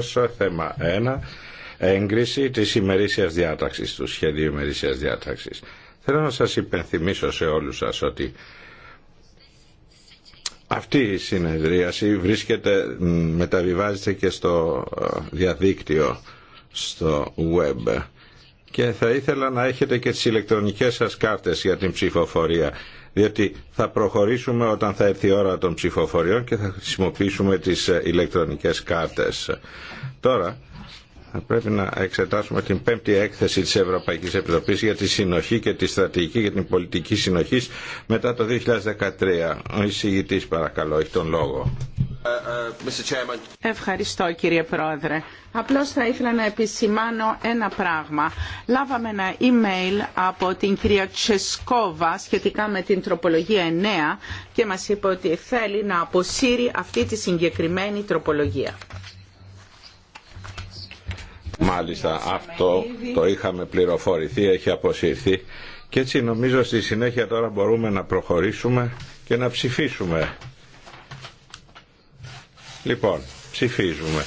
Στο θέμα 1. Έγκριση της ημερήσιας διάταξης, του σχεδίου ημερήσιας διάταξης. Θέλω να σας υπενθυμίσω σε όλους σας ότι αυτή η συνεδρίαση βρίσκεται, μεταβιβάζεται και στο ε, διαδίκτυο, στο web και θα ήθελα να έχετε και τις ηλεκτρονικές σας κάρτες για την ψηφοφορία διότι θα προχωρήσουμε όταν θα έρθει η ώρα των ψηφοφοριών και θα χρησιμοποιήσουμε τις ε, ηλεκτρονικές κάρτες. Τώρα θα πρέπει να εξετάσουμε την πέμπτη έκθεση της Ευρωπαϊκής Επιτροπής για τη συνοχή και τη στρατηγική για την πολιτική συνοχής μετά το 2013. Ο εισηγητής παρακαλώ έχει τον λόγο. Ευχαριστώ κύριε Πρόεδρε. Απλώς θα ήθελα να επισημάνω ένα πράγμα. Λάβαμε ένα email από την κυρία Τσεσκόβα σχετικά με την τροπολογία 9 και μας είπε ότι θέλει να αποσύρει αυτή τη συγκεκριμένη τροπολογία. Μάλιστα, αυτό το είχαμε πληροφορηθεί, έχει αποσυρθεί και έτσι νομίζω στη συνέχεια τώρα μπορούμε να προχωρήσουμε και να ψηφίσουμε Λοιπόν, ψηφίζουμε.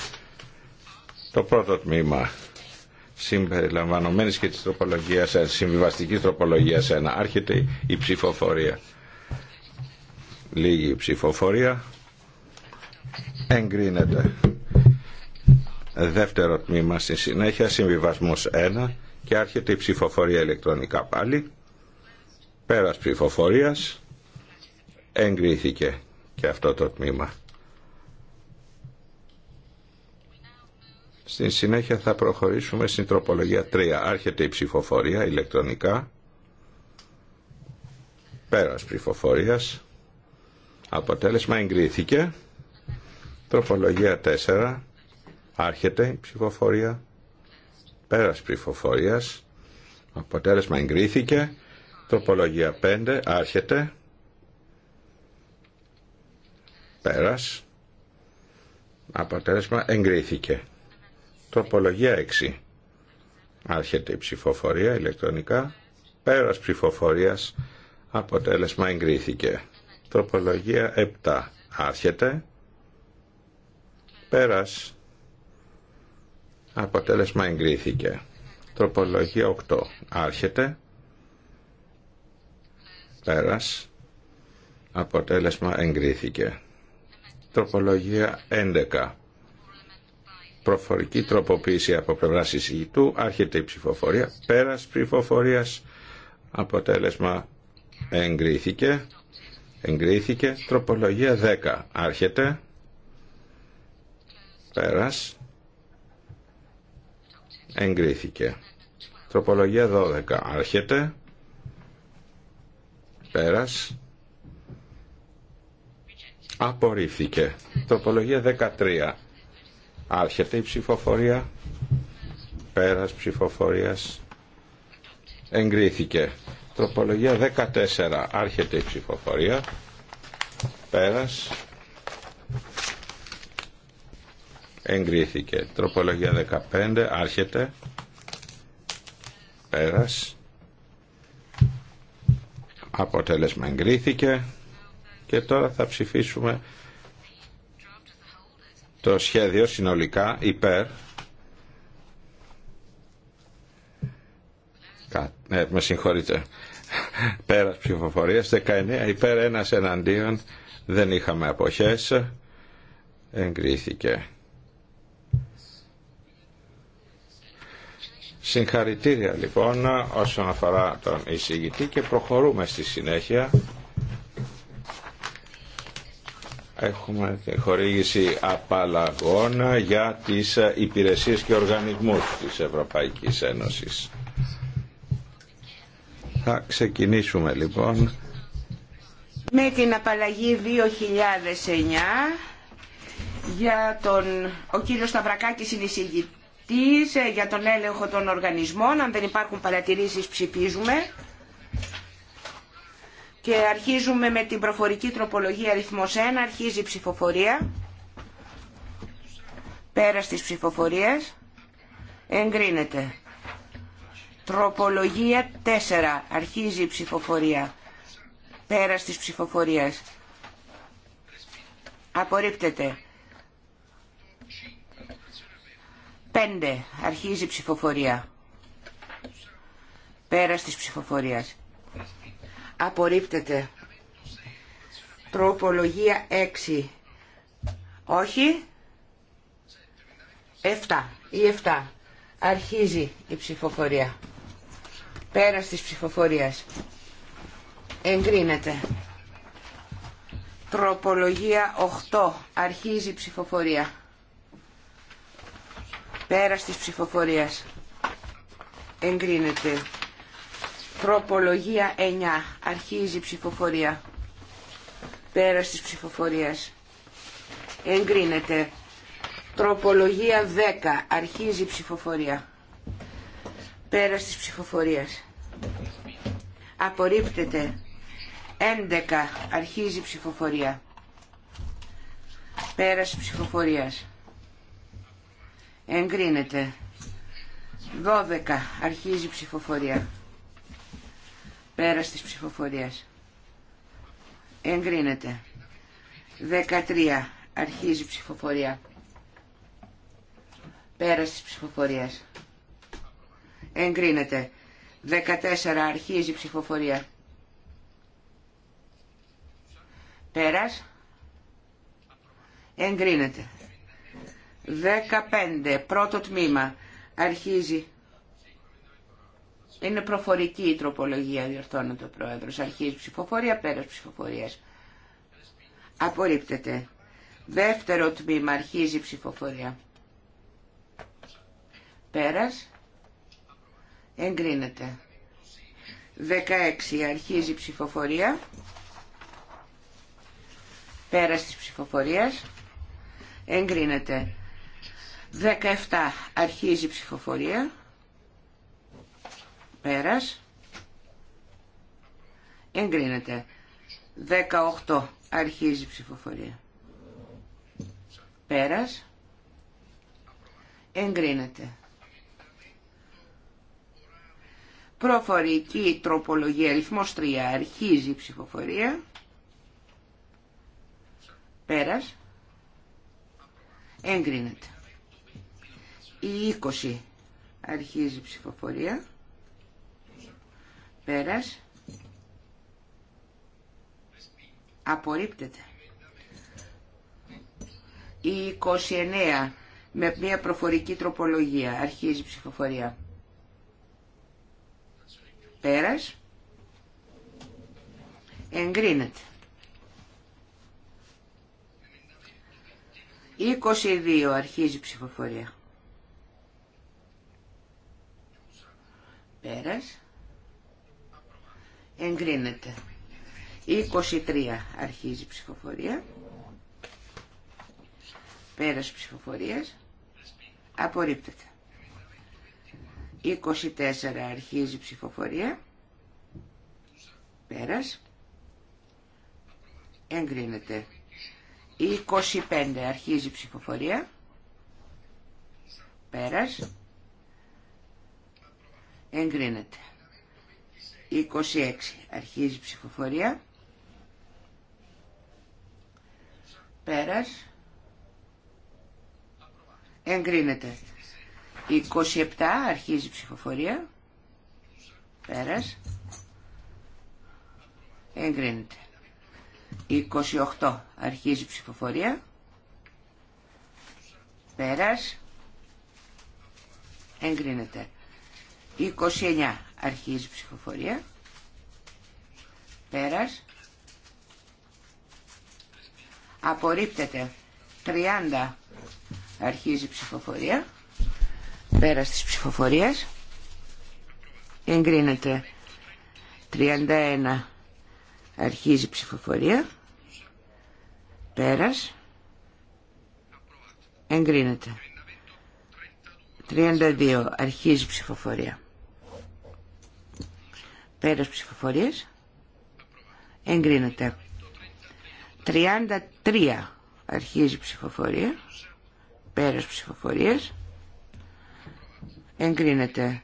Το πρώτο τμήμα συμπεριλαμβανομένης και της τροπολογίας, συμβιβαστικής τροπολογίας 1. Άρχεται η ψηφοφορία. Λίγη ψηφοφορία. Εγκρίνεται. Δεύτερο τμήμα στη συνέχεια, συμβιβασμός 1 και άρχεται η ψηφοφορία ηλεκτρονικά πάλι. Πέρας ψηφοφορίας εγκρίθηκε και αυτό το τμήμα. Στη συνέχεια θα προχωρήσουμε στην τροπολογία 3. Άρχεται η ψηφοφορία ηλεκτρονικά. Πέρας ψηφοφορίας. Αποτέλεσμα εγκρίθηκε. Τροπολογία 4. Άρχεται η ψηφοφορία. Πέρας ψηφοφορίας. Αποτέλεσμα εγκρίθηκε. Τροπολογία 5. Άρχεται. Πέρας. Αποτέλεσμα εγκρίθηκε. Τροπολογία 6. Άρχεται η ψηφοφορία ηλεκτρονικά. Πέρας ψηφοφορίας αποτέλεσμα εγκρίθηκε. Τροπολογία 7. Άρχεται. Πέρας αποτέλεσμα εγκρίθηκε. Τροπολογία 8. Άρχεται. Πέρας αποτέλεσμα εγκρίθηκε. Τροπολογία 11 προφορική τροποποίηση από πλευρά του άρχεται η ψηφοφορία, πέρας ψηφοφορίας, αποτέλεσμα εγκρίθηκε, εγκρίθηκε, τροπολογία 10, άρχεται, πέρας, εγκρίθηκε. Τροπολογία 12, άρχεται, πέρας, απορρίφθηκε. Τροπολογία 13, Άρχεται η ψηφοφορία. Πέρας ψηφοφορίας. Εγκρίθηκε. Τροπολογία 14. Άρχεται η ψηφοφορία. Πέρας. Εγκρίθηκε. Τροπολογία 15. Άρχεται. Πέρας. Αποτέλεσμα εγκρίθηκε. Και τώρα θα ψηφίσουμε το σχέδιο συνολικά υπέρ ε, με συγχωρείτε πέρας ψηφοφορίας 19 υπέρ ένας εναντίον δεν είχαμε αποχές εγκρίθηκε Συγχαρητήρια λοιπόν όσον αφορά τον εισηγητή και προχωρούμε στη συνέχεια έχουμε χορήγηση απαλλαγών για τις υπηρεσίες και οργανισμούς της Ευρωπαϊκής Ένωσης. Θα ξεκινήσουμε λοιπόν. Με την απαλλαγή 2009 για τον... Ο κύριος Σταυρακάκης είναι εισηγητής ε, για τον έλεγχο των οργανισμών. Αν δεν υπάρχουν παρατηρήσεις ψηφίζουμε. Και αρχίζουμε με την προφορική τροπολογία αριθμός 1, αρχίζει η ψηφοφορία. Πέρας της ψηφοφορίας εγκρίνεται. Τροπολογία 4, αρχίζει η ψηφοφορία. Πέρας της ψηφοφορίας απορρίπτεται. 5, αρχίζει η ψηφοφορία. Πέρας της ψηφοφορίας απορρίπτεται. Τροπολογία 6. Όχι. 7. Η 7. Αρχίζει η ψηφοφορία. Πέρα της ψηφοφορίας. Εγκρίνεται. Τροπολογία 8. Αρχίζει η ψηφοφορία. Πέρα της ψηφοφορίας. Εγκρίνεται. Τροπολογία 9. Αρχίζει η ψηφοφορία. Πέρας της ψηφοφορίας. Εγκρίνεται. Τροπολογία 10. Αρχίζει η ψηφοφορία. Πέρας της ψηφοφορίας. Απορρίπτεται. 11. Αρχίζει η ψηφοφορία. Πέρας της ψηφοφορίας. Εγκρίνεται. 12. Αρχίζει η ψηφοφορία. Πέρας της ψηφοφορίας. Εγκρίνεται. 13. Αρχίζει η ψηφοφορία. Πέρας της ψηφοφορίας. Εγκρίνεται. 14. Αρχίζει η ψηφοφορία. Πέρας. Εγκρίνεται. 15. Πρώτο τμήμα. Αρχίζει είναι προφορική η τροπολογία, διορθώνεται το πρόεδρος. Αρχίζει ψηφοφορία, πέρας ψηφοφορίας. Απορρίπτεται. Δεύτερο τμήμα, αρχίζει ψηφοφορία. Πέρας. Εγκρίνεται. 16, αρχίζει ψηφοφορία. Πέρας της ψηφοφορίας. Εγκρίνεται. 17, αρχίζει ψηφοφορία. Πέρας. Εγκρίνεται. 18. Αρχίζει η ψηφοφορία. Πέρας. Εγκρίνεται. Προφορική τροπολογία αριθμός 3. Αρχίζει η ψηφοφορία. Πέρας. Εγκρίνεται. Η 20. Αρχίζει η ψηφοφορία. Πέρας. Απορρίπτεται. Η 29 με μια προφορική τροπολογία. Αρχίζει ψηφοφορία. Πέρας. Εγκρίνεται. 22 αρχίζει ψηφοφορία. Πέρας εγκρίνεται. 23 αρχίζει ψηφοφορία. Πέρας ψηφοφορίας. Απορρίπτεται. 24 αρχίζει ψηφοφορία. Πέρας. Εγκρίνεται. 25 αρχίζει ψηφοφορία. Πέρας. Εγκρίνεται. 26. Αρχίζει η ψηφοφορία. Πέρας. Εγκρίνεται. 27. Αρχίζει η ψηφοφορία. Πέρας. Εγκρίνεται. 28. Αρχίζει η ψηφοφορία. Πέρας. Εγκρίνεται. 29. Αρχίζει η ψηφοφορία. Πέρας. Απορρίπτεται. 30. Αρχίζει η ψηφοφορία. Πέρας της ψηφοφορίας. Εγκρίνεται. 31. Αρχίζει η ψηφοφορία. Πέρας. Εγκρίνεται. 32. Αρχίζει η ψηφοφορία. Πέρας ψηφοφορίες. Εγκρίνεται. 33 αρχίζει ψηφοφορία. Πέρας ψηφοφορίες. Εγκρίνεται.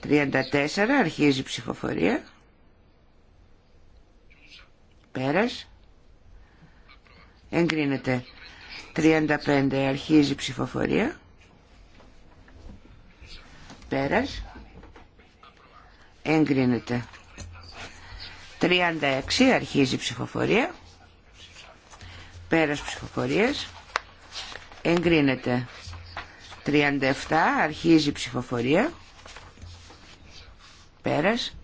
34 αρχίζει ψηφοφορία. Πέρας. Εγκρίνεται. 35 αρχίζει ψηφοφορία. Πέρας εγκρίνεται 36 αρχίζει η ψηφοφορία πέρας ψηφοφορίας εγκρίνεται 37 αρχίζει η ψηφοφορία πέρας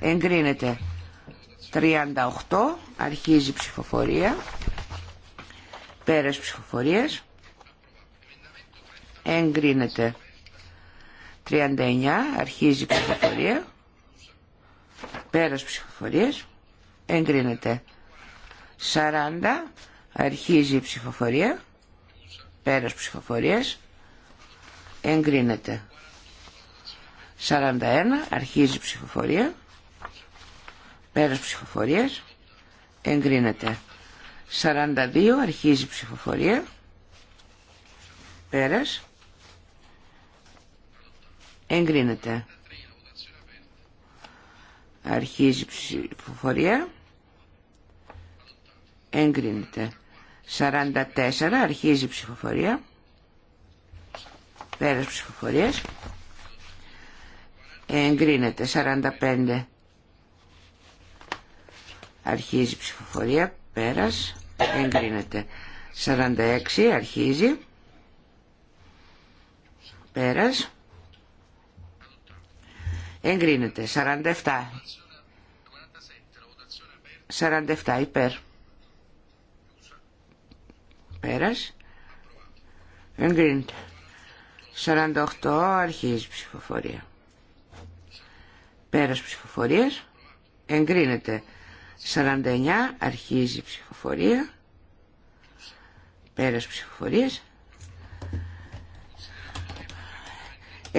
εγκρίνεται 38 αρχίζει η ψηφοφορία πέρας ψηφοφορίας εγκρίνεται 39 αρχίζει η ψηφοφορία πέρας ψηφοφορίας εγκρίνεται 40 αρχίζει η ψηφοφορία πέρας ψηφοφορίας εγκρίνεται 41 αρχίζει η ψηφοφορία πέρας ψηφοφορίας εγκρίνεται 42 αρχίζει η ψηφοφορία πέρας εγκρίνεται. Αρχίζει η ψηφοφορία. Εγκρίνεται. 44. Αρχίζει η ψηφοφορία. Πέρας ψηφοφορίας. Εγκρίνεται. 45. Αρχίζει η ψηφοφορία. Πέρας. Εγκρίνεται. 46. Αρχίζει. Πέρας. Εγκρίνεται. 47. 47 υπέρ. Πέρας. Εγκρίνεται. 48 αρχίζει ψηφοφορία. Πέρας ψηφοφορίας. Εγκρίνεται. 49 αρχίζει ψηφοφορία. Πέρας ψηφοφορίας.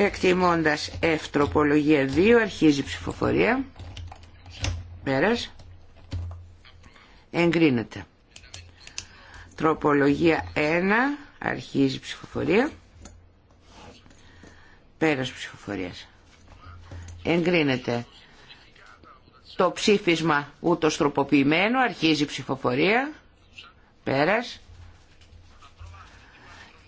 Εκτιμώντας F 2 αρχίζει ψηφοφορία. Πέρας. Εγκρίνεται. Τροπολογία 1 αρχίζει ψηφοφορία. Πέρας ψηφοφορίας. Εγκρίνεται. Το ψήφισμα ούτως τροποποιημένο αρχίζει ψηφοφορία. Πέρας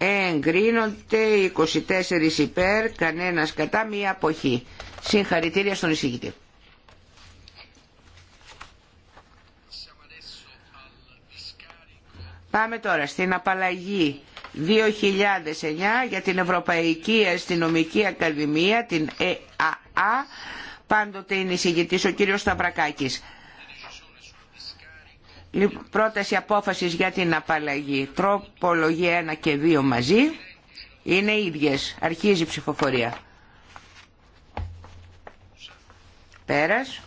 εγκρίνονται 24 υπέρ, κανένας κατά, μία αποχή. Συγχαρητήρια στον εισηγητή. Πάμε τώρα στην απαλλαγή 2009 για την Ευρωπαϊκή Αστυνομική Ακαδημία, την ΕΑΑ. Πάντοτε είναι εισηγητής ο κύριος Σταυρακάκης. Λοιπόν, πρόταση απόφασης για την απαλλαγή. Τροπολογία 1 και 2 μαζί. Είναι ίδιες. Αρχίζει η ψηφοφορία. Πέρας.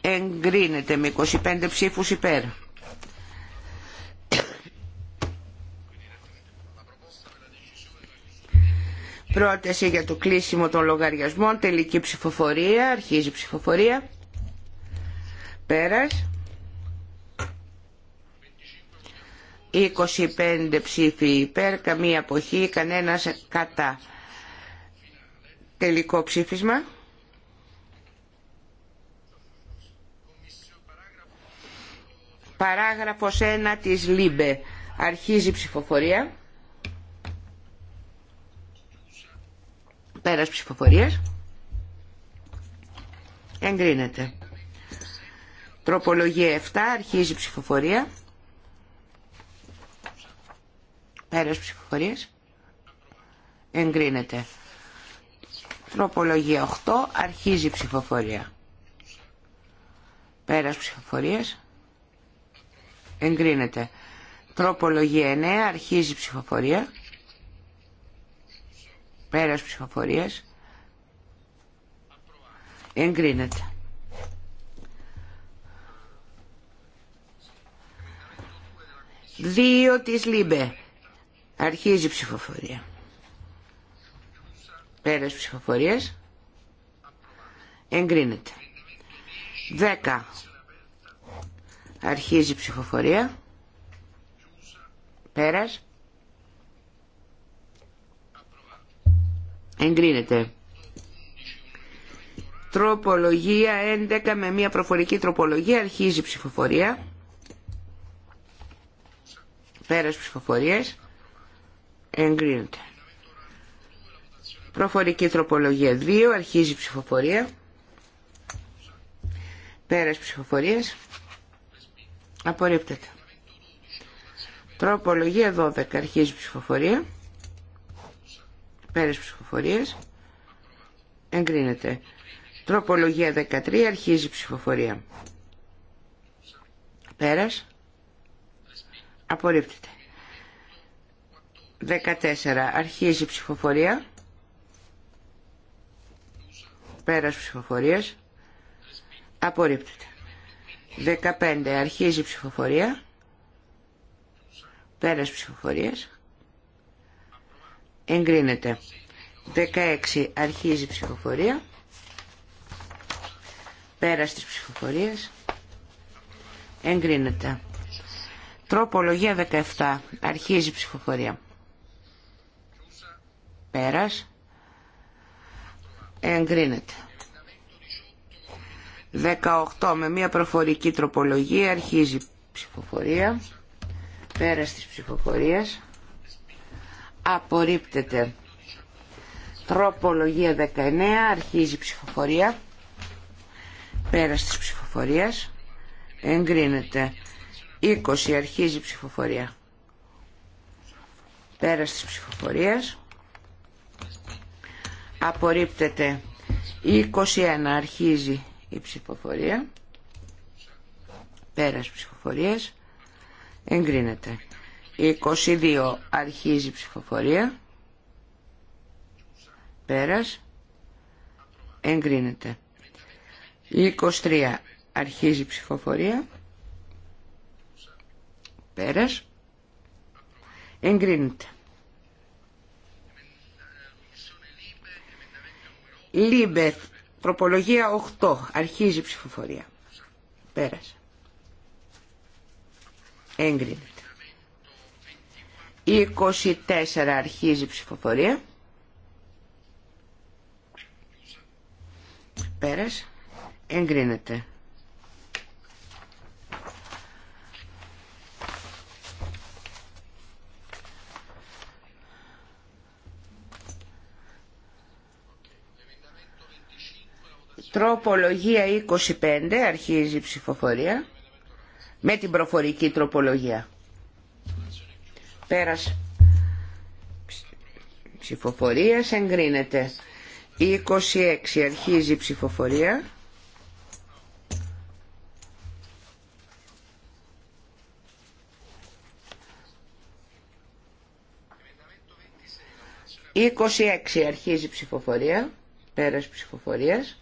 Εγκρίνεται με 25 ψήφους υπέρ. Πρόταση για το κλείσιμο των λογαριασμών. Τελική ψηφοφορία. Αρχίζει η ψηφοφορία. Πέρας. 25 ψήφοι υπέρ, καμία αποχή, κανένας κατά. Τελικό ψήφισμα. Παράγραφος 1 της ΛΥΜΠΕ. Αρχίζει η ψηφοφορία. Πέρας ψηφοφορίας. Εγκρίνεται. Τροπολογία 7. Αρχίζει η ψηφοφορία. Πέρας ψηφοφορίας. Εγκρίνεται. Τροπολογία 8. Αρχίζει η ψηφοφορία. Πέρας ψηφοφορίας. Εγκρίνεται. Τροπολογία 9. Αρχίζει η ψηφοφορία. Πέρας ψηφοφορίας. Εγκρίνεται. Δύο της ΛΥΜΠΕ. Αρχίζει η ψηφοφορία. Πέρας ψηφοφορίας. Εγκρίνεται. Δέκα Αρχίζει η ψηφοφορία. Πέρας. Εγκρίνεται. Τροπολογία 11 με μια προφορική τροπολογία. Αρχίζει η ψηφοφορία. Πέρας ψηφοφορίας εγκρίνεται. Προφορική τροπολογία 2, αρχίζει ψηφοφορία. Πέρας ψηφοφορίας απορρίπτεται. Τροπολογία 12, αρχίζει ψηφοφορία. Πέρας ψηφοφορίας εγκρίνεται. Τροπολογία 13, αρχίζει ψηφοφορία. Πέρας Απορρίπτεται. 14. Αρχίζει η ψηφοφορία. Πέρας ψηφοφορίας. Απορρίπτεται. 15. Αρχίζει η ψηφοφορία. Πέρας ψηφοφορίας. Εγκρίνεται. 16. Αρχίζει η ψηφοφορία. Πέρας της ψηφοφορίας. Εγκρίνεται. Τροπολογία 17. Αρχίζει η ψηφοφορία. Πέρας. Εγκρίνεται. 18 με μια προφορική τροπολογία αρχίζει η ψηφοφορία. Πέρας τη ψηφοφορίας. Απορρίπτεται. Τροπολογία 19 αρχίζει η ψηφοφορία. Πέρας της ψηφοφορίας. Εγκρίνεται. 20 αρχίζει ψηφοφορία. Πέρας της ψηφοφορίας. Απορρίπτεται. 21 αρχίζει η ψηφοφορία. Πέρας ψηφοφορία. Εγκρίνεται. 22 αρχίζει ψηφοφορία. Πέρας. Εγκρίνεται. 23 αρχίζει η ψηφοφορία. Πέρας. Εγκρίνεται. Λίμπεθ, Προπολογία 8, αρχίζει η ψηφοφορία. Πέρασε. Έγκρινεται. 24 αρχίζει η ψηφοφορία. Πέρασε. Εγκρίνεται. Τροπολογία 25 αρχίζει η ψηφοφορία με την προφορική τροπολογία. Πέρας ψηφοφορία εγκρίνεται. 26 αρχίζει η ψηφοφορία. 26 αρχίζει ψηφοφορία. Πέρας ψηφοφορίας.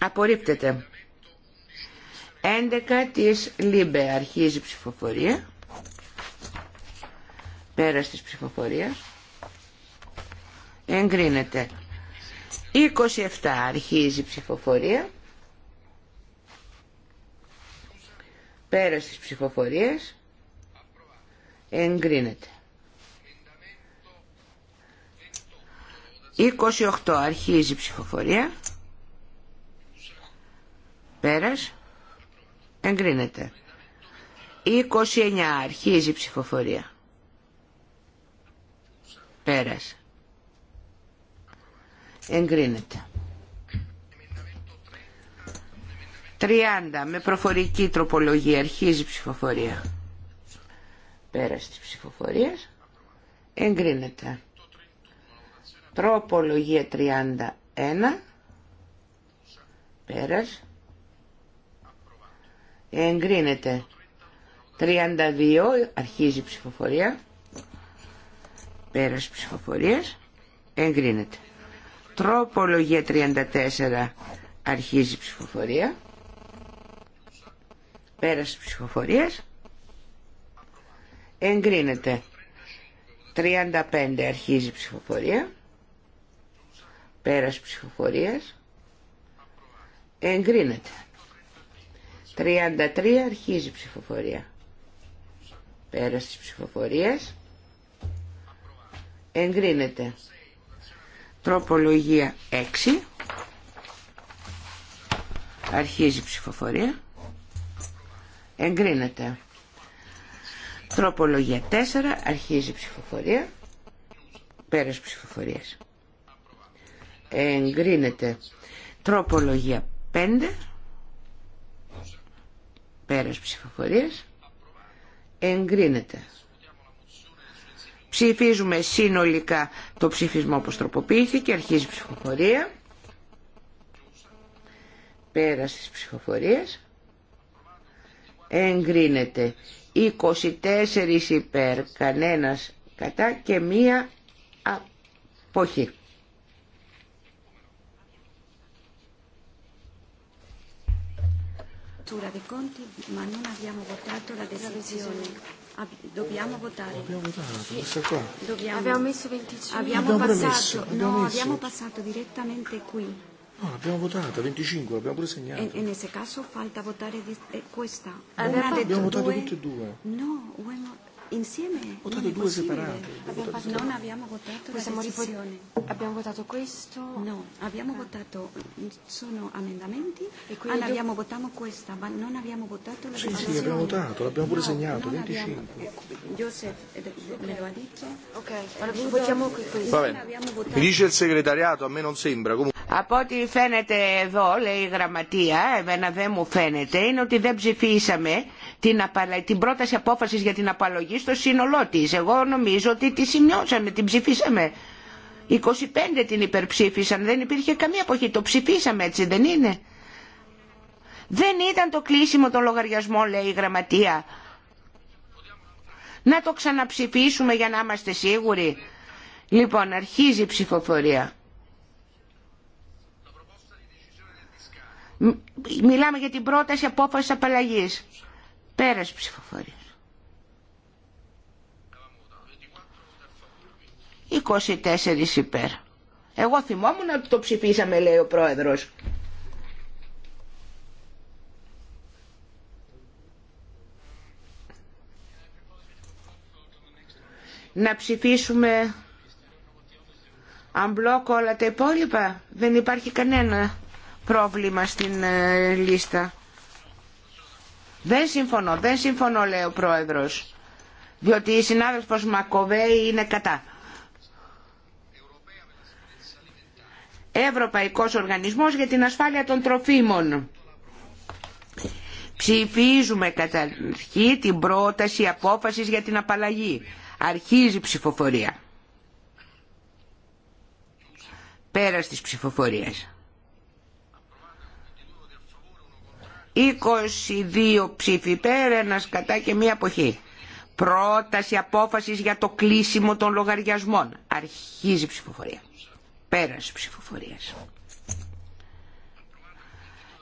Απορρίπτεται. 11 της ΛΥΜΠΕ αρχίζει ψηφοφορία. Πέρας της ψηφοφορίας. Εγκρίνεται. 27 αρχίζει ψηφοφορία. Πέρας της ψηφοφορίας. Εγκρίνεται. 28 αρχίζει ψηφοφορία. Πέρας. Εγκρίνεται. 29. Αρχίζει η ψηφοφορία. Πέρας. Εγκρίνεται. 30. Με προφορική τροπολογία. Αρχίζει η ψηφοφορία. Πέρας της ψηφοφορίας. Εγκρίνεται. Τροπολογία 31. Πέρας εγκρίνεται 32 αρχίζει η ψηφοφορία πέρας ψηφοφορίας εγκρίνεται τροπολογία 34 αρχίζει η ψηφοφορία πέρας ψηφοφορίας εγκρίνεται 35 αρχίζει η ψηφοφορία πέρας ψηφοφορίας εγκρίνεται 33 αρχίζει η ψηφοφορία. Πέρας της ψηφοφορίας. Εγκρίνεται. Τροπολογία 6. Αρχίζει η ψηφοφορία. Εγκρίνεται. Τροπολογία 4. Αρχίζει η ψηφοφορία. Πέρας ψηφοφορίας. Εγκρίνεται. Τροπολογία 5. Πέρας ψηφοφορίας. Εγκρίνεται. Ψηφίζουμε συνολικά το ψηφισμό που τροποποιήθηκε. Αρχίζει η ψηφοφορία. Πέρας της ψηφοφορίας. Εγκρίνεται. 24 υπέρ, κανένας κατά και μία αποχή. lettura dei conti, ma non abbiamo votato la decisione. Dobbiamo votare. Dobbiamo qua. Dobbiamo... Abbiamo messo 25. Abbiamo, abbiamo passato, premesso, abbiamo no, messo. abbiamo passato direttamente qui. No, l'abbiamo votata, 25, l'abbiamo pure segnata. E, e in questo caso falta votare di, eh, questa. Abbiamo, abbiamo votato due... tutte e due. No, Insieme? Votate due separate. Abbiamo fatto, non abbiamo votato Possiamo la decisione. Abbiamo votato questo? No, abbiamo votato, sono emendamenti, e quindi abbiamo votato questa, ma non abbiamo votato la decisione. Sì, sì, abbiamo votato, l'abbiamo pure segnato, 25. Joseph me lo ha detto. Ok, votiamo questo. Mi dice il segretariato, a me non sembra. Comunque. Από ό,τι φαίνεται εδώ, λέει η γραμματεία, εμένα δεν μου φαίνεται, είναι ότι δεν ψηφίσαμε την, πρόταση απόφασης για την απαλλαγή στο σύνολό της. Εγώ νομίζω ότι τη σημειώσαμε, την ψηφίσαμε. 25 την υπερψήφισαν, δεν υπήρχε καμία εποχή το ψηφίσαμε έτσι δεν είναι. Δεν ήταν το κλείσιμο των λογαριασμών λέει η γραμματεία. Να το ξαναψηφίσουμε για να είμαστε σίγουροι. Λοιπόν, αρχίζει η ψηφοφορία. Μιλάμε για την πρόταση απόφαση απαλλαγή. Πέρας ψηφοφορίας. 24 υπέρ. Εγώ θυμόμουν ότι το ψηφίσαμε λέει ο πρόεδρος. Να ψηφίσουμε αμπλόκ όλα τα υπόλοιπα. Δεν υπάρχει κανένα πρόβλημα στην ε, λίστα. Δεν συμφωνώ, δεν συμφωνώ λέει ο πρόεδρος. Διότι η συνάδελφος Μακοβέη είναι κατά. Ευρωπαϊκός Οργανισμός για την Ασφάλεια των Τροφίμων. Ψηφίζουμε αρχή την πρόταση απόφασης για την απαλλαγή. Αρχίζει η ψηφοφορία. Πέρας της ψηφοφορίας. 22 ψήφοι υπέρ, κατά και μία αποχή. Πρόταση απόφασης για το κλείσιμο των λογαριασμών. Αρχίζει η ψηφοφορία. Πέρασε ψηφοφορια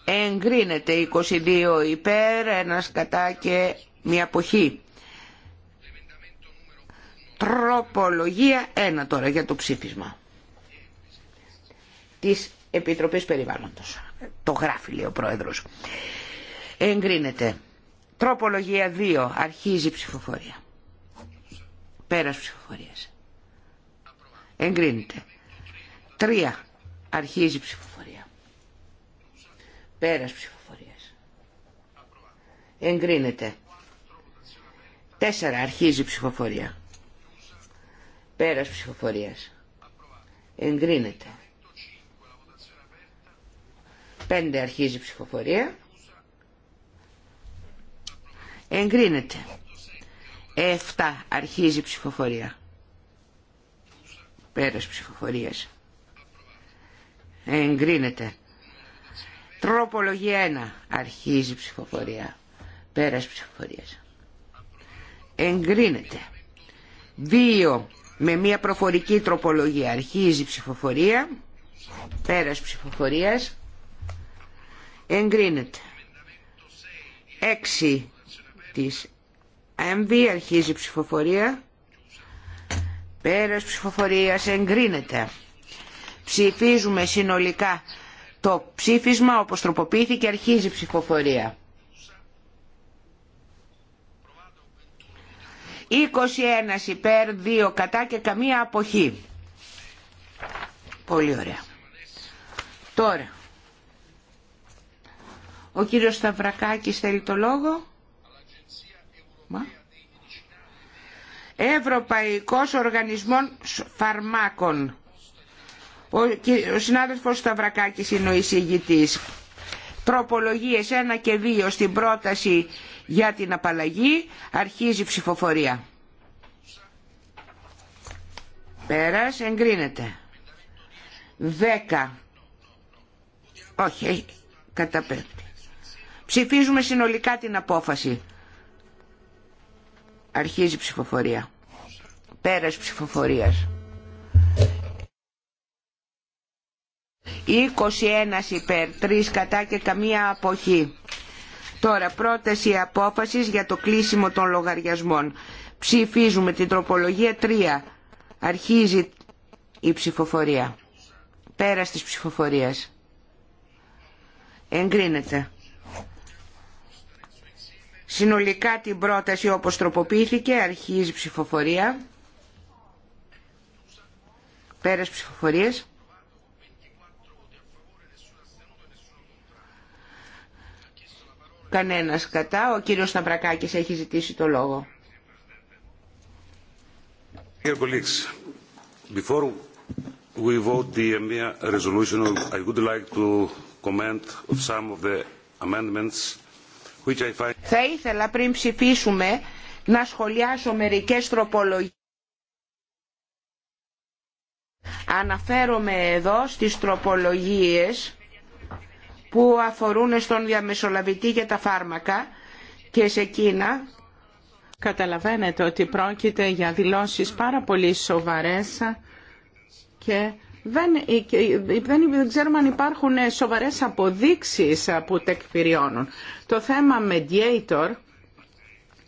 Εγκρίνεται 22 υπέρ, ένας κατά και μία αποχή. Τροπολογία 1 τώρα για το ψήφισμα της Επιτροπής Περιβάλλοντος. Το γράφει λέει ο Πρόεδρος εγκρίνεται. Τροπολογία 2. Αρχίζει η ψηφοφορία. Πέρας ψηφοφορίας. Εγκρίνεται. 3. Αρχίζει η ψηφοφορία. Πέρας ψηφοφορίας. Εγκρίνεται. 4. Αρχίζει η ψηφοφορία. Πέρας ψηφοφορίας. Εγκρίνεται. 5. Αρχίζει η ψηφοφορία εγκρίνεται 7 αρχίζει ψηφοφορία πέρας ψηφοφορίας εγκρίνεται τροπολογία 1 αρχίζει ψηφοφορία πέρας ψηφοφορίας εγκρίνεται 2 με μια προφορική τροπολογία αρχίζει ψηφοφορία πέρας ψηφοφορίας εγκρίνεται 6 της ΕΜΒΗ αρχίζει ψηφοφορία πέρας ψηφοφορίας εγκρίνεται ψηφίζουμε συνολικά το ψήφισμα όπως τροποποιήθηκε αρχίζει ψηφοφορία 21 υπέρ, 2 κατά και καμία αποχή. Πολύ ωραία. Τώρα, ο κύριος Σταυρακάκης θέλει το λόγο. Ευρωπαϊκός Οργανισμός Φαρμάκων ο, ο συνάδελφος Σταυρακάκης είναι ο εισηγητής τροπολογίες 1 και 2 στην πρόταση για την απαλλαγή αρχίζει ψηφοφορία πέρας εγκρίνεται 10 όχι καταπέμπτει ψηφίζουμε συνολικά την απόφαση Αρχίζει η ψηφοφορία. Πέρας ψηφοφορίας. 21 υπέρ, 3 κατά και καμία αποχή. Τώρα, πρόταση απόφασης για το κλείσιμο των λογαριασμών. Ψηφίζουμε την τροπολογία 3. Αρχίζει η ψηφοφορία. Πέρας της ψηφοφορίας. Εγκρίνεται. Συνολικά την πρόταση όπως τροποποιήθηκε αρχίζει ψηφοφορία. Πέρας ψηφοφορίες. Κανένας κατά. Ο κύριος Σταυρακάκης έχει ζητήσει το λόγο. Dear colleagues, before we vote the resolution, I would like to comment on some of the amendments θα ήθελα πριν ψηφίσουμε να σχολιάσω μερικές τροπολογίες. Αναφέρομαι εδώ στις τροπολογίες που αφορούν στον διαμεσολαβητή για τα φάρμακα και σε εκείνα καταλαβαίνετε ότι πρόκειται για δηλώσεις πάρα πολύ σοβαρές και δεν, δεν ξέρουμε αν υπάρχουν σοβαρές αποδείξεις που τεκπηριώνουν. Το θέμα mediator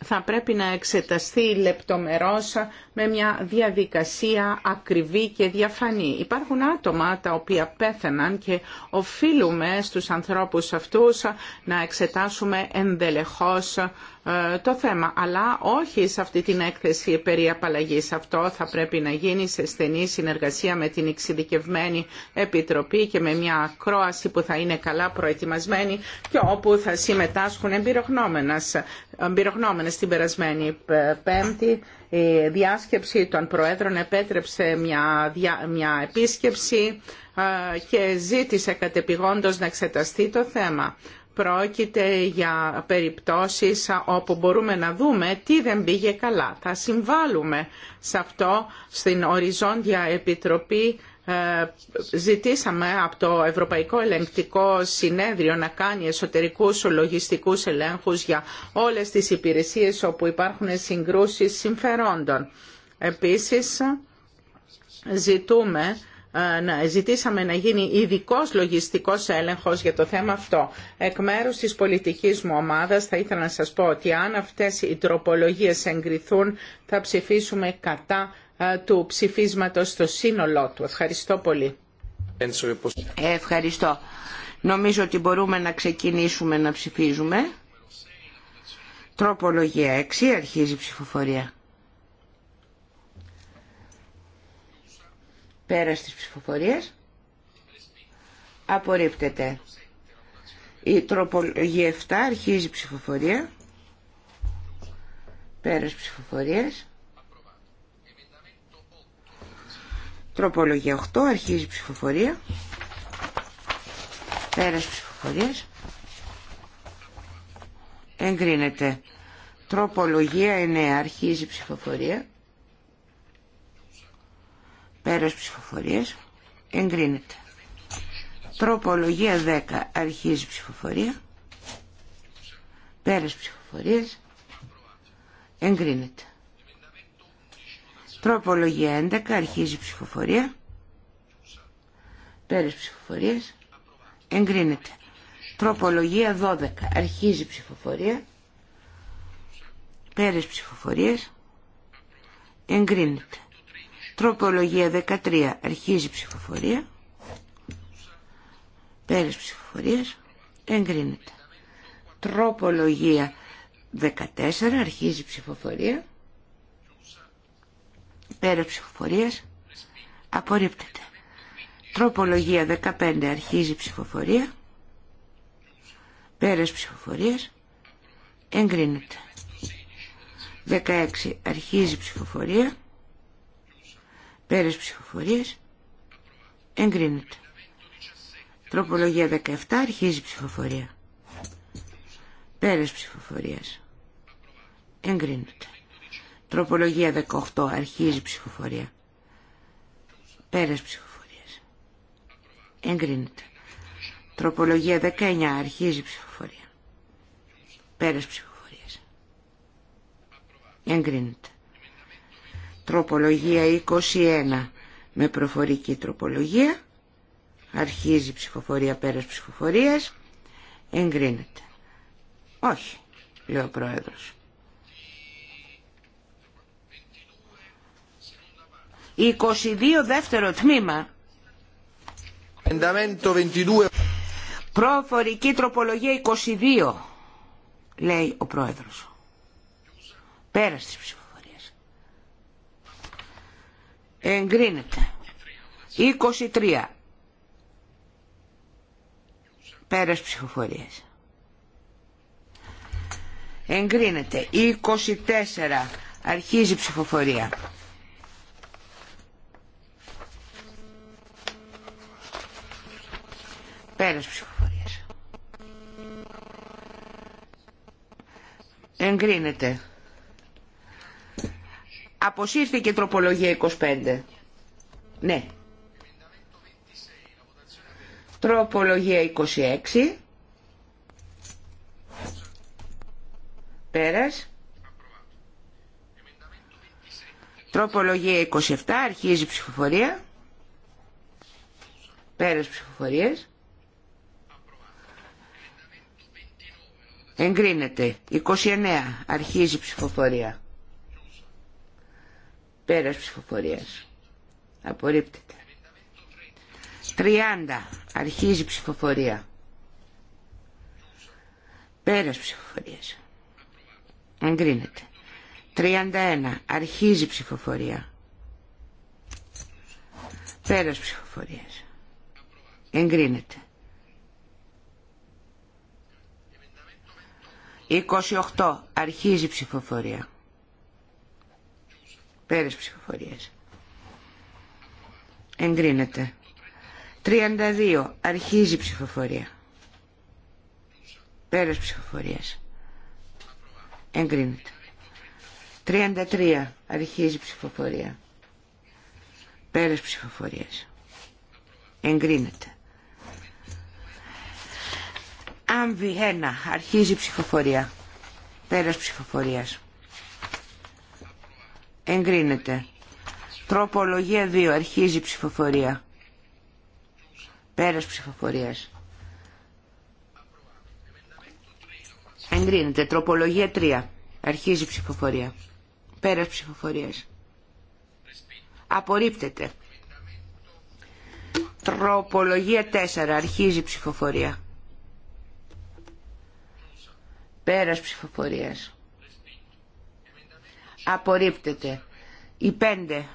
θα πρέπει να εξεταστεί λεπτομερώς με μια διαδικασία ακριβή και διαφανή. Υπάρχουν άτομα τα οποία πέθαναν και οφείλουμε στους ανθρώπους αυτούς να εξετάσουμε ενδελεχώς ε, το θέμα, αλλά όχι σε αυτή την έκθεση περί απαλλαγής. Αυτό θα πρέπει να γίνει σε στενή συνεργασία με την εξειδικευμένη επιτροπή και με μια ακρόαση που θα είναι καλά προετοιμασμένη και όπου θα συμμετάσχουν εμπειρογνώμενες την περασμένη Πέμπτη. Η διάσκεψη των Προέδρων επέτρεψε μια, μια επίσκεψη ε, και ζήτησε κατεπηγόντως να εξεταστεί το θέμα. Πρόκειται για περιπτώσεις όπου μπορούμε να δούμε τι δεν πήγε καλά. Θα συμβάλλουμε σε αυτό στην Οριζόντια Επιτροπή. Ε, ζητήσαμε από το Ευρωπαϊκό Ελεγκτικό Συνέδριο να κάνει εσωτερικούς λογιστικούς ελέγχους για όλες τις υπηρεσίες όπου υπάρχουν συγκρούσεις συμφερόντων. Επίσης, ζητούμε ζητήσαμε να γίνει ειδικό λογιστικός έλεγχος για το θέμα αυτό. Εκ μέρου τη πολιτικής μου ομάδας θα ήθελα να σας πω ότι αν αυτές οι τροπολογίε εγκριθούν θα ψηφίσουμε κατά του ψηφίσματος στο σύνολό του. Ευχαριστώ πολύ. Ευχαριστώ. Νομίζω ότι μπορούμε να ξεκινήσουμε να ψηφίζουμε. Τροπολογία 6. Αρχίζει η ψηφοφορία. Πέρας της ψηφοφορίας. Απορρίπτεται. Η τροπολογία 7 αρχίζει ψηφοφορία. Πέρας ψηφοφορίας. Τροπολογία 8 αρχίζει ψηφοφορία. Πέρας ψηφοφορίας. Εγκρίνεται. Τροπολογία 9 αρχίζει ψηφοφορία. Πέρας ψηφοφορίας εγκρίνεται. Τροπολογία 10 αρχίζει ψηφοφορία. Πέρας ψηφοφορίας εγκρίνεται. Τροπολογία 11 αρχίζει ψηφοφορία. Πέρας ψηφοφορίας εγκρίνεται. Τροπολογία 12 αρχίζει ψηφοφορία. Πέρας ψηφοφορίας εγκρίνεται. Τροπολογία 13. Αρχίζει ψηφοφορία. Πέρες ψηφοφορίας. Εγκρίνεται. Τροπολογία 14. Αρχίζει ψηφοφορία. Πέρες ψηφοφορίας. Απορρίπτεται. Τροπολογία 15. Αρχίζει ψηφοφορία. Πέρες ψηφοφορίας. Εγκρίνεται. 16. Αρχίζει ψηφοφορία. Πέρες ψηφοφορίες. Εγκρίνεται. Τροπολογία 17. Αρχίζει ψηφοφορία. Πέρες ψηφοφορίας. Εγκρίνεται. Τροπολογία 18. Αρχίζει ψηφοφορία. Πέρες ψηφοφορίας. Εγκρίνεται. Τροπολογία 19. Αρχίζει ψηφοφορία. Πέρες ψηφοφορίας. Εγκρίνεται. Τροπολογία 21 με προφορική τροπολογία. Αρχίζει η ψηφοφορία πέρας ψηφοφορίας. Εγκρίνεται. Όχι, λέει ο Πρόεδρος. 22 δεύτερο τμήμα. Προφορική τροπολογία 22, λέει ο Πρόεδρος. Πέρας ψηφοφορία εγκρίνεται 23 πέρας ψηφοφορίας εγκρίνεται 24 αρχίζει ψηφοφορία πέρας ψηφοφορίας εγκρίνεται Αποσύρθηκε τροπολογία 25. Ναι. Τροπολογία 26. Πέρας. Τροπολογία 27. Αρχίζει ψηφοφορία. Πέρας ψηφοφορίες. Εγκρίνεται. 29. Αρχίζει ψηφοφορία. Πέρας ψηφοφορίας. Απορρίπτεται. 30. Αρχίζει ψηφοφορία. Πέρας ψηφοφορίας. Εγκρίνεται. 31. Αρχίζει ψηφοφορία. Πέρας ψηφοφορίας. Εγκρίνεται. 28. Αρχίζει ψηφοφορία. Πέρες ψηφοφορίες. Εγκρίνεται. 32. Αρχίζει ψηφοφορία. Πέρες ψηφοφορίας. Εγκρίνεται. 33. Αρχίζει ψηφοφορία. Πέρες ψηφοφορίας. Εγκρίνεται. Άμβη 1. Αρχίζει ψηφοφορία. Πέρας ψηφοφορίας εγκρίνεται. Τροπολογία 2. Αρχίζει ψηφοφορία. Πέρας ψηφοφορίας. Εγκρίνεται. Τροπολογία 3. Αρχίζει ψηφοφορία. Πέρας ψηφοφορίας. Απορρίπτεται. Τροπολογία 4. Αρχίζει ψηφοφορία. Πέρας ψηφοφορίας απορρίπτεται. Η πέντε.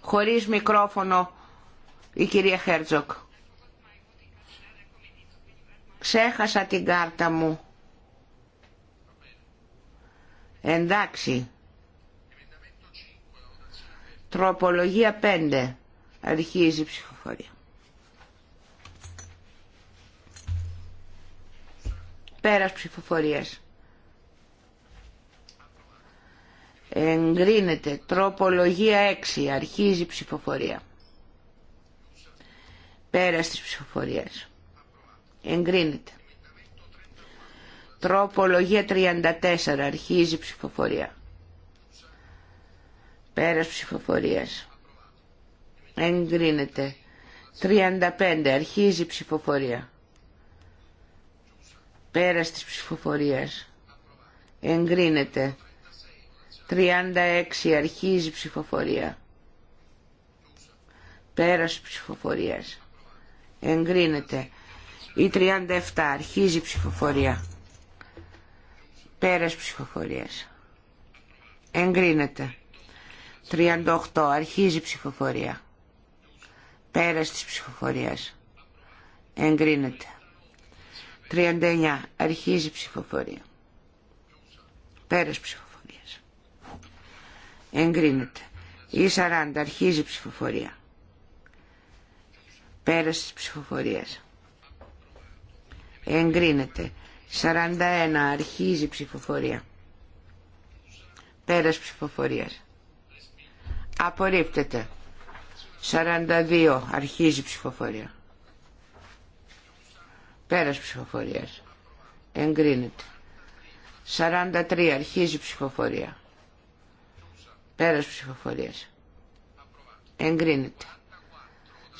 Χωρίς μικρόφωνο η κυρία Χέρτζοκ. Ξέχασα την κάρτα μου. Εντάξει. Τροπολογία 5. Αρχίζει η ψηφοφορία. Πέρας ψηφοφορίας. Εγκρίνεται. Τροπολογία 6. Αρχίζει ψηφοφορία. Πέρας της ψηφοφορίας. Εγκρίνεται. Τροπολογία 34. Αρχίζει ψηφοφορία. Πέρας ψηφοφορίας. Εγκρίνεται. 35. Αρχίζει ψηφοφορία. Πέρας της ψηφοφορίας. Εγκρίνεται. 36 αρχίζει ψηφοφορία. Πέρας ψηφοφορίας. Εγκρίνεται. Η 37 αρχίζει ψηφοφορία. Πέρας ψηφοφορίας. Εγκρίνεται. 38 αρχίζει ψηφοφορία. Πέρας της ψηφοφορίας. Εγκρίνεται. 39. Αρχίζει η ψηφοφορία. Πέρας ψηφοφορίας. Εγκρίνεται. Η 40. Αρχίζει η ψηφοφορία. Πέρας της ψηφοφορίας. Εγκρίνεται. 41. Αρχίζει η ψηφοφορία. Πέρας ψηφοφορίας. Απορρίπτεται. 42. Αρχίζει η ψηφοφορία. Πέρας ψηφοφορίας. Εγκρίνεται. 43. Αρχίζει ψηφοφορία. Πέρας ψηφοφορίας. Εγκρίνεται.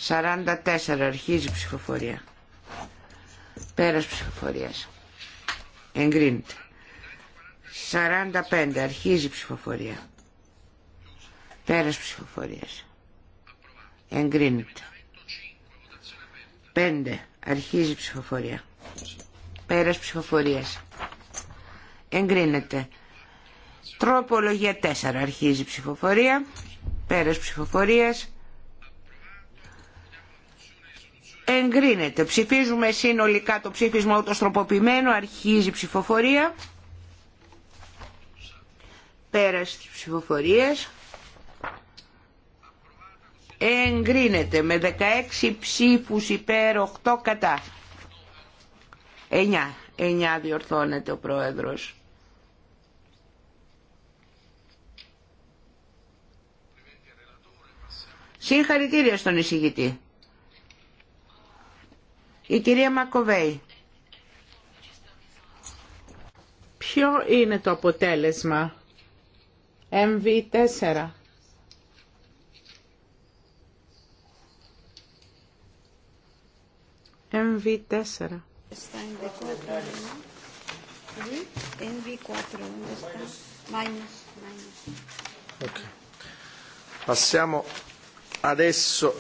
44. Αρχίζει ψηφοφορία. Πέρας ψηφοφορίας. Εγκρίνεται. 45. Αρχίζει ψηφοφορία. Πέρας ψηφοφορίας. Εγκρίνεται. 5. Αρχίζει η ψηφοφορία. Πέρας ψηφοφορίας. Εγκρίνεται. Τροπολογία 4. Αρχίζει η ψηφοφορία. Πέρας ψηφοφορίας. Εγκρίνεται. Ψηφίζουμε συνολικά το ψήφισμα ούτως τροποποιημένο. Αρχίζει η ψηφοφορία. Πέρας ψηφοφορίας εγκρίνεται με 16 ψήφους υπέρ 8 κατά. 9, 9 διορθώνεται ο πρόεδρος. Συγχαρητήρια στον εισηγητή. Η κυρία Μακοβέη. Ποιο είναι το αποτέλεσμα. MV4. MV4. Está en V4, En V4, ¿dónde está? Minus, minus. Ok. Passiamo adesso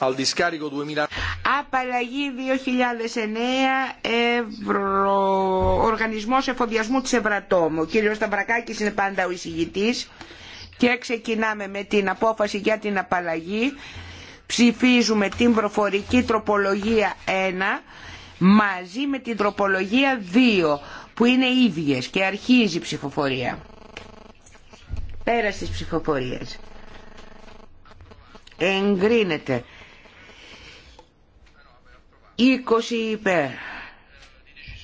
al discarico 2000. Απαλλαγή 2009, Ευρω... Οργανισμός Εφοδιασμού της Ευρατόμου. Ο κύριος Σταυρακάκης είναι πάντα ο εισηγητής και ξεκινάμε με την απόφαση για την απαλλαγή ψηφίζουμε την προφορική τροπολογία 1 μαζί με την τροπολογία 2 που είναι ίδιες και αρχίζει η ψηφοφορία. Πέρας της ψηφοφορίας. Εγκρίνεται. 20 υπέρ.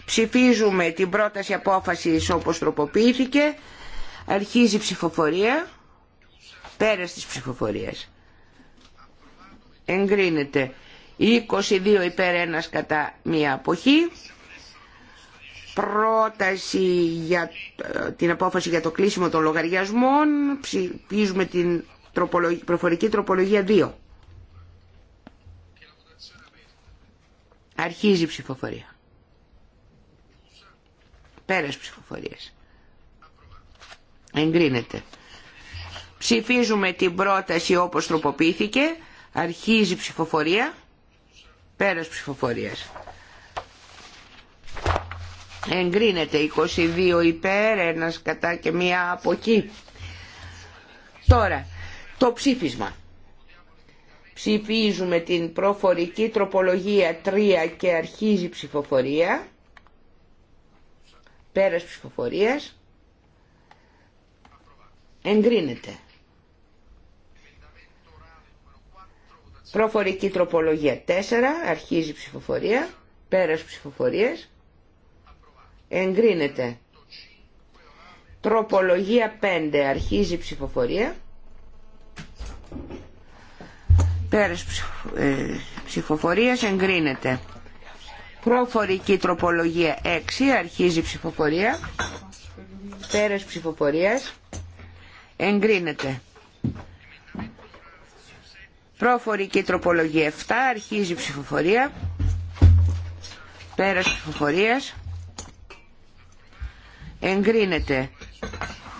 Ψηφίζουμε την πρόταση απόφασης όπως τροποποιήθηκε. Αρχίζει η ψηφοφορία. Πέρας της ψηφοφορίας εγκρίνεται 22 υπέρ 1 κατά μία αποχή πρόταση για ε, την απόφαση για το κλείσιμο των λογαριασμών ψηφίζουμε την τροπολογική, προφορική τροπολογία 2 αρχίζει η ψηφοφορία πέρας ψηφοφορίας εγκρίνεται ψηφίζουμε την πρόταση όπως τροποποιήθηκε Αρχίζει ψηφοφορία. Πέρας ψηφοφορίας. Εγκρίνεται 22 υπέρ, ένας κατά και μία από εκεί. Τώρα, το ψήφισμα. Ψηφίζουμε την προφορική τροπολογία 3 και αρχίζει ψηφοφορία. Πέρας ψηφοφορίας. Εγκρίνεται. Προφορική τροπολογία 4, αρχίζει ψηφοφορία, πέρας ψηφοφορίες, εγκρίνεται. Τροπολογία 5, αρχίζει ψηφοφορία, πέρας ψηφοφορίας, εγκρίνεται. Προφορική τροπολογία 6, αρχίζει ψηφοφορία, πέρας ψηφοφορία. εγκρίνεται. Προφορική τροπολογία 7. Αρχίζει η ψηφοφορία. Πέρας ψηφοφορίας. Εγκρίνεται.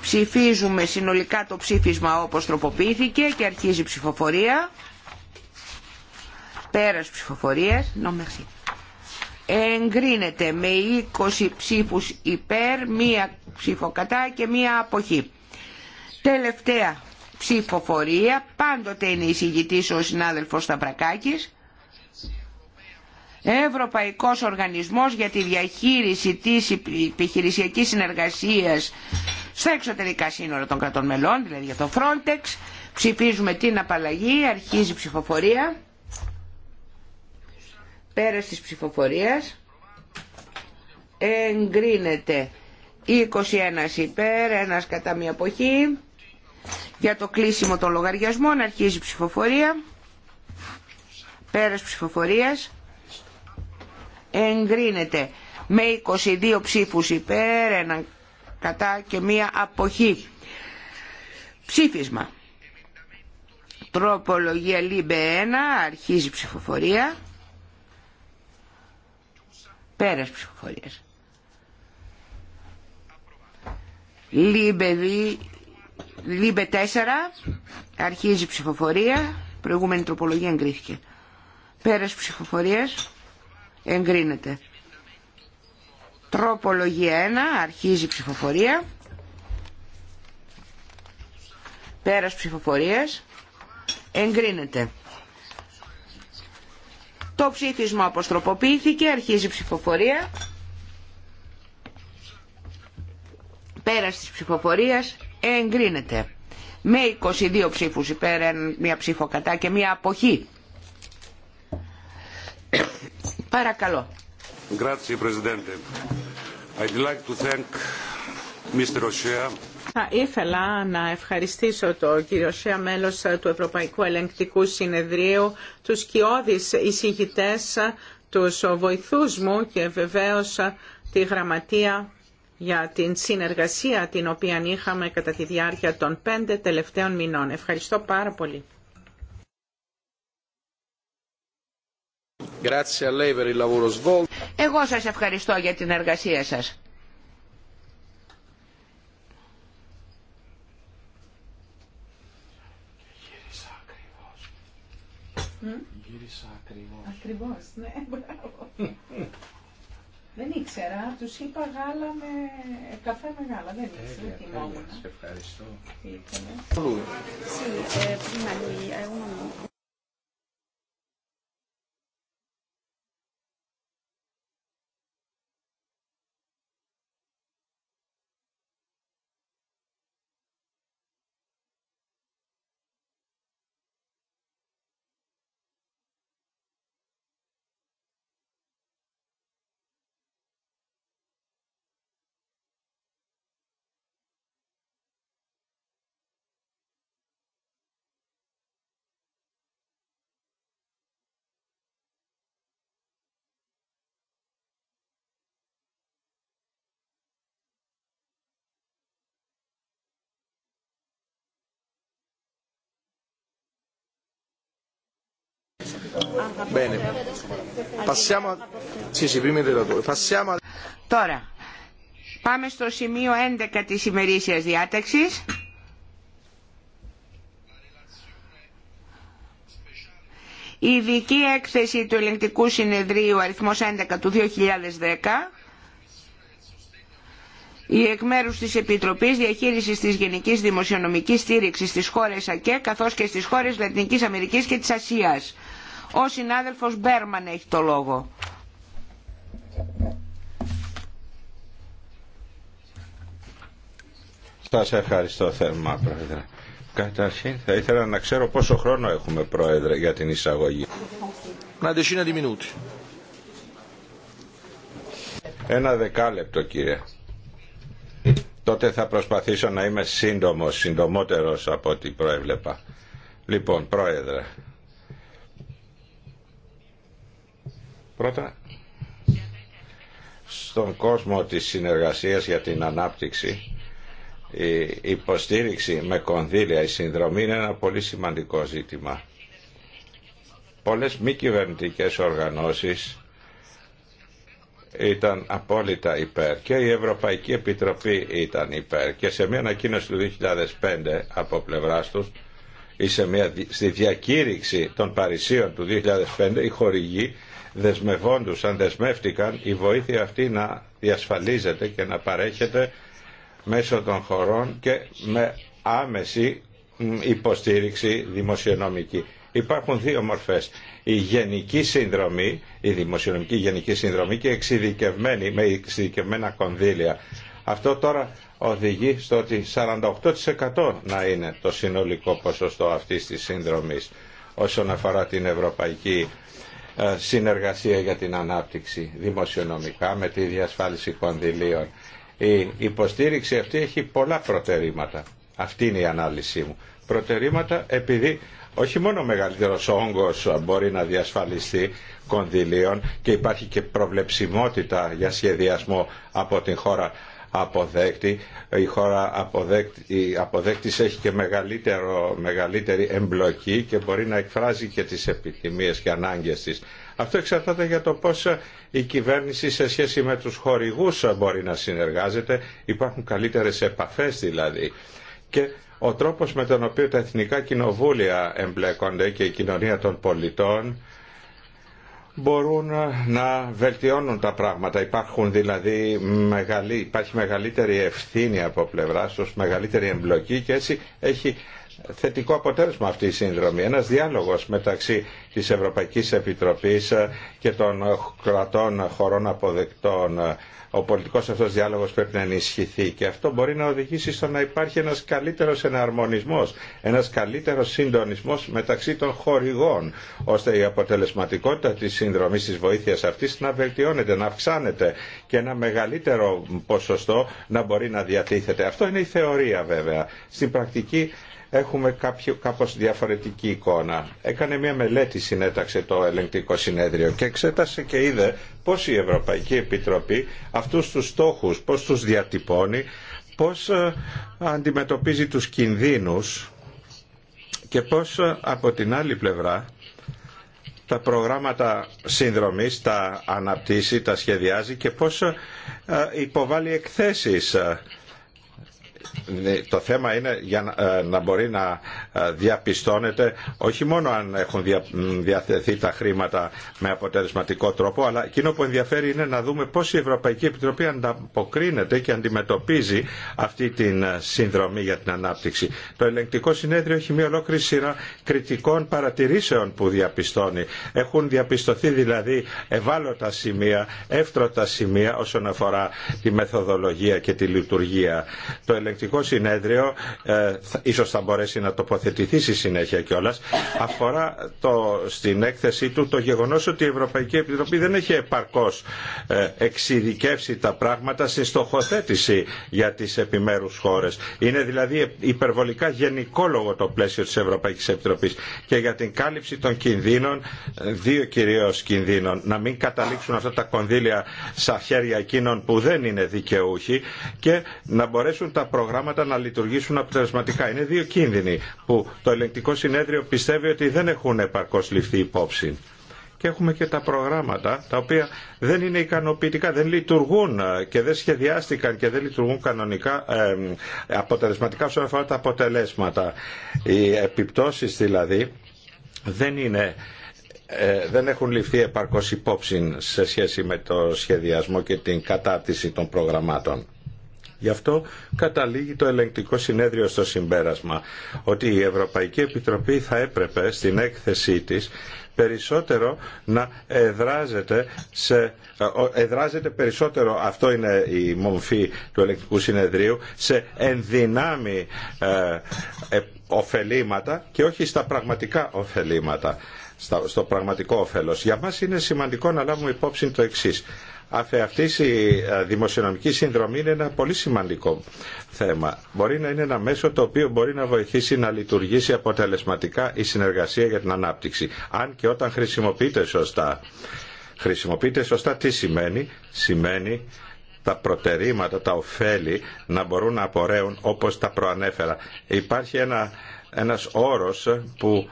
Ψηφίζουμε συνολικά το ψήφισμα όπως τροποποιήθηκε και αρχίζει η ψηφοφορία. Πέρας ψηφοφορίας. Εγκρίνεται με 20 ψήφους υπέρ, μία ψήφο κατά και μία αποχή. Τελευταία ψηφοφορία, πάντοτε είναι η εισηγητής ο συνάδελφος Σταυρακάκης, Ευρωπαϊκός Οργανισμός για τη Διαχείριση της Επιχειρησιακής Συνεργασίας στα εξωτερικά σύνορα των κρατών μελών, δηλαδή για το Frontex. Ψηφίζουμε την απαλλαγή, αρχίζει η ψηφοφορία. Πέρας της ψηφοφορίας εγκρίνεται 21 υπέρ, ένας κατά μία εποχή για το κλείσιμο των λογαριασμών αρχίζει ψηφοφορία πέρας ψηφοφορίας εγκρίνεται με 22 ψήφους υπέρ, έναν κατά και μία αποχή. Ψήφισμα. Τροπολογία λίμπε 1, αρχίζει ψηφοφορία. Πέρας ψηφοφορίας. λίμπε Λίμπε 4, αρχίζει ψηφοφορία, προηγούμενη τροπολογία εγκρίθηκε. Πέρας ψηφοφορίας, εγκρίνεται. Τροπολογία 1, αρχίζει ψηφοφορία. Πέρας ψηφοφορίας, εγκρίνεται. Το ψήφισμα αποστροποποιήθηκε, αρχίζει ψηφοφορία. Πέρας της ψηφοφορίας, εγκρίνεται με 22 ψήφους υπέρ, μία ψήφο κατά και μία αποχή. Παρακαλώ. Θα ήθελα να ευχαριστήσω τον κύριο Σέα, μέλος του Ευρωπαϊκού Ελεγκτικού Συνεδρίου, τους κοιόδης εισηγητές, τους βοηθούς μου και βεβαίως τη γραμματεία για την συνεργασία την οποία είχαμε κατά τη διάρκεια των πέντε τελευταίων μηνών. Ευχαριστώ πάρα πολύ. Εγώ σας ευχαριστώ για την εργασία σας. Γύρισα ακριβώς. Ακριβώς, ναι, Δεν ήξερα, του είπα γάλα με καφέ με γάλα. Δεν ήξερα, θυμόμουν. Σε ευχαριστώ. Τι Bene. Passiamo... Τώρα, πάμε στο σημείο 11 της ημερήσιας διάταξης. Η ειδική έκθεση του ελεγκτικού συνεδρίου αριθμός 11 του 2010 η εκ μέρους της Επιτροπής Διαχείρισης της Γενικής Δημοσιονομικής Στήριξης στις χώρες ΑΚΕ καθώς και στις χώρες Λατινικής Αμερικής και της Ασίας. Ο συνάδελφος Μπέρμαν έχει το λόγο. Σας ευχαριστώ θερμά, Πρόεδρε. Καταρχήν θα ήθελα να ξέρω πόσο χρόνο έχουμε, Πρόεδρε, για την εισαγωγή. Να δεσίνα τη μινούτη. Ένα δεκάλεπτο, κύριε. Τότε θα προσπαθήσω να είμαι σύντομος, συντομότερος από ό,τι προέβλεπα. Λοιπόν, Πρόεδρε, Πρώτα, στον κόσμο της συνεργασίας για την ανάπτυξη, η υποστήριξη με κονδύλια, η συνδρομή είναι ένα πολύ σημαντικό ζήτημα. Πολλές μη κυβερνητικέ οργανώσεις ήταν απόλυτα υπέρ και η Ευρωπαϊκή Επιτροπή ήταν υπέρ και σε μια ανακοίνωση του 2005 από πλευράς τους μια, στη διακήρυξη των Παρισίων του 2005 οι χορηγοί δεσμευόντουσαν, δεσμεύτηκαν η βοήθεια αυτή να διασφαλίζεται και να παρέχεται μέσω των χωρών και με άμεση υποστήριξη δημοσιονομική. Υπάρχουν δύο μορφές. Η γενική συνδρομή, η δημοσιονομική γενική συνδρομή και εξειδικευμένη, με εξειδικευμένα κονδύλια. Αυτό τώρα οδηγεί στο ότι 48% να είναι το συνολικό ποσοστό αυτής της σύνδρομης όσον αφορά την ευρωπαϊκή ε, συνεργασία για την ανάπτυξη δημοσιονομικά με τη διασφάλιση κονδυλίων. Η υποστήριξη αυτή έχει πολλά προτερήματα. Αυτή είναι η ανάλυση μου. Προτερήματα επειδή όχι μόνο ο μεγαλύτερος όγκος μπορεί να διασφαλιστεί κονδυλίων και υπάρχει και προβλεψιμότητα για σχεδιασμό από την χώρα αποδέκτη. Η χώρα αποδέκτη, η αποδέκτης έχει και μεγαλύτερο, μεγαλύτερη εμπλοκή και μπορεί να εκφράζει και τις επιθυμίες και ανάγκες της. Αυτό εξαρτάται για το πώς η κυβέρνηση σε σχέση με τους χορηγούς μπορεί να συνεργάζεται. Υπάρχουν καλύτερες επαφές δηλαδή. Και ο τρόπος με τον οποίο τα εθνικά κοινοβούλια εμπλέκονται και η κοινωνία των πολιτών μπορούν να βελτιώνουν τα πράγματα. Υπάρχουν δηλαδή μεγαλύ, υπάρχει μεγαλύτερη ευθύνη από πλευρά τους, μεγαλύτερη εμπλοκή και έτσι έχει θετικό αποτέλεσμα αυτή η σύνδρομη. Ένας διάλογος μεταξύ της Ευρωπαϊκής Επιτροπής και των κρατών χωρών αποδεκτών. Ο πολιτικός αυτός διάλογος πρέπει να ενισχυθεί και αυτό μπορεί να οδηγήσει στο να υπάρχει ένας καλύτερος εναρμονισμός, ένας καλύτερος συντονισμός μεταξύ των χορηγών, ώστε η αποτελεσματικότητα της συνδρομής της βοήθειας αυτής να βελτιώνεται, να αυξάνεται και ένα μεγαλύτερο ποσοστό να μπορεί να διατίθεται. Αυτό είναι η θεωρία βέβαια. Στην πρακτική έχουμε κάποιο, κάπως διαφορετική εικόνα. Έκανε μια μελέτη συνέταξε το ελεγκτικό συνέδριο και εξέτασε και είδε πώς η Ευρωπαϊκή Επιτροπή αυτούς τους στόχους, πώς τους διατυπώνει, πώς ε, αντιμετωπίζει τους κινδύνους και πώς ε, από την άλλη πλευρά τα προγράμματα συνδρομής τα αναπτύσσει, τα σχεδιάζει και πώς ε, υποβάλλει εκθέσεις ναι, το θέμα είναι για να ε, μπορεί να ε, διαπιστώνεται όχι μόνο αν έχουν διαθεθεί τα χρήματα με αποτελεσματικό τρόπο, αλλά εκείνο που ενδιαφέρει είναι να δούμε πώς η Ευρωπαϊκή Επιτροπή ανταποκρίνεται και αντιμετωπίζει αυτή την ε, συνδρομή για την ανάπτυξη. Το ελεγκτικό συνέδριο έχει μια ολόκληρη σειρά κριτικών παρατηρήσεων που διαπιστώνει. Έχουν διαπιστωθεί δηλαδή ευάλωτα σημεία, εύτρωτα σημεία όσον αφορά τη μεθοδολογία και τη λειτουργία. Το ελεγκτικό συνέδριο ε, ίσως θα μπορέσει να τοποθετηθεί στη συνέχεια κιόλας αφορά το, στην έκθεσή του το γεγονός ότι η Ευρωπαϊκή Επιτροπή δεν έχει επαρκώς ε, εξειδικεύσει τα πράγματα στη στοχοθέτηση για τις επιμέρους χώρες. Είναι δηλαδή υπερβολικά γενικόλογο το πλαίσιο της Ευρωπαϊκής Επιτροπής και για την κάλυψη των κινδύνων, δύο κυρίως κινδύνων, να μην καταλήξουν αυτά τα κονδύλια στα χέρια εκείνων που δεν είναι δικαιούχοι και να μπορέσουν τα προγράμματα να λειτουργήσουν αποτελεσματικά. Είναι δύο κίνδυνοι που το ελεγκτικό συνέδριο πιστεύει ότι δεν έχουν επαρκώς ληφθεί υπόψη. Και έχουμε και τα προγράμματα τα οποία δεν είναι ικανοποιητικά, δεν λειτουργούν ε, και δεν σχεδιάστηκαν και δεν λειτουργούν κανονικά ε, αποτελεσματικά όσον αφορά τα αποτελέσματα. Οι επιπτώσεις δηλαδή δεν είναι ε, δεν έχουν ληφθεί επαρκώς υπόψη σε σχέση με το σχεδιασμό και την κατάρτιση των προγραμμάτων. Γι' αυτό καταλήγει το ελεγκτικό συνέδριο στο συμπέρασμα ότι η Ευρωπαϊκή Επιτροπή θα έπρεπε στην έκθεσή της περισσότερο να εδράζεται σε, ε, εδράζεται περισσότερο αυτό είναι η μομφή του ελεγκτικού συνεδρίου σε ενδυνάμει ε, ε ωφελήματα και όχι στα πραγματικά ωφελήματα στο πραγματικό όφελος. Για μας είναι σημαντικό να λάβουμε υπόψη το εξής αυτή η ε, δημοσιονομική συνδρομή είναι ένα πολύ σημαντικό θέμα. Μπορεί να είναι ένα μέσο το οποίο μπορεί να βοηθήσει να λειτουργήσει αποτελεσματικά η συνεργασία για την ανάπτυξη. Αν και όταν χρησιμοποιείται σωστά. Χρησιμοποιείται σωστά τι σημαίνει. Σημαίνει τα προτερήματα, τα ωφέλη να μπορούν να απορρέουν όπως τα προανέφερα. Υπάρχει ένα, ένας όρος που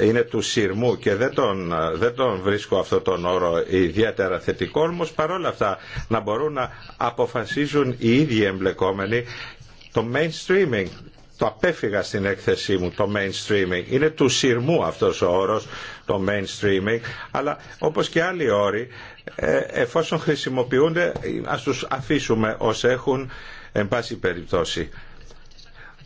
είναι του σειρμού και δεν τον, δεν τον βρίσκω αυτό τον όρο ιδιαίτερα θετικό, όμως παρόλα αυτά να μπορούν να αποφασίζουν οι ίδιοι εμπλεκόμενοι το mainstreaming, το απέφυγα στην έκθεσή μου το mainstreaming. Είναι του σειρμού αυτός ο όρος το mainstreaming, αλλά όπως και άλλοι όροι, ε, εφόσον χρησιμοποιούνται, ας τους αφήσουμε όσοι έχουν, εν πάση περιπτώσει.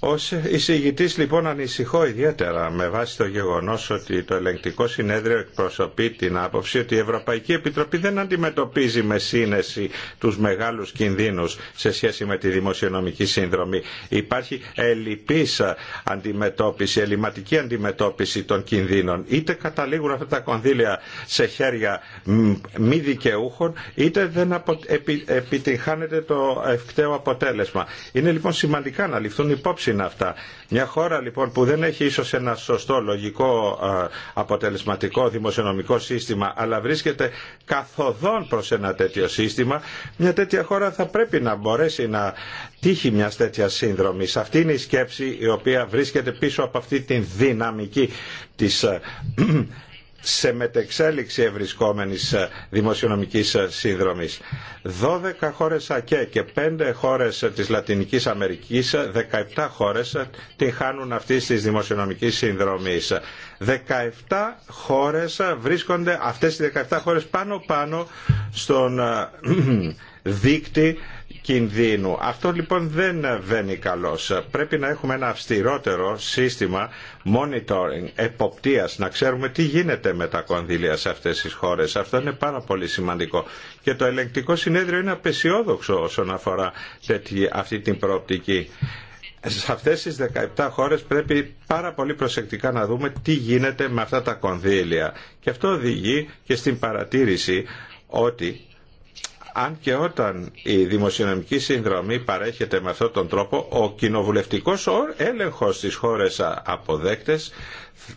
Ως εισηγητή, λοιπόν ανησυχώ ιδιαίτερα με βάση το γεγονό ότι το ελεγκτικό συνέδριο εκπροσωπεί την άποψη ότι η Ευρωπαϊκή Επιτροπή δεν αντιμετωπίζει με σύνεση του μεγάλου κινδύνους σε σχέση με τη δημοσιονομική σύνδρομη. Υπάρχει ελλειπή αντιμετώπιση, ελληματική αντιμετώπιση των κινδύνων. Είτε καταλήγουν αυτά τα κονδύλια σε χέρια μη δικαιούχων, είτε δεν απο... επιτυγχάνεται το ευκταίο αποτέλεσμα. Είναι λοιπόν σημαντικά να ληφθούν υπόψη είναι αυτά. Μια χώρα λοιπόν που δεν έχει ίσως ένα σωστό λογικό αποτελεσματικό δημοσιονομικό σύστημα αλλά βρίσκεται καθοδόν προς ένα τέτοιο σύστημα μια τέτοια χώρα θα πρέπει να μπορέσει να τύχει μια τέτοια σύνδρομη. Αυτή είναι η σκέψη η οποία βρίσκεται πίσω από αυτή την δυναμική της σε μετεξέλιξη ευρισκόμενης ε, δημοσιονομική ε, σύνδρομη. 12 χώρες ΑΚΕ και 5 χώρες ε, της Λατινικής Αμερικής, 17 χώρες την χάνουν αυτή της δημοσιονομικής σύνδρομης. 17 χώρες βρίσκονται, αυτές οι 17 χώρες πάνω πάνω στον δίκτυο κινδύνου. Αυτό λοιπόν δεν βαίνει καλώς. Πρέπει να έχουμε ένα αυστηρότερο σύστημα monitoring, εποπτείας, να ξέρουμε τι γίνεται με τα κονδύλια σε αυτές τις χώρες. Αυτό είναι πάρα πολύ σημαντικό. Και το ελεγκτικό συνέδριο είναι απεσιόδοξο όσον αφορά αυτή την προοπτική. Σε αυτές τις 17 χώρες πρέπει πάρα πολύ προσεκτικά να δούμε τι γίνεται με αυτά τα κονδύλια. Και αυτό οδηγεί και στην παρατήρηση ότι αν και όταν η δημοσιονομική συνδρομή παρέχεται με αυτόν τον τρόπο, ο κοινοβουλευτικός έλεγχος στις χώρες αποδέκτες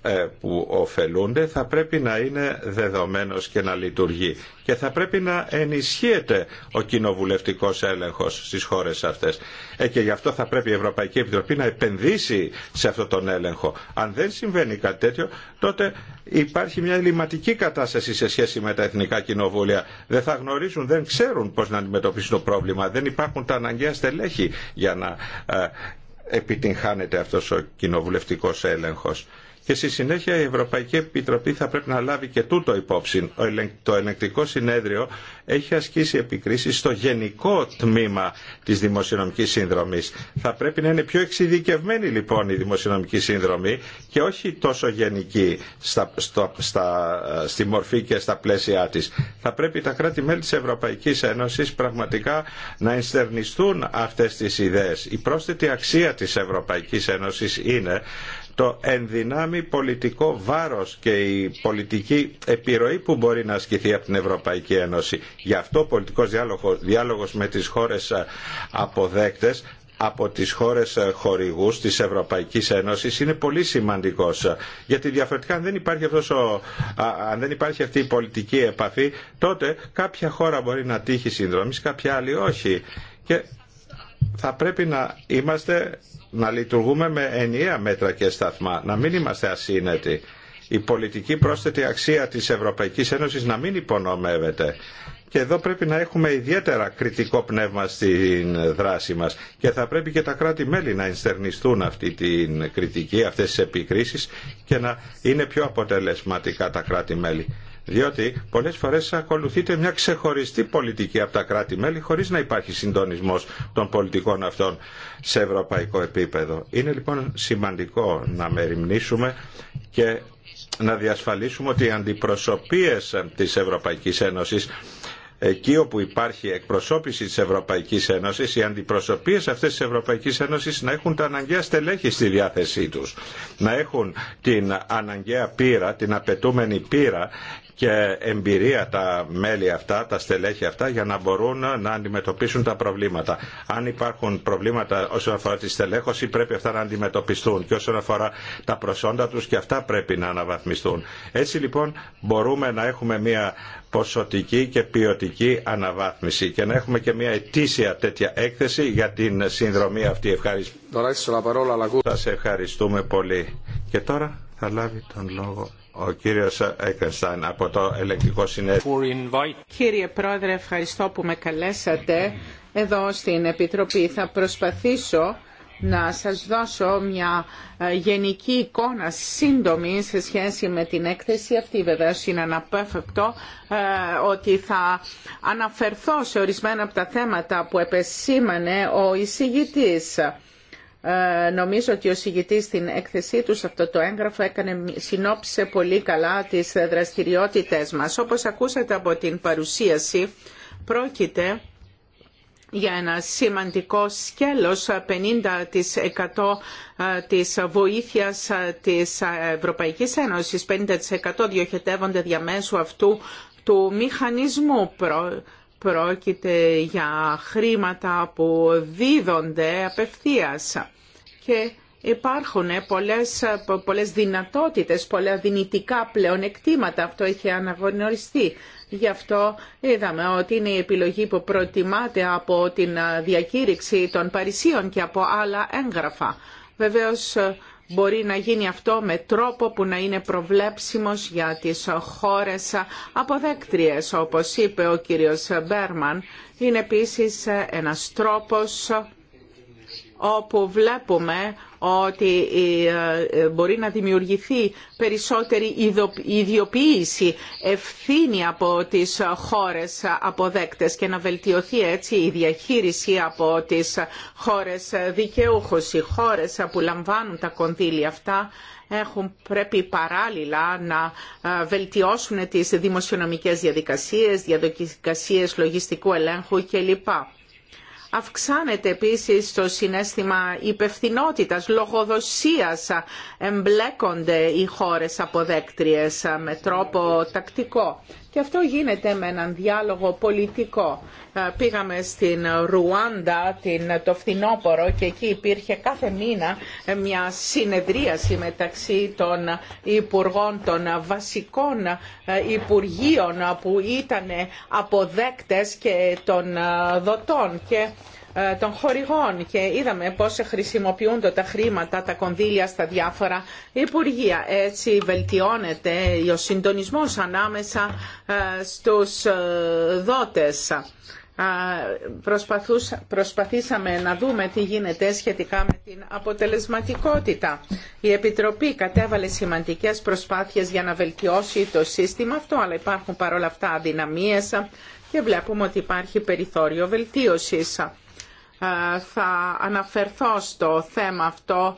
ε, που ωφελούνται θα πρέπει να είναι δεδομένος και να λειτουργεί και θα πρέπει να ενισχύεται ο κοινοβουλευτικός έλεγχος στις χώρες αυτές. Ε, και γι' αυτό θα πρέπει η Ευρωπαϊκή Επιτροπή να επενδύσει σε αυτόν τον έλεγχο. Αν δεν συμβαίνει κάτι τέτοιο, τότε υπάρχει μια ελληματική κατάσταση σε σχέση με τα εθνικά κοινοβούλια. Δεν θα γνωρίζουν, δεν ξέρουν πώς να αντιμετωπίσουν το πρόβλημα. Δεν υπάρχουν τα αναγκαία στελέχη για να ε, επιτυγχάνεται αυτό ο κοινοβουλευτικό έλεγχο. Και στη συνέχεια η Ευρωπαϊκή Επιτροπή θα πρέπει να λάβει και τούτο υπόψη. Το ελεγκτικό συνέδριο έχει ασκήσει επικρίσεις στο γενικό τμήμα της δημοσιονομικής σύνδρομης. Θα πρέπει να είναι πιο εξειδικευμένη λοιπόν η δημοσιονομική σύνδρομη και όχι τόσο γενική στα, στο, στη μορφή και στα πλαίσια της. Θα πρέπει τα κράτη-μέλη της Ευρωπαϊκής Ένωσης πραγματικά να ενστερνιστούν αυτές τις ιδέες. Η πρόσθετη αξία της Ευρωπαϊκής Ένωσης είναι το ενδυνάμει πολιτικό βάρος και η πολιτική επιρροή που μπορεί να ασκηθεί από την Ευρωπαϊκή Ένωση. Γι' αυτό ο πολιτικός διάλογος, διάλογος με τις χώρες αποδέκτες από τις χώρες χορηγούς της Ευρωπαϊκής Ένωσης είναι πολύ σημαντικός. Γιατί διαφορετικά αν δεν υπάρχει, αυτός ο, αν δεν υπάρχει αυτή η πολιτική επαφή, τότε κάποια χώρα μπορεί να τύχει συνδρομής, κάποια άλλη όχι. Και θα πρέπει να είμαστε να λειτουργούμε με ενιαία μέτρα και σταθμά, να μην είμαστε ασύνετοι. Η πολιτική πρόσθετη αξία της Ευρωπαϊκής Ένωσης να μην υπονομεύεται. Και εδώ πρέπει να έχουμε ιδιαίτερα κριτικό πνεύμα στην δράση μας και θα πρέπει και τα κράτη-μέλη να ενστερνιστούν αυτή την κριτική, αυτές τις επικρίσεις και να είναι πιο αποτελεσματικά τα κράτη-μέλη διότι πολλές φορές ακολουθείται μια ξεχωριστή πολιτική από τα κράτη-μέλη χωρίς να υπάρχει συντονισμός των πολιτικών αυτών σε ευρωπαϊκό επίπεδο. Είναι λοιπόν σημαντικό να μεριμνήσουμε και να διασφαλίσουμε ότι οι αντιπροσωπείες της Ευρωπαϊκής Ένωσης εκεί όπου υπάρχει εκπροσώπηση της Ευρωπαϊκής Ένωσης, οι αντιπροσωπείες αυτές της Ευρωπαϊκής Ένωσης να έχουν τα αναγκαία στελέχη στη διάθεσή τους, να έχουν την αναγκαία πείρα, την απαιτούμενη πείρα και εμπειρία τα μέλη αυτά, τα στελέχη αυτά για να μπορούν να αντιμετωπίσουν τα προβλήματα. Αν υπάρχουν προβλήματα όσον αφορά τη στελέχωση πρέπει αυτά να αντιμετωπιστούν και όσον αφορά τα προσόντα τους και αυτά πρέπει να αναβαθμιστούν. Έτσι λοιπόν μπορούμε να έχουμε μια ποσοτική και ποιοτική αναβάθμιση και να έχουμε και μια ετήσια τέτοια έκθεση για την συνδρομή αυτή. Ευχαριστώ. Σας ευχαριστούμε πολύ. Και τώρα θα λάβει τον λόγο ο κύριος Έκενσταν από το Ελεκτικό Συνέδριο. Κύριε Πρόεδρε, ευχαριστώ που με καλέσατε εδώ στην Επιτροπή. Θα προσπαθήσω να σας δώσω μια ε, γενική εικόνα σύντομη σε σχέση με την έκθεση αυτή. Βεβαίω είναι αναπέφευκτο ε, ότι θα αναφερθώ σε ορισμένα από τα θέματα που επεσήμανε ο εισηγητής ε, νομίζω ότι ο συγητής στην έκθεσή του σε αυτό το έγγραφο έκανε, συνόψε πολύ καλά τις δραστηριότητες μας. Όπως ακούσατε από την παρουσίαση, πρόκειται για ένα σημαντικό σκέλος 50% ε, της βοήθειας ε, της Ευρωπαϊκής Ένωσης, 50% διοχετεύονται διαμέσου αυτού του μηχανισμού Πρόκειται για χρήματα που δίδονται απευθείας και υπάρχουν ε, πολλές, πολλές δυνατότητες, πολλά δυνητικά πλεονεκτήματα. Αυτό έχει αναγνωριστεί. Γι' αυτό είδαμε ότι είναι η επιλογή που προτιμάται από την διακήρυξη των Παρισίων και από άλλα έγγραφα. Βεβαίως μπορεί να γίνει αυτό με τρόπο που να είναι προβλέψιμος για τις χώρες αποδέκτριες. Όπως είπε ο κύριος Μπέρμαν, είναι επίσης ένας τρόπος όπου βλέπουμε ότι ε, ε, μπορεί να δημιουργηθεί περισσότερη ιδιοποίηση ευθύνη από τις χώρες αποδέκτες και να βελτιωθεί έτσι η διαχείριση από τις χώρες δικαιούχους. Οι χώρες που λαμβάνουν τα κονδύλια αυτά έχουν, πρέπει παράλληλα να ε, βελτιώσουν τις δημοσιονομικές διαδικασίες, διαδικασίες λογιστικού ελέγχου κλπ Αυξάνεται επίσης το συνέστημα υπευθυνότητας, λογοδοσίας, εμπλέκονται οι χώρες αποδέκτριες με τρόπο τακτικό. Και αυτό γίνεται με έναν διάλογο πολιτικό. Ε, πήγαμε στην Ρουάντα την, το φθινόπωρο και εκεί υπήρχε κάθε μήνα ε, μια συνεδρίαση μεταξύ των υπουργών των βασικών ε, υπουργείων που ήταν αποδέκτες και των δοτών. Και ε, των χορηγών και είδαμε πώς χρησιμοποιούνται τα χρήματα, τα κονδύλια στα διάφορα υπουργεία. Έτσι βελτιώνεται ο συντονισμός ανάμεσα ε, στους ε, δότες. Προσπαθήσαμε να δούμε τι γίνεται σχετικά με την αποτελεσματικότητα. Η Επιτροπή κατέβαλε σημαντικές προσπάθειες για να βελτιώσει το σύστημα αυτό, αλλά υπάρχουν παρόλα αυτά αδυναμίες και βλέπουμε ότι υπάρχει περιθώριο βελτίωσης. Ε, θα αναφερθώ στο θέμα αυτό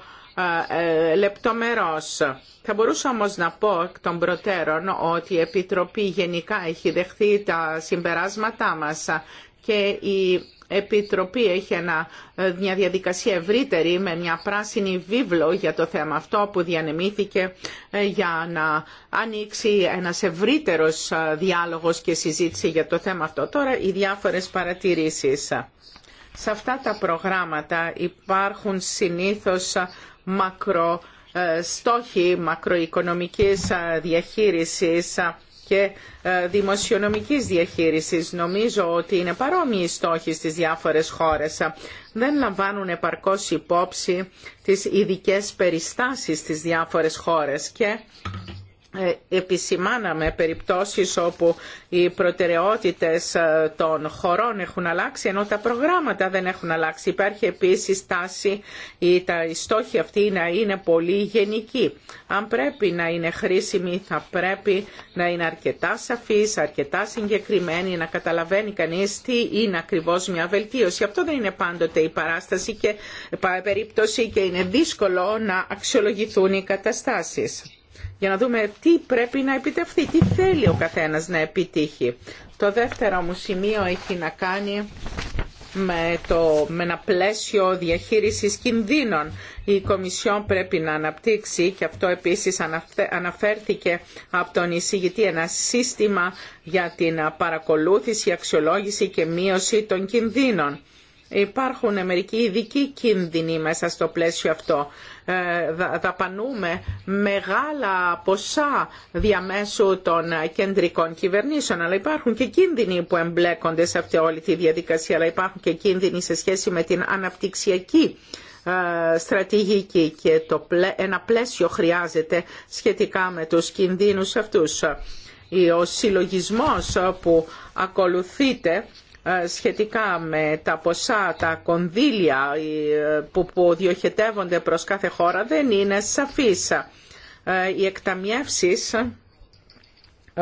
ε, ε, λεπτομερώς. Θα μπορούσα όμως να πω εκ των προτέρων ότι η Επιτροπή γενικά έχει δεχθεί τα συμπεράσματά μας και η Επιτροπή έχει ένα, μια διαδικασία ευρύτερη με μια πράσινη βίβλο για το θέμα αυτό που διανεμήθηκε για να ανοίξει ένας ευρύτερος διάλογος και συζήτηση για το θέμα αυτό. Τώρα οι διάφορες παρατηρήσεις. Σε αυτά τα προγράμματα υπάρχουν συνήθως μακρο, ε, στόχοι μακροοικονομικής ε, διαχείρισης ε, και δημοσιονομικής διαχείρισης. Νομίζω ότι είναι παρόμοιοι οι στόχοι στις διάφορες χώρες. Δεν λαμβάνουν επαρκώς υπόψη τις ειδικές περιστάσεις στις διάφορες χώρες και ε, επισημάναμε περιπτώσεις όπου οι προτεραιότητες ε, των χωρών έχουν αλλάξει ενώ τα προγράμματα δεν έχουν αλλάξει. Υπάρχει επίσης τάση, παράσταση στόχοι αυτοί να είναι πολύ γενικοί. Αν πρέπει να είναι χρήσιμοι θα πρέπει να είναι αρκετά σαφείς, αρκετά συγκεκριμένοι, να καταλαβαίνει κανείς τι είναι ακριβώς μια βελτίωση. Αυτό δεν είναι πάντοτε η παράσταση και περίπτωση και είναι δύσκολο να αξιολογηθούν οι καταστάσεις για να δούμε τι πρέπει να επιτευχθεί, τι θέλει ο καθένας να επιτύχει. Το δεύτερο μου σημείο έχει να κάνει με, το, με ένα πλαίσιο διαχείρισης κινδύνων. Η Κομισιόν πρέπει να αναπτύξει και αυτό επίσης αναφέρθηκε από τον εισηγητή ένα σύστημα για την παρακολούθηση, αξιολόγηση και μείωση των κινδύνων Υπάρχουν μερικοί ειδικοί κίνδυνοι μέσα στο πλαίσιο αυτό. Ε, δαπανούμε μεγάλα ποσά διαμέσου των κεντρικών κυβερνήσεων, αλλά υπάρχουν και κίνδυνοι που εμπλέκονται σε αυτή όλη τη διαδικασία, αλλά υπάρχουν και κίνδυνοι σε σχέση με την αναπτυξιακή ε, στρατηγική και το ένα πλαίσιο χρειάζεται σχετικά με τους κινδύνους αυτούς. Ε, ο συλλογισμός που ακολουθείται ε, σχετικά με τα ποσά, τα κονδύλια ε, που διοχετεύονται προς κάθε χώρα δεν είναι σαφής. Ε, οι εκταμιεύσεις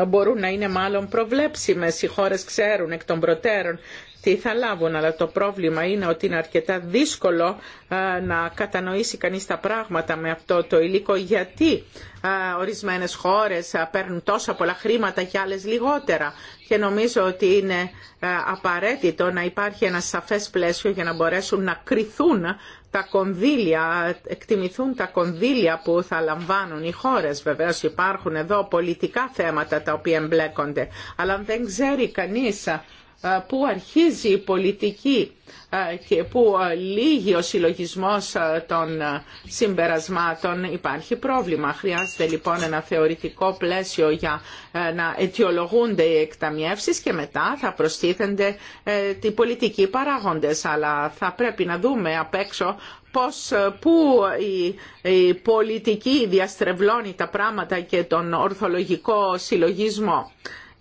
μπορούν να είναι μάλλον προβλέψιμες. Οι χώρες ξέρουν εκ των προτέρων τι θα λάβουν. Αλλά το πρόβλημα είναι ότι είναι αρκετά δύσκολο να κατανοήσει κανείς τα πράγματα με αυτό το υλικό. Γιατί ορισμένες χώρες παίρνουν τόσα πολλά χρήματα και άλλες λιγότερα. Και νομίζω ότι είναι απαραίτητο να υπάρχει ένα σαφές πλαίσιο για να μπορέσουν να κρυθούν τα κονδύλια, εκτιμηθούν τα κονδύλια που θα λαμβάνουν οι χώρες. Βεβαίως υπάρχουν εδώ πολιτικά θέματα τα οποία εμπλέκονται. Αλλά δεν ξέρει κανείς που αρχίζει η πολιτική και που λύγει ο συλλογισμός των συμπερασμάτων υπάρχει πρόβλημα. Χρειάζεται λοιπόν ένα θεωρητικό πλαίσιο για ε, να αιτιολογούνται οι εκταμιεύσεις και μετά θα προστίθενται οι ε, πολιτικοί παράγοντες. Αλλά θα πρέπει να δούμε απ' έξω πώς, ε, πού η, η πολιτική διαστρεβλώνει τα πράγματα και τον ορθολογικό συλλογισμό.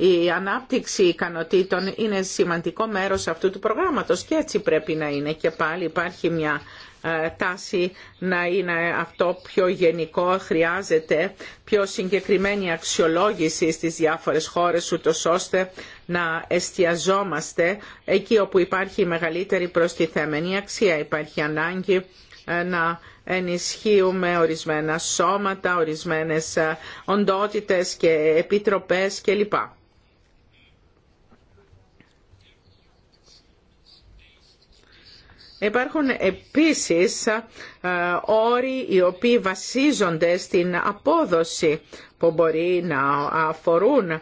Η ανάπτυξη ικανοτήτων είναι σημαντικό μέρος αυτού του προγράμματος και έτσι πρέπει να είναι. Και πάλι υπάρχει μια ε, τάση να είναι αυτό πιο γενικό, χρειάζεται πιο συγκεκριμένη αξιολόγηση στις διάφορες χώρες ούτω ώστε να εστιαζόμαστε εκεί όπου υπάρχει η μεγαλύτερη προστιθέμενη αξία. Υπάρχει ανάγκη ε, να ενισχύουμε ορισμένα σώματα, ορισμένες ε, οντότητες και επιτροπές κλπ. Υπάρχουν επίσης όροι οι οποίοι βασίζονται στην απόδοση που μπορεί να αφορούν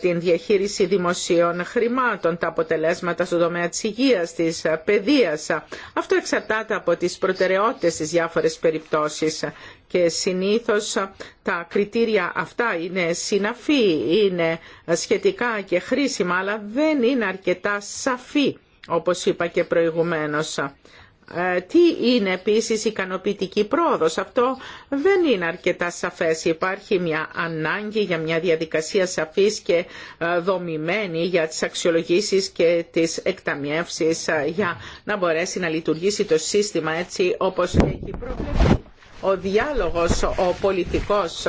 την διαχείριση δημοσίων χρημάτων, τα αποτελέσματα στον τομέα της υγείας, της παιδείας. Αυτό εξαρτάται από τις προτεραιότητες στις διάφορες περιπτώσεις και συνήθως τα κριτήρια αυτά είναι συναφή, είναι σχετικά και χρήσιμα, αλλά δεν είναι αρκετά σαφή όπως είπα και προηγουμένως. Ε, τι είναι επίσης ικανοποιητική πρόοδος. Αυτό δεν είναι αρκετά σαφές. Υπάρχει μια ανάγκη για μια διαδικασία σαφής και ε, δομημένη για τις αξιολογήσεις και τις εκταμιεύσεις ε, για να μπορέσει να λειτουργήσει το σύστημα έτσι όπως έχει προβλεφθεί. Ο διάλογος, ο πολιτικός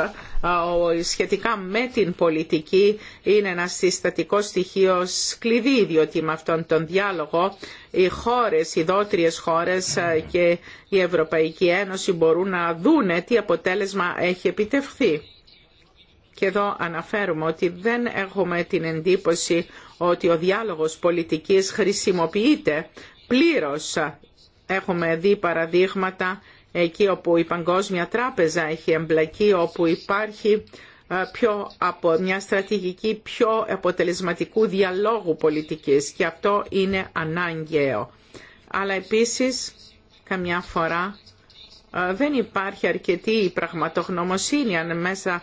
σχετικά με την πολιτική είναι ένα συστατικό στοιχείο κλειδί, διότι με αυτόν τον διάλογο οι χώρες, οι δότριες χώρες και η Ευρωπαϊκή Ένωση μπορούν να δούνε τι αποτέλεσμα έχει επιτευχθεί. Και εδώ αναφέρουμε ότι δεν έχουμε την εντύπωση ότι ο διάλογος πολιτικής χρησιμοποιείται πλήρως. Έχουμε δει παραδείγματα εκεί όπου η Παγκόσμια Τράπεζα έχει εμπλακεί, όπου υπάρχει ε, πιο από μια στρατηγική πιο αποτελεσματικού διαλόγου πολιτικής και αυτό είναι ανάγκαιο. Αλλά επίσης καμιά φορά ε, δεν υπάρχει αρκετή πραγματογνωμοσύνη μέσα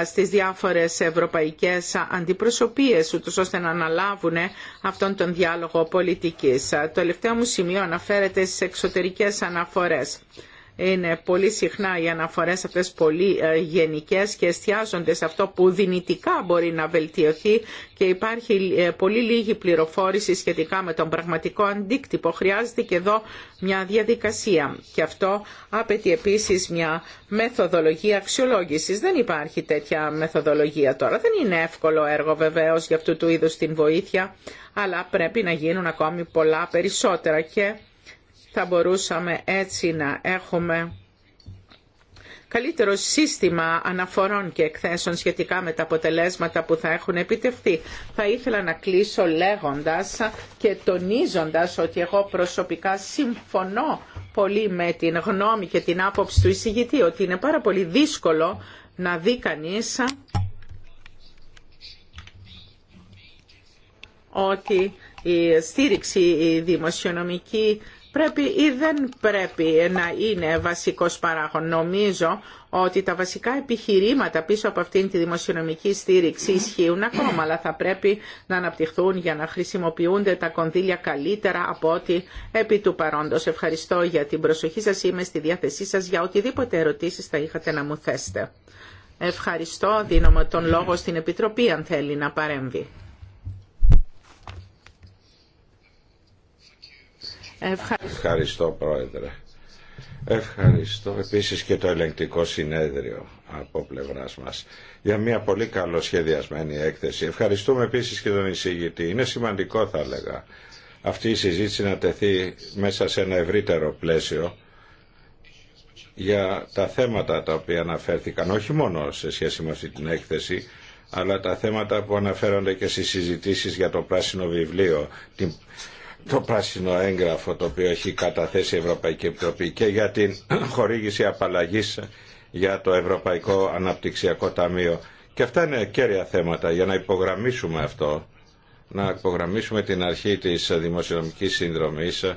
ε, στις διάφορες ευρωπαϊκές αντιπροσωπείες, ούτως ώστε να αναλάβουν αυτόν τον διάλογο πολιτικής. Το τελευταίο μου σημείο αναφέρεται στις εξωτερικές αναφορές. Είναι πολύ συχνά οι αναφορές αυτές πολύ ε, γενικές και εστιάζονται σε αυτό που δυνητικά μπορεί να βελτιωθεί και υπάρχει ε, πολύ λίγη πληροφόρηση σχετικά με τον πραγματικό αντίκτυπο. Χρειάζεται και εδώ μια διαδικασία και αυτό απαιτεί επίσης μια μεθοδολογία αξιολόγησης. Δεν υπάρχει τέτοια μεθοδολογία τώρα. Δεν είναι εύκολο έργο βεβαίως για αυτού του είδους την βοήθεια αλλά πρέπει να γίνουν ακόμη πολλά περισσότερα και θα μπορούσαμε έτσι να έχουμε καλύτερο σύστημα αναφορών και εκθέσεων σχετικά με τα αποτελέσματα που θα έχουν επιτευχθεί. Θα ήθελα να κλείσω λέγοντας και τονίζοντας ότι εγώ προσωπικά συμφωνώ πολύ με την γνώμη και την άποψη του εισηγητή ότι είναι πάρα πολύ δύσκολο να δει κανείς ότι η στήριξη η δημοσιονομική πρέπει ή δεν πρέπει να είναι βασικός παράγον. Νομίζω ότι τα βασικά επιχειρήματα πίσω από αυτήν τη δημοσιονομική στήριξη ισχύουν ακόμα, αλλά θα πρέπει να αναπτυχθούν για να χρησιμοποιούνται τα κονδύλια καλύτερα από ό,τι επί του παρόντος. Ευχαριστώ για την προσοχή σας, είμαι στη διάθεσή σας για οτιδήποτε ερωτήσεις θα είχατε να μου θέσετε. Ευχαριστώ, δίνω τον λόγο στην Επιτροπή αν θέλει να παρέμβει. Ευχαριστώ. Πρόεδρε. Ευχαριστώ επίσης και το ελεγκτικό συνέδριο από πλευράς μας για μια πολύ καλοσχεδιασμένη έκθεση. Ευχαριστούμε επίσης και τον εισηγητή. Είναι σημαντικό θα έλεγα αυτή η συζήτηση να τεθεί μέσα σε ένα ευρύτερο πλαίσιο για τα θέματα τα οποία αναφέρθηκαν όχι μόνο σε σχέση με αυτή την έκθεση αλλά τα θέματα που αναφέρονται και στις συζητήσεις για το πράσινο βιβλίο, την το πράσινο έγγραφο το οποίο έχει καταθέσει η Ευρωπαϊκή Επιτροπή και για την χορήγηση απαλλαγής για το Ευρωπαϊκό Αναπτυξιακό Ταμείο. Και αυτά είναι κέρια θέματα για να υπογραμμίσουμε αυτό, να υπογραμμίσουμε την αρχή της δημοσιονομικής συνδρομής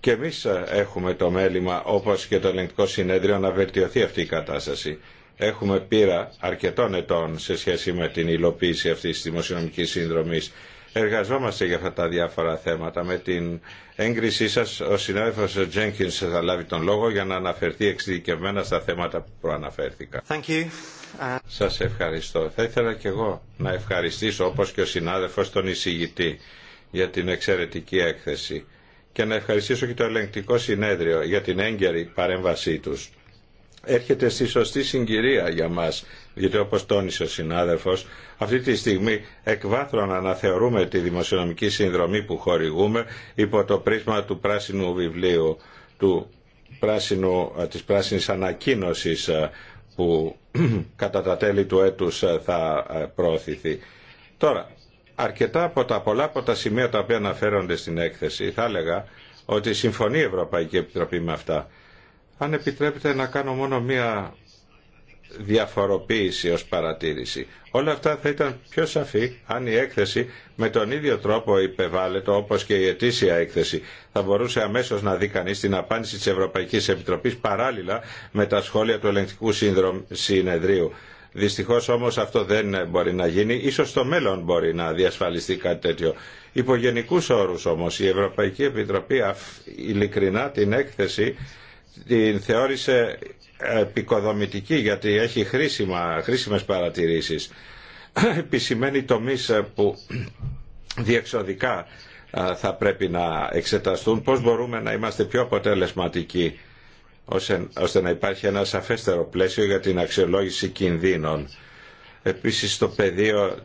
και εμείς έχουμε το μέλημα όπως και το ελεγκτικό συνέδριο να βελτιωθεί αυτή η κατάσταση. Έχουμε πείρα αρκετών ετών σε σχέση με την υλοποίηση αυτής της δημοσιονομικής συνδρομής εργαζόμαστε για αυτά τα διάφορα θέματα. Με την έγκρισή σας ο συνάδελφος Τζένκινς θα λάβει τον λόγο για να αναφερθεί εξειδικευμένα στα θέματα που προαναφέρθηκα. Thank Σας ευχαριστώ. Θα ήθελα και εγώ να ευχαριστήσω όπως και ο συνάδελφο τον εισηγητή για την εξαιρετική έκθεση και να ευχαριστήσω και το ελεγκτικό συνέδριο για την έγκαιρη παρέμβασή τους. Έρχεται στη σωστή συγκυρία για μας γιατί όπως τόνισε ο συνάδελφος, αυτή τη στιγμή εκβάθρον αναθεωρούμε τη δημοσιονομική συνδρομή που χορηγούμε υπό το πρίσμα του πράσινου βιβλίου, του πράσινου, ε, της πράσινης ανακοίνωσης ε, που κατά τα τέλη του έτους ε, θα προωθηθεί. Τώρα, αρκετά από τα πολλά από τα σημεία τα οποία αναφέρονται στην έκθεση, θα έλεγα ότι συμφωνεί η Ευρωπαϊκή Επιτροπή με αυτά. Αν επιτρέπετε να κάνω μόνο μία διαφοροποίηση ως παρατήρηση. Όλα αυτά θα ήταν πιο σαφή αν η έκθεση με τον ίδιο τρόπο υπεβάλλεται όπως και η ετήσια έκθεση. Θα μπορούσε αμέσως να δει κανεί την απάντηση της Ευρωπαϊκής Επιτροπής παράλληλα με τα σχόλια του ελεγκτικού συνεδρίου. Δυστυχώς όμως αυτό δεν μπορεί να γίνει. Ίσως στο μέλλον μπορεί να διασφαλιστεί κάτι τέτοιο. Υπό γενικού όρους όμως η Ευρωπαϊκή Επιτροπή ειλικρινά την έκθεση την θεώρησε επικοδομητική γιατί έχει χρήσιμα, χρήσιμες παρατηρήσεις. Επισημαίνει τομείς που διεξοδικά θα πρέπει να εξεταστούν πώς μπορούμε να είμαστε πιο αποτελεσματικοί ώστε να υπάρχει ένα σαφέστερο πλαίσιο για την αξιολόγηση κινδύνων. Επίσης στο πεδίο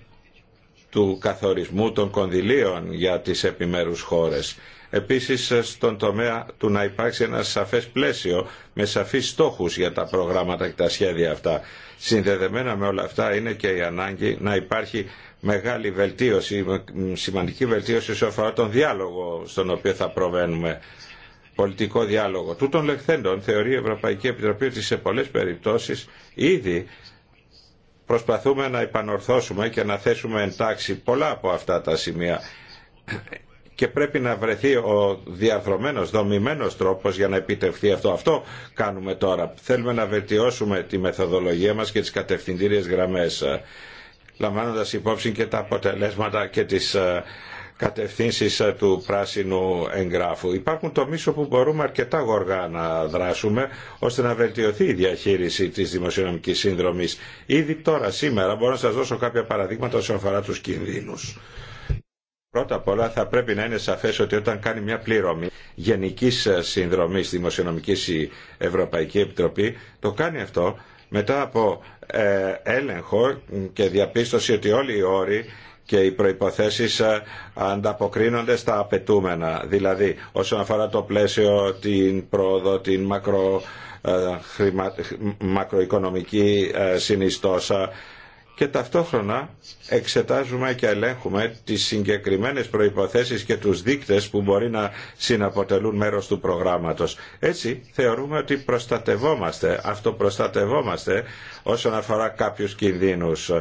του καθορισμού των κονδυλίων για τις επιμέρους χώρες. Επίσης ε, στον τομέα του να υπάρξει ένα σαφές πλαίσιο με σαφείς στόχους για τα προγράμματα και τα σχέδια αυτά. Συνδεδεμένα με όλα αυτά είναι και η ανάγκη να υπάρχει μεγάλη βελτίωση, σημαντική βελτίωση σε αφορά τον διάλογο στον οποίο θα προβαίνουμε πολιτικό διάλογο. Τούτων λεχθέντων θεωρεί η Ευρωπαϊκή Επιτροπή ότι σε πολλές περιπτώσεις ήδη προσπαθούμε να επανορθώσουμε και να θέσουμε εντάξει πολλά από αυτά τα σημεία και πρέπει να βρεθεί ο διαθρωμένος, δομημένος τρόπος για να επιτευχθεί αυτό. Αυτό κάνουμε τώρα. Θέλουμε να βελτιώσουμε τη μεθοδολογία μας και τις κατευθυντήριες γραμμές ε, λαμβάνοντας υπόψη και τα αποτελέσματα και τις ε, κατευθύνσεις ε, του πράσινου εγγράφου. Υπάρχουν τομείς όπου μπορούμε αρκετά γοργά να δράσουμε ώστε να βελτιωθεί η διαχείριση της δημοσιονομικής σύνδρομης. Ήδη τώρα, σήμερα, μπορώ να σας δώσω κάποια παραδείγματα όσον αφορά τους κινδύνους. Πρώτα απ' όλα θα πρέπει να είναι σαφές ότι όταν κάνει μια πληρωμή γενικής ε, συνδρομής δημοσιονομικής η Ευρωπαϊκή Επιτροπή, το κάνει αυτό μετά από ε, έλεγχο και διαπίστωση ότι όλοι οι όροι και οι προϋποθέσεις ε, ανταποκρίνονται στα απαιτούμενα. Δηλαδή, όσον αφορά το πλαίσιο, την πρόοδο, την μακρο, μακροοικονομική συνιστόσα, και ταυτόχρονα εξετάζουμε και ελέγχουμε τις συγκεκριμένες προϋποθέσεις και τους δείκτες που μπορεί να συναποτελούν μέρος του προγράμματος. Έτσι θεωρούμε ότι προστατευόμαστε, αυτοπροστατευόμαστε όσον αφορά κάποιους κινδύνους.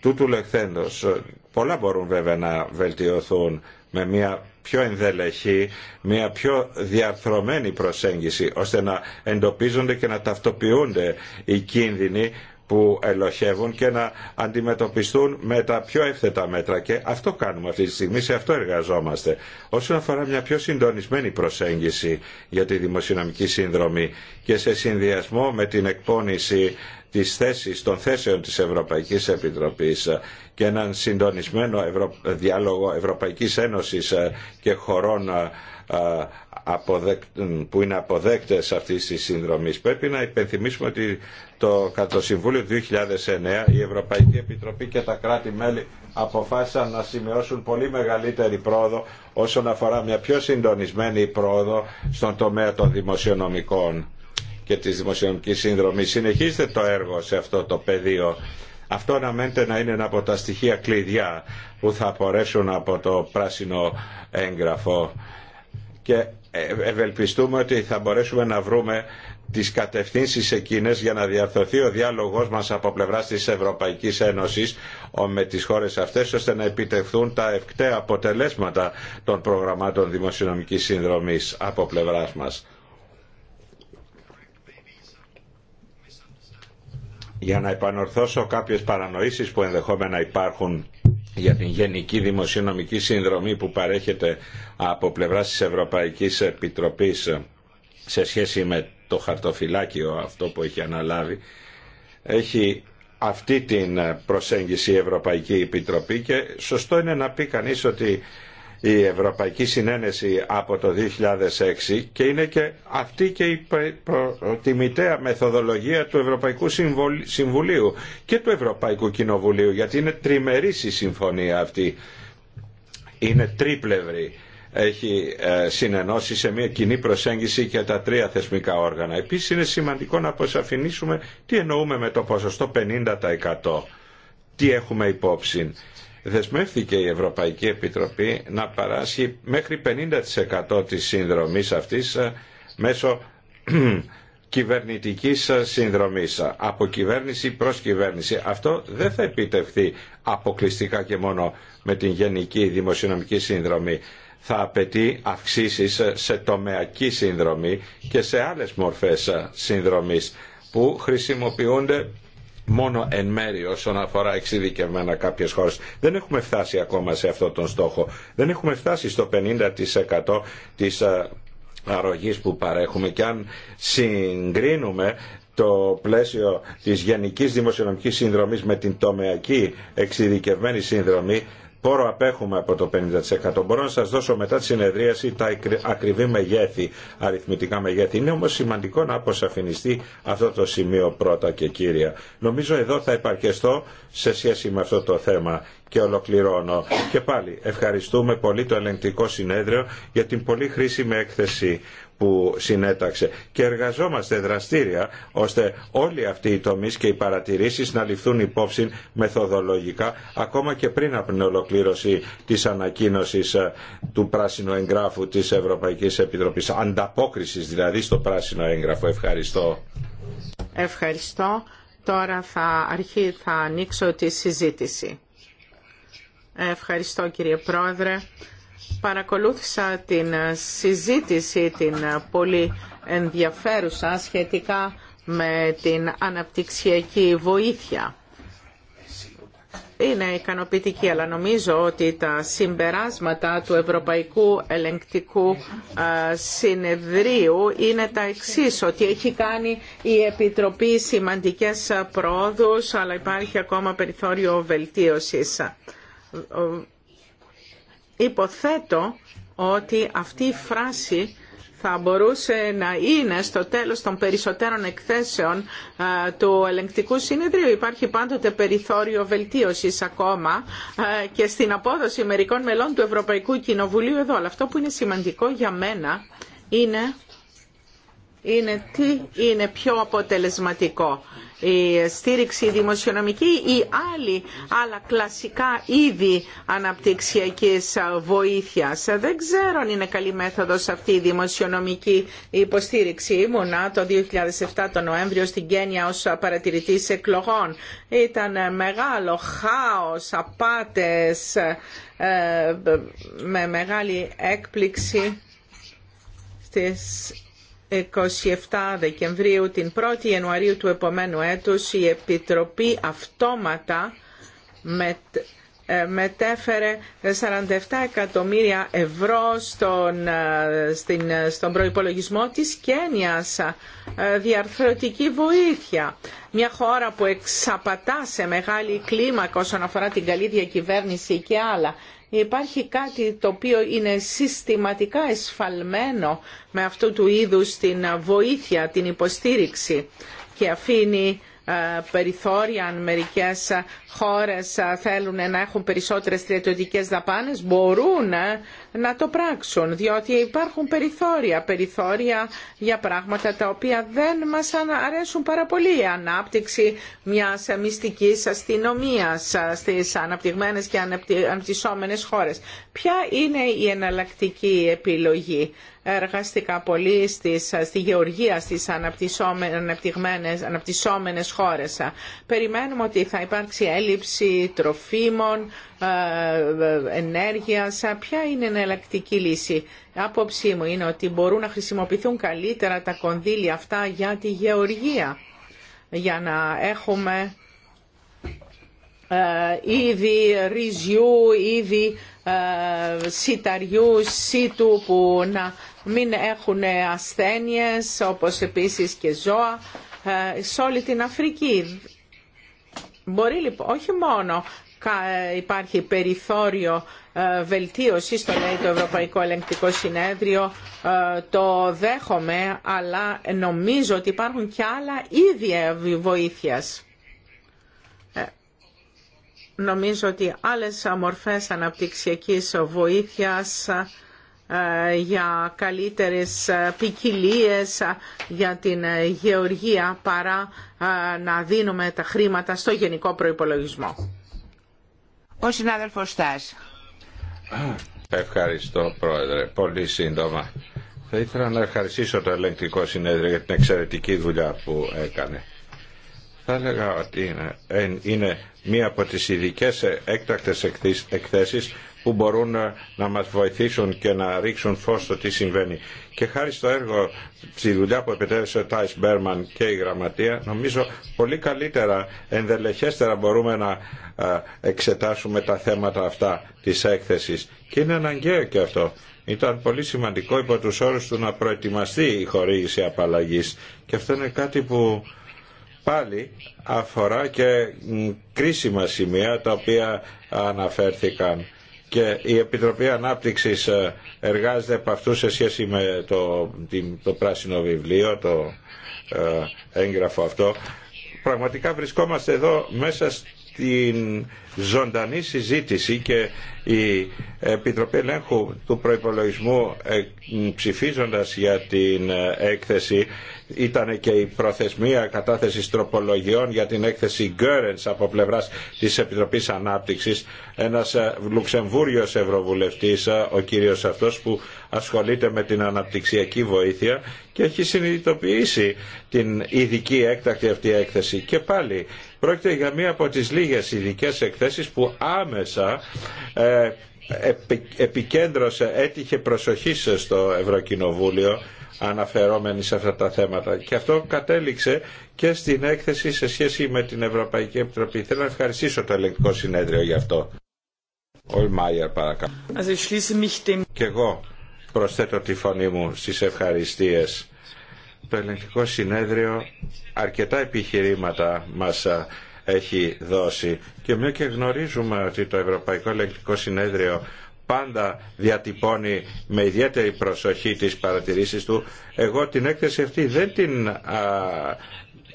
Τούτου λεχθέντος, πολλά μπορούν βέβαια να βελτιωθούν με μια πιο ενδελεχή, μια πιο διαρθρωμένη προσέγγιση, ώστε να εντοπίζονται και να ταυτοποιούνται οι κίνδυνοι που ελοχεύουν και να αντιμετωπιστούν με τα πιο εύθετα μέτρα και αυτό κάνουμε αυτή τη στιγμή, σε αυτό εργαζόμαστε. Όσον αφορά μια πιο συντονισμένη προσέγγιση για τη δημοσιονομική σύνδρομη και σε συνδυασμό με την εκπόνηση της θέσης, των θέσεων της Ευρωπαϊκής Επιτροπής και έναν συντονισμένο διάλογο Ευρωπαϊκής Ένωσης ε, και χωρών ε, που είναι αποδέκτες αυτής της συνδρομής. Πρέπει να υπενθυμίσουμε ότι το κατά το Συμβούλιο 2009 η Ευρωπαϊκή Επιτροπή και τα κράτη-μέλη αποφάσισαν να σημειώσουν πολύ μεγαλύτερη πρόοδο όσον αφορά μια πιο συντονισμένη πρόοδο στον τομέα των δημοσιονομικών και της δημοσιονομικής συνδρομής. Συνεχίζεται το έργο σε αυτό το πεδίο. Αυτό να μένετε να είναι ένα από τα στοιχεία κλειδιά που θα απορρέσουν από το πράσινο έγγραφο και ε, ευελπιστούμε ότι θα μπορέσουμε να βρούμε τις κατευθύνσεις εκείνες για να διαρθωθεί ο διάλογός μας από πλευράς της Ευρωπαϊκής Ένωσης με τις χώρες αυτές ώστε να επιτευχθούν τα ευκταία αποτελέσματα των προγραμμάτων δημοσιονομικής συνδρομής από πλευράς μας. Για να επανορθώσω κάποιες παρανοήσεις που ενδεχόμενα υπάρχουν για την Γενική Δημοσιονομική Συνδρομή που παρέχεται από πλευράς της Ευρωπαϊκής Επιτροπής σε σχέση με το χαρτοφυλάκιο αυτό που έχει αναλάβει έχει αυτή την προσέγγιση η Ευρωπαϊκή Επιτροπή και σωστό είναι να πει κανείς ότι η Ευρωπαϊκή Συνένεση από το 2006 και είναι και αυτή και η προτιμητέα μεθοδολογία του Ευρωπαϊκού Συμβουλίου και του Ευρωπαϊκού Κοινοβουλίου γιατί είναι τριμερής η συμφωνία αυτή. Είναι τρίπλευρη. Έχει ε, συνενώσει σε μια κοινή προσέγγιση και τα τρία θεσμικά όργανα. Επίσης είναι σημαντικό να αποσαφηνίσουμε τι εννοούμε με το ποσοστό 50%. Τι έχουμε υπόψη δεσμεύθηκε η Ευρωπαϊκή Επιτροπή να παράσχει μέχρι 50% της συνδρομής αυτής ε, μέσω κυβερνητικής ε, συνδρομής, ε, από κυβέρνηση προς κυβέρνηση. Αυτό δεν θα επιτευχθεί αποκλειστικά και μόνο με την γενική δημοσιονομική συνδρομή. Θα απαιτεί αυξήσεις σε τομεακή συνδρομή και σε άλλες μορφές συνδρομής που χρησιμοποιούνται μόνο εν μέρη όσον αφορά εξειδικευμένα κάποιες χώρες. Δεν έχουμε φτάσει ακόμα σε αυτό τον στόχο. Δεν έχουμε φτάσει στο 50% της ε, αρρωγής που παρέχουμε και αν συγκρίνουμε το πλαίσιο της γενικής δημοσιονομικής συνδρομής με την τομεακή εξειδικευμένη συνδρομή πόρο απέχουμε από το 50%. Μπορώ να σας δώσω μετά τη συνεδρίαση τα ακριβή μεγέθη, αριθμητικά μεγέθη. Είναι όμως σημαντικό να αποσαφινιστεί αυτό το σημείο πρώτα και κύρια. Νομίζω εδώ θα υπαρκεστώ σε σχέση με αυτό το θέμα και ολοκληρώνω. Και πάλι ευχαριστούμε πολύ το ελεγκτικό συνέδριο για την πολύ χρήσιμη έκθεση συνέταξε. Και εργαζόμαστε δραστήρια ώστε όλοι αυτοί οι τομείς και οι παρατηρήσεις να ληφθούν υπόψη μεθοδολογικά ακόμα και πριν από την ολοκλήρωση της ανακοίνωσης ε, του πράσινου εγγράφου της Ευρωπαϊκής Επιτροπής. Ανταπόκρισης δηλαδή στο πράσινο έγγραφο. Ευχαριστώ. Ευχαριστώ. Τώρα θα, αρχί, θα ανοίξω τη συζήτηση. Ευχαριστώ κύριε Πρόεδρε παρακολούθησα την ε, συζήτηση την ε, πολύ ενδιαφέρουσα σχετικά με την αναπτυξιακή βοήθεια. Είναι ικανοποιητική, αλλά νομίζω ότι τα συμπεράσματα του Ευρωπαϊκού Ελεγκτικού ε, Συνεδρίου είναι τα εξής, ότι έχει κάνει η Επιτροπή σημαντικές πρόοδους, αλλά υπάρχει ακόμα περιθώριο βελτίωσης Υποθέτω ότι αυτή η φράση θα μπορούσε να είναι στο τέλος των περισσότερων εκθέσεων του ελεγκτικού συνεδρίου. Υπάρχει πάντοτε περιθώριο βελτίωσης ακόμα και στην απόδοση μερικών μελών του Ευρωπαϊκού Κοινοβουλίου εδώ. Αλλά αυτό που είναι σημαντικό για μένα είναι, είναι τι είναι πιο αποτελεσματικό η στήριξη δημοσιονομική ή άλλη, άλλα κλασικά είδη αναπτυξιακής βοήθειας. Δεν ξέρω αν είναι καλή μέθοδος αυτή η δημοσιονομική υποστήριξη. Ήμουνα το 2007 το Νοέμβριο στην Κένια ως παρατηρητής εκλογών. Ήταν μεγάλο χάος, απάτες, ε, με μεγάλη έκπληξη στις 27 Δεκεμβρίου την 1η Ιανουαρίου του επομένου έτους η Επιτροπή αυτόματα ε, μετέφερε 47 εκατομμύρια ευρώ στον, ε, στην, ε, στον προϋπολογισμό της Κένιας διαρθρωτική βοήθεια. Μια χώρα που εξαπατά σε μεγάλη κλίμακα όσον αφορά την καλή διακυβέρνηση και άλλα. Υπάρχει κάτι το οποίο είναι συστηματικά εσφαλμένο με αυτού του είδους την βοήθεια, την υποστήριξη και αφήνει ε, περιθώρια αν μερικές χώρες θέλουν να έχουν περισσότερες στρατιωτικές δαπάνες μπορούν ε, να το πράξουν, διότι υπάρχουν περιθώρια, περιθώρια για πράγματα τα οποία δεν μας αρέσουν πάρα πολύ. Η ανάπτυξη μιας μυστικής αστυνομίας στις αναπτυγμένες και αναπτυσσόμενες χώρες. Ποια είναι η εναλλακτική επιλογή. Εργαστικά πολύ στις, στη γεωργία στις αναπτυσσόμενες, αναπτυσσόμενες χώρες. Περιμένουμε ότι θα υπάρξει έλλειψη τροφίμων, ε, ε, ενέργεια, Ποια είναι η εναλλακτική λύση. άποψή μου είναι ότι μπορούν να χρησιμοποιηθούν καλύτερα τα κονδύλια αυτά για τη γεωργία, για να έχουμε ε, είδη ρυζιού, είδη σιταριού, σίτου που να μην έχουν ασθένειες όπως επίσης και ζώα σε όλη την Αφρική. Μπορεί λοιπόν όχι μόνο ε, υπάρχει περιθώριο ε, βελτίωση, στο λέει το Ευρωπαϊκό Ελεγκτικό Συνέδριο, ε, το δέχομαι, αλλά νομίζω ότι υπάρχουν και άλλα ίδια βοήθειας. Νομίζω ότι άλλες μορφές αναπτυξιακής βοήθειας για καλύτερες ποικιλίε για την γεωργία παρά να δίνουμε τα χρήματα στο γενικό προϋπολογισμό. Ο συνάδελφος Στάς. Ευχαριστώ πρόεδρε. Πολύ σύντομα. Θα ήθελα να ευχαριστήσω το ελεγκτικό συνέδριο για την εξαιρετική δουλειά που έκανε. Θα έλεγα ότι είναι, μία από τις ειδικέ έκτακτες εκθέσεις που μπορούν να μας βοηθήσουν και να ρίξουν φως στο τι συμβαίνει. Και χάρη στο έργο, στη δουλειά που επιτέλεσε ο Τάις Μπέρμαν και η Γραμματεία, νομίζω πολύ καλύτερα, ενδελεχέστερα μπορούμε να εξετάσουμε τα θέματα αυτά της έκθεσης. Και είναι αναγκαίο και αυτό. Ήταν πολύ σημαντικό υπό τους όρους του να προετοιμαστεί η χορήγηση απαλλαγής. Και αυτό είναι κάτι που πάλι αφορά και κρίσιμα σημεία τα οποία αναφέρθηκαν και η Επιτροπή Ανάπτυξης ε, εργάζεται από αυτού σε σχέση με το, το πράσινο βιβλίο, το ε, έγγραφο αυτό. Πραγματικά βρισκόμαστε εδώ μέσα την ζωντανή συζήτηση και η Επιτροπή Ελέγχου του Προϋπολογισμού ε, ψηφίζοντας για την ε, έκθεση ήταν και η προθεσμία κατάθεσης τροπολογιών για την έκθεση Γκέρενς από πλευράς της Επιτροπής Ανάπτυξης ένας ε, Λουξεμβούριος Ευρωβουλευτής ο κύριος αυτός που ασχολείται με την αναπτυξιακή βοήθεια και έχει συνειδητοποιήσει την ειδική έκτακτη αυτή έκθεση και πάλι Πρόκειται για μία από τις λίγες ειδικέ εκθέσεις που άμεσα ε, επικέντρωσε, έτυχε σε στο Ευρωκοινοβούλιο αναφερόμενη σε αυτά τα θέματα. Και αυτό κατέληξε και στην έκθεση σε σχέση με την Ευρωπαϊκή Επιτροπή. Θέλω να ευχαριστήσω το ελεγκτικό συνέδριο γι' αυτό. Ολμάιερ παρακαλώ. Και εγώ προσθέτω τη φωνή μου στις ευχαριστίες το ελεγκτικό συνέδριο αρκετά επιχειρήματα μας έχει δώσει και μια και γνωρίζουμε ότι το Ευρωπαϊκό Ελεγκτικό Συνέδριο πάντα διατυπώνει με ιδιαίτερη προσοχή τις παρατηρήσεις του εγώ την έκθεση αυτή δεν την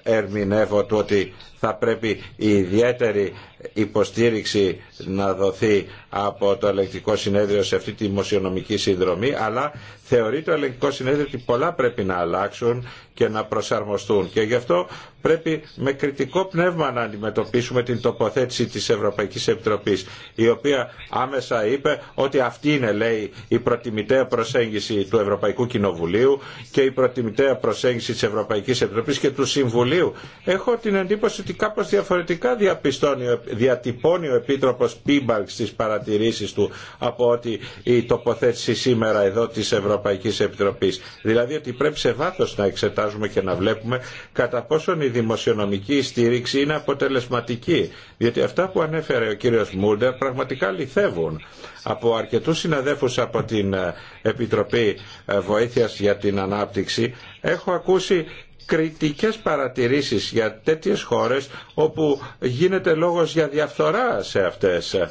ερμηνεύω του ότι θα πρέπει η ιδιαίτερη υποστήριξη να δοθεί από το ελεγκτικό συνέδριο σε αυτή τη δημοσιονομική συνδρομή, αλλά θεωρεί το ελεγκτικό συνέδριο ότι πολλά πρέπει να αλλάξουν και να προσαρμοστούν. Και γι' αυτό πρέπει με κριτικό πνεύμα να αντιμετωπίσουμε την τοποθέτηση της Ευρωπαϊκής Επιτροπής, η οποία άμεσα είπε ότι αυτή είναι, λέει, η προτιμητέα προσέγγιση του Ευρωπαϊκού Κοινοβουλίου και η προτιμητέα προσέγγιση της Ευρωπαϊκής Επιτροπής και του Συμβουλίου. Έχω την εντύπωση ότι κάπως διαφορετικά διαπιστώνει, διατυπώνει ο Επίτροπος Πίμπαλξ στις παρατηρήσεις του από ότι η τοποθέτηση σήμερα εδώ της Ευρωπαϊκής Επιτροπής. Δηλαδή ότι πρέπει σε βάθος να εξετάζουμε και να βλέπουμε κατά πόσον η δημοσιονομική στήριξη είναι αποτελεσματική. Διότι αυτά που ανέφερε ο κύριος Μούλτερ πραγματικά λυθεύουν. Από αρκετούς συναδέφους από την ε, Επιτροπή ε, Βοήθειας για την Ανάπτυξη έχω ακούσει κριτικές παρατηρήσεις για τέτοιες χώρες όπου γίνεται λόγος για διαφθορά σε αυτές ε,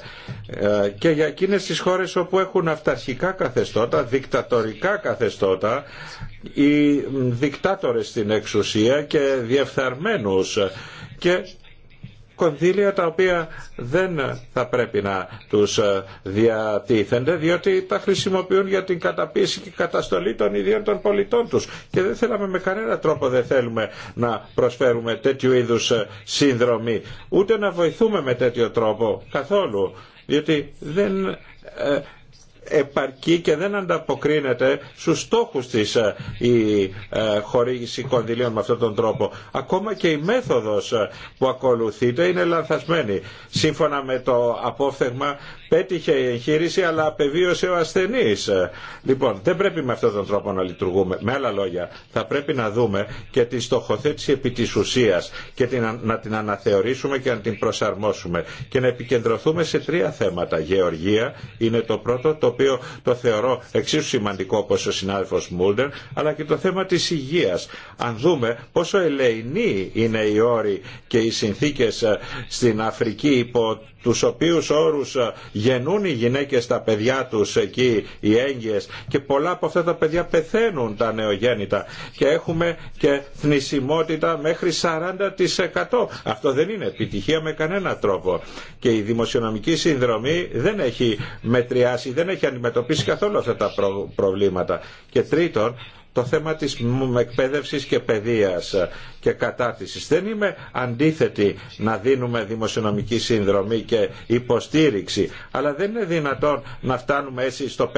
και για εκείνες τις χώρες όπου έχουν αυταρχικά καθεστώτα, δικτατορικά καθεστώτα οι δικτάτορες στην εξουσία και διεφθαρμένους και κονδύλια τα οποία δεν θα πρέπει να τους ε, διατίθενται διότι τα χρησιμοποιούν για την καταπίεση και καταστολή των ιδίων των πολιτών τους και δεν θέλαμε με κανένα τρόπο δεν θέλουμε να προσφέρουμε τέτοιου είδους ε, σύνδρομη ούτε να βοηθούμε με τέτοιο τρόπο καθόλου διότι δεν ε, επαρκεί και δεν ανταποκρίνεται στους στόχους της ε, η ε, χορήγηση κονδυλίων με αυτόν τον τρόπο. Ακόμα και η μέθοδος ε, που ακολουθείται είναι λανθασμένη. Σύμφωνα με το απόφθεγμα Πέτυχε η εγχείρηση αλλά απεβίωσε ο ασθενή. Λοιπόν, δεν πρέπει με αυτόν τον τρόπο να λειτουργούμε. Με άλλα λόγια, θα πρέπει να δούμε και τη στοχοθέτηση επί τη ουσία και την, να την αναθεωρήσουμε και να την προσαρμόσουμε και να επικεντρωθούμε σε τρία θέματα. Γεωργία είναι το πρώτο το οποίο το θεωρώ εξίσου σημαντικό όπω ο συνάδελφο Μούλτερ αλλά και το θέμα τη υγεία. Αν δούμε πόσο ελεηνοί είναι οι όροι και οι συνθήκε ε, στην Αφρική υπό τους οποίους όρους ε, γεννούν οι γυναίκες τα παιδιά τους εκεί οι έγκυες και πολλά από αυτά τα παιδιά πεθαίνουν τα νεογέννητα και έχουμε και θνησιμότητα μέχρι 40%. Αυτό δεν είναι επιτυχία με κανένα τρόπο και η δημοσιονομική συνδρομή δεν έχει μετριάσει, δεν έχει αντιμετωπίσει καθόλου αυτά τα προβλήματα. Και τρίτον, το θέμα της εκπαίδευσης και παιδείας και κατάρτισης. Δεν είμαι αντίθετη να δίνουμε δημοσιονομική συνδρομή και υποστήριξη, αλλά δεν είναι δυνατόν να φτάνουμε έτσι στο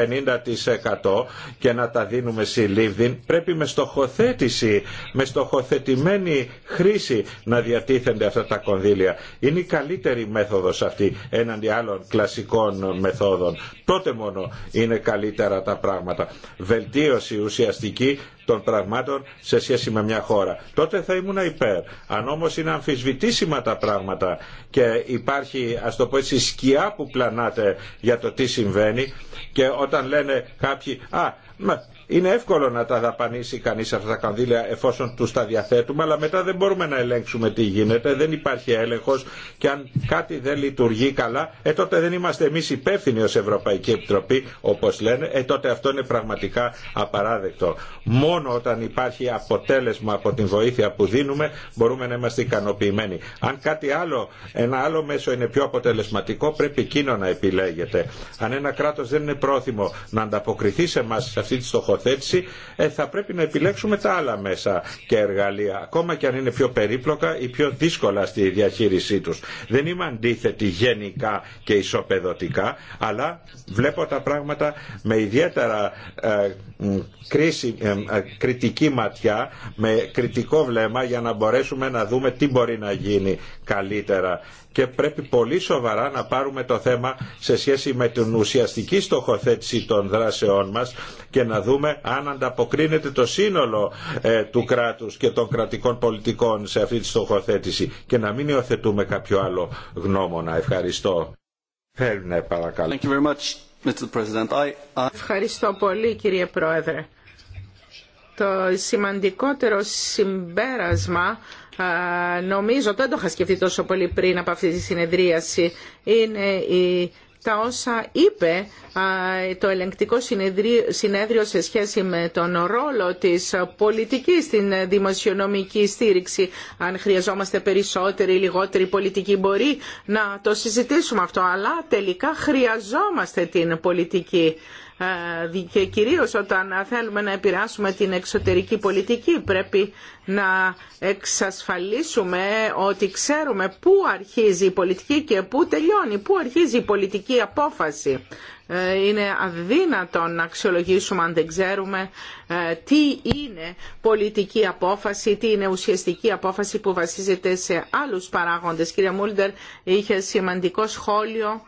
50% και να τα δίνουμε σε λίβδιν. Πρέπει με στοχοθέτηση, με στοχοθετημένη χρήση να διατίθενται αυτά τα κονδύλια. Είναι η καλύτερη μέθοδος αυτή έναντι άλλων κλασικών μεθόδων. Τότε μόνο είναι καλύτερα τα πράγματα. Βελτίωση ουσιαστική των πραγμάτων σε σχέση με μια χώρα. Τότε θα ήμουν υπέρ. Αν όμω είναι αμφισβητήσιμα τα πράγματα και υπάρχει, α το πω έτσι, σκιά που πλανάται για το τι συμβαίνει και όταν λένε κάποιοι, α, είναι εύκολο να τα δαπανίσει κανεί αυτά τα κανδύλια εφόσον του τα διαθέτουμε, αλλά μετά δεν μπορούμε να ελέγξουμε τι γίνεται, δεν υπάρχει έλεγχο και αν κάτι δεν λειτουργεί καλά, ε τότε δεν είμαστε εμεί υπεύθυνοι ω Ευρωπαϊκή Επιτροπή, όπω λένε, ε τότε αυτό είναι πραγματικά απαράδεκτο. Μόνο όταν υπάρχει αποτέλεσμα από την βοήθεια που δίνουμε μπορούμε να είμαστε ικανοποιημένοι. Αν κάτι άλλο, ένα άλλο μέσο είναι πιο αποτελεσματικό, πρέπει εκείνο να επιλέγεται. Αν ένα κράτο δεν είναι πρόθυμο να ανταποκριθεί σε εμά σε αυτή τη στοχοθέτηση, ε, θα πρέπει να επιλέξουμε τα άλλα μέσα και εργαλεία, ακόμα και αν είναι πιο περίπλοκα ή πιο δύσκολα στη διαχείρισή τους. Δεν είμαι αντίθετη γενικά και ισοπεδωτικά, αλλά βλέπω τα πράγματα με ιδιαίτερα ε, κρίση, ε, κριτική ματιά, με κριτικό βλέμμα για να μπορέσουμε να δούμε τι μπορεί να γίνει καλύτερα και πρέπει πολύ σοβαρά να πάρουμε το θέμα σε σχέση με την ουσιαστική στοχοθέτηση των δράσεών μας και να δούμε αν ανταποκρίνεται το σύνολο ε, του κράτους και των κρατικών πολιτικών σε αυτή τη στοχοθέτηση και να μην υιοθετούμε κάποιο άλλο γνώμονα. Ευχαριστώ. Ευχαριστώ πολύ κύριε Πρόεδρε. Το σημαντικότερο συμπέρασμα νομίζω δεν το είχα σκεφτεί τόσο πολύ πριν από αυτή τη συνεδρίαση είναι η τα όσα είπε το ελεγκτικό συνέδριο σε σχέση με τον ρόλο της πολιτικής στην δημοσιονομική στήριξη. Αν χρειαζόμαστε περισσότερη ή λιγότερη πολιτική μπορεί να το συζητήσουμε αυτό, αλλά τελικά χρειαζόμαστε την πολιτική. Ε, και κυρίως όταν θέλουμε να επηρεάσουμε την εξωτερική πολιτική πρέπει να εξασφαλίσουμε ότι ξέρουμε πού αρχίζει η πολιτική και πού τελειώνει, πού αρχίζει η πολιτική απόφαση. Ε, είναι αδύνατο να αξιολογήσουμε αν δεν ξέρουμε ε, τι είναι πολιτική απόφαση, τι είναι ουσιαστική απόφαση που βασίζεται σε άλλους παράγοντες. Κύριε Μούλντερ, είχε σημαντικό σχόλιο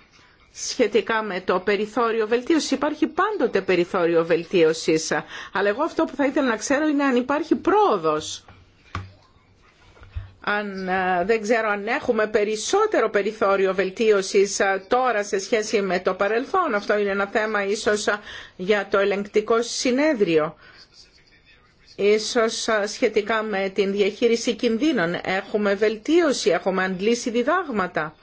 σχετικά με το περιθώριο βελτίωσης. Υπάρχει πάντοτε περιθώριο βελτίωσης, αλλά εγώ αυτό που θα ήθελα να ξέρω είναι αν υπάρχει πρόοδος. Αν ε, δεν ξέρω αν έχουμε περισσότερο περιθώριο βελτίωσης ε, τώρα σε σχέση με το παρελθόν. Αυτό είναι ένα θέμα ίσως ε, για το ελεγκτικό συνέδριο. Ίσως σχετικά με την διαχείριση κινδύνων. Έχουμε βελτίωση, έχουμε αντλήσει διδάγματα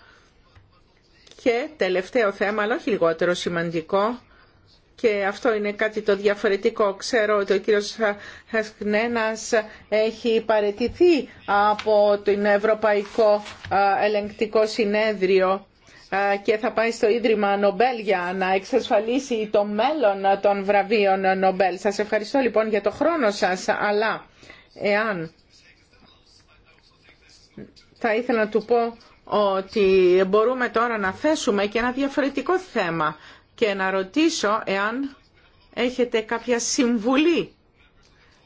και τελευταίο θέμα, αλλά όχι λιγότερο σημαντικό, και αυτό είναι κάτι το διαφορετικό. Ξέρω ότι ο κύριος Χασκνένας έχει παρετηθεί από το Ευρωπαϊκό Ελεγκτικό Συνέδριο και θα πάει στο Ίδρυμα Νομπέλ για να εξασφαλίσει το μέλλον των βραβείων Νομπέλ. Σας ευχαριστώ λοιπόν για το χρόνο σας, αλλά εάν θα ήθελα να του πω ότι μπορούμε τώρα να θέσουμε και ένα διαφορετικό θέμα και να ρωτήσω εάν έχετε κάποια συμβουλή.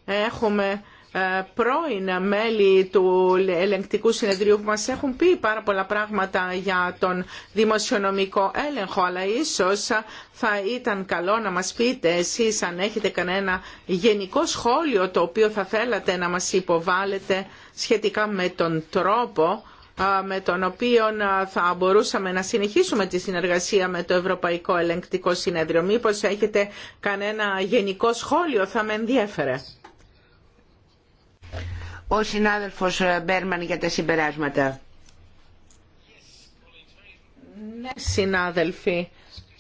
Έχουμε ε, πρώην μέλη του ελεγκτικού συνεδρίου που μας έχουν πει πάρα πολλά πράγματα για τον δημοσιονομικό έλεγχο αλλά ίσως θα ήταν καλό να μας πείτε εσείς αν έχετε κανένα γενικό σχόλιο το οποίο θα θέλατε να μας υποβάλλετε σχετικά με τον τρόπο με τον οποίο θα μπορούσαμε να συνεχίσουμε τη συνεργασία με το Ευρωπαϊκό Ελεγκτικό Συνέδριο. Μήπως έχετε κανένα γενικό σχόλιο, θα με ενδιέφερε. Ο συνάδελφος ε, Μπέρμαν για τα συμπεράσματα. Ναι, συνάδελφοι.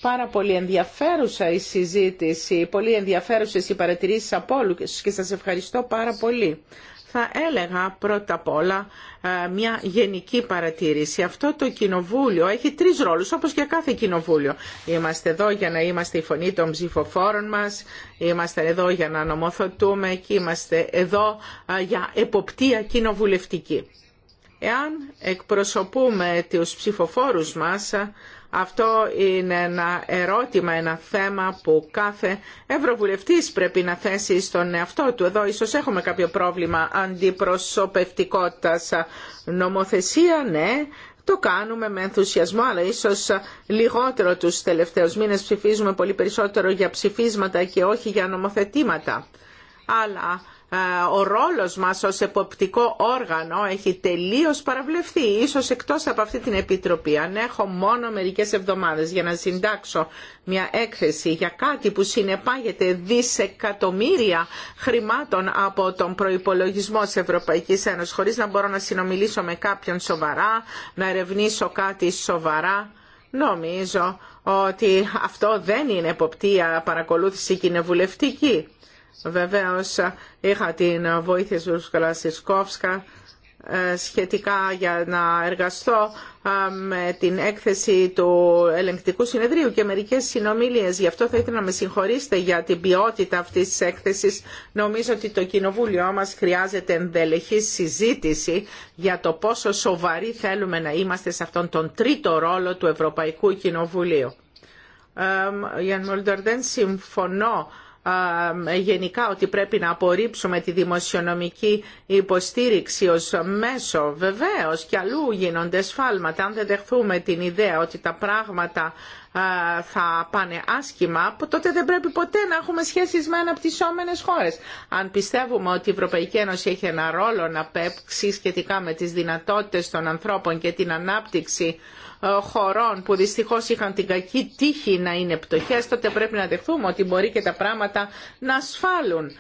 Πάρα πολύ ενδιαφέρουσα η συζήτηση, πολύ ενδιαφέρουσες οι παρατηρήσεις από όλους και σας ευχαριστώ πάρα πολύ θα έλεγα πρώτα απ' όλα ε, μια γενική παρατήρηση. Αυτό το κοινοβούλιο έχει τρεις ρόλους, όπως και κάθε κοινοβούλιο. Είμαστε εδώ για να είμαστε η φωνή των ψηφοφόρων μας, είμαστε εδώ για να νομοθετούμε και είμαστε εδώ ε, για εποπτεία κοινοβουλευτική. Εάν εκπροσωπούμε τους ψηφοφόρους μας, αυτό είναι ένα ερώτημα, ένα θέμα που κάθε ευρωβουλευτής πρέπει να θέσει στον εαυτό του. Εδώ ίσως έχουμε κάποιο πρόβλημα αντιπροσωπευτικότητας νομοθεσία, ναι. Το κάνουμε με ενθουσιασμό, αλλά ίσως λιγότερο τους τελευταίους μήνες ψηφίζουμε πολύ περισσότερο για ψηφίσματα και όχι για νομοθετήματα. Αλλά ε, ο ρόλος μας ως εποπτικό όργανο έχει τελείως παραβλεφθεί, ίσως εκτός από αυτή την Επιτροπή. Αν έχω μόνο μερικές εβδομάδες για να συντάξω μια έκθεση για κάτι που συνεπάγεται δισεκατομμύρια χρημάτων από τον προϋπολογισμό της Ευρωπαϊκής Ένωσης, χωρίς να μπορώ να συνομιλήσω με κάποιον σοβαρά, να ερευνήσω κάτι σοβαρά, νομίζω ότι αυτό δεν είναι εποπτεία παρακολούθηση κοινοβουλευτική Βεβαίω, είχα την βοήθεια του Σισκόφσκα ε, σχετικά για να εργαστώ ε, με την έκθεση του ελεγκτικού συνεδρίου και μερικές συνομιλίες. Γι' αυτό θα ήθελα να με συγχωρήσετε για την ποιότητα αυτής της έκθεσης. Νομίζω ότι το κοινοβούλιο μας χρειάζεται ενδελεχή συζήτηση για το πόσο σοβαροί θέλουμε να είμαστε σε αυτόν τον τρίτο ρόλο του Ευρωπαϊκού Κοινοβουλίου. Ε, Γιάννη Μολντορ, δεν συμφωνώ γενικά ότι πρέπει να απορρίψουμε τη δημοσιονομική υποστήριξη ως μέσο. Βεβαίως και αλλού γίνονται σφάλματα. Αν δεν δεχθούμε την ιδέα ότι τα πράγματα θα πάνε άσχημα, τότε δεν πρέπει ποτέ να έχουμε σχέσεις με αναπτυσσόμενες χώρες. Αν πιστεύουμε ότι η Ευρωπαϊκή Ένωση έχει ένα ρόλο να παίξει σχετικά με τις δυνατότητες των ανθρώπων και την ανάπτυξη ε, χωρών που δυστυχώς είχαν την κακή τύχη να είναι πτωχές, τότε πρέπει να δεχθούμε ότι μπορεί και τα πράγματα να ασφάλουν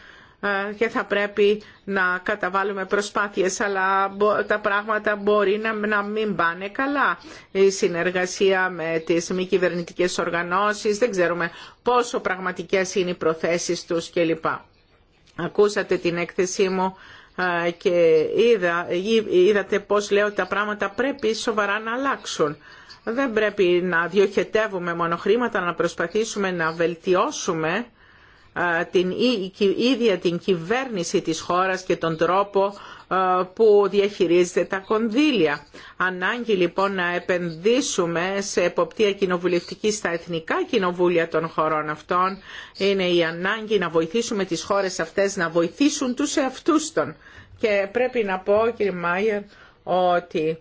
ε, και θα πρέπει να καταβάλουμε προσπάθειες, αλλά τα πράγματα μπορεί να μην πάνε καλά. Η συνεργασία με τις μη κυβερνητικέ οργανώσεις, δεν ξέρουμε πόσο πραγματικές είναι οι προθέσεις τους κλπ. Ακούσατε την έκθεσή μου ε, και είδα, είδατε πώς λέω ότι τα πράγματα πρέπει σοβαρά να αλλάξουν. Δεν πρέπει να διοχετεύουμε μόνο χρήματα, να προσπαθήσουμε να βελτιώσουμε την ίδια την κυβέρνηση της χώρας και τον τρόπο που διαχειρίζεται τα κονδύλια. Ανάγκη λοιπόν να επενδύσουμε σε εποπτεία κοινοβουλευτική στα εθνικά κοινοβούλια των χωρών αυτών είναι η ανάγκη να βοηθήσουμε τις χώρες αυτές να βοηθήσουν τους εαυτούς των. Και πρέπει να πω κύριε Μάιερ ότι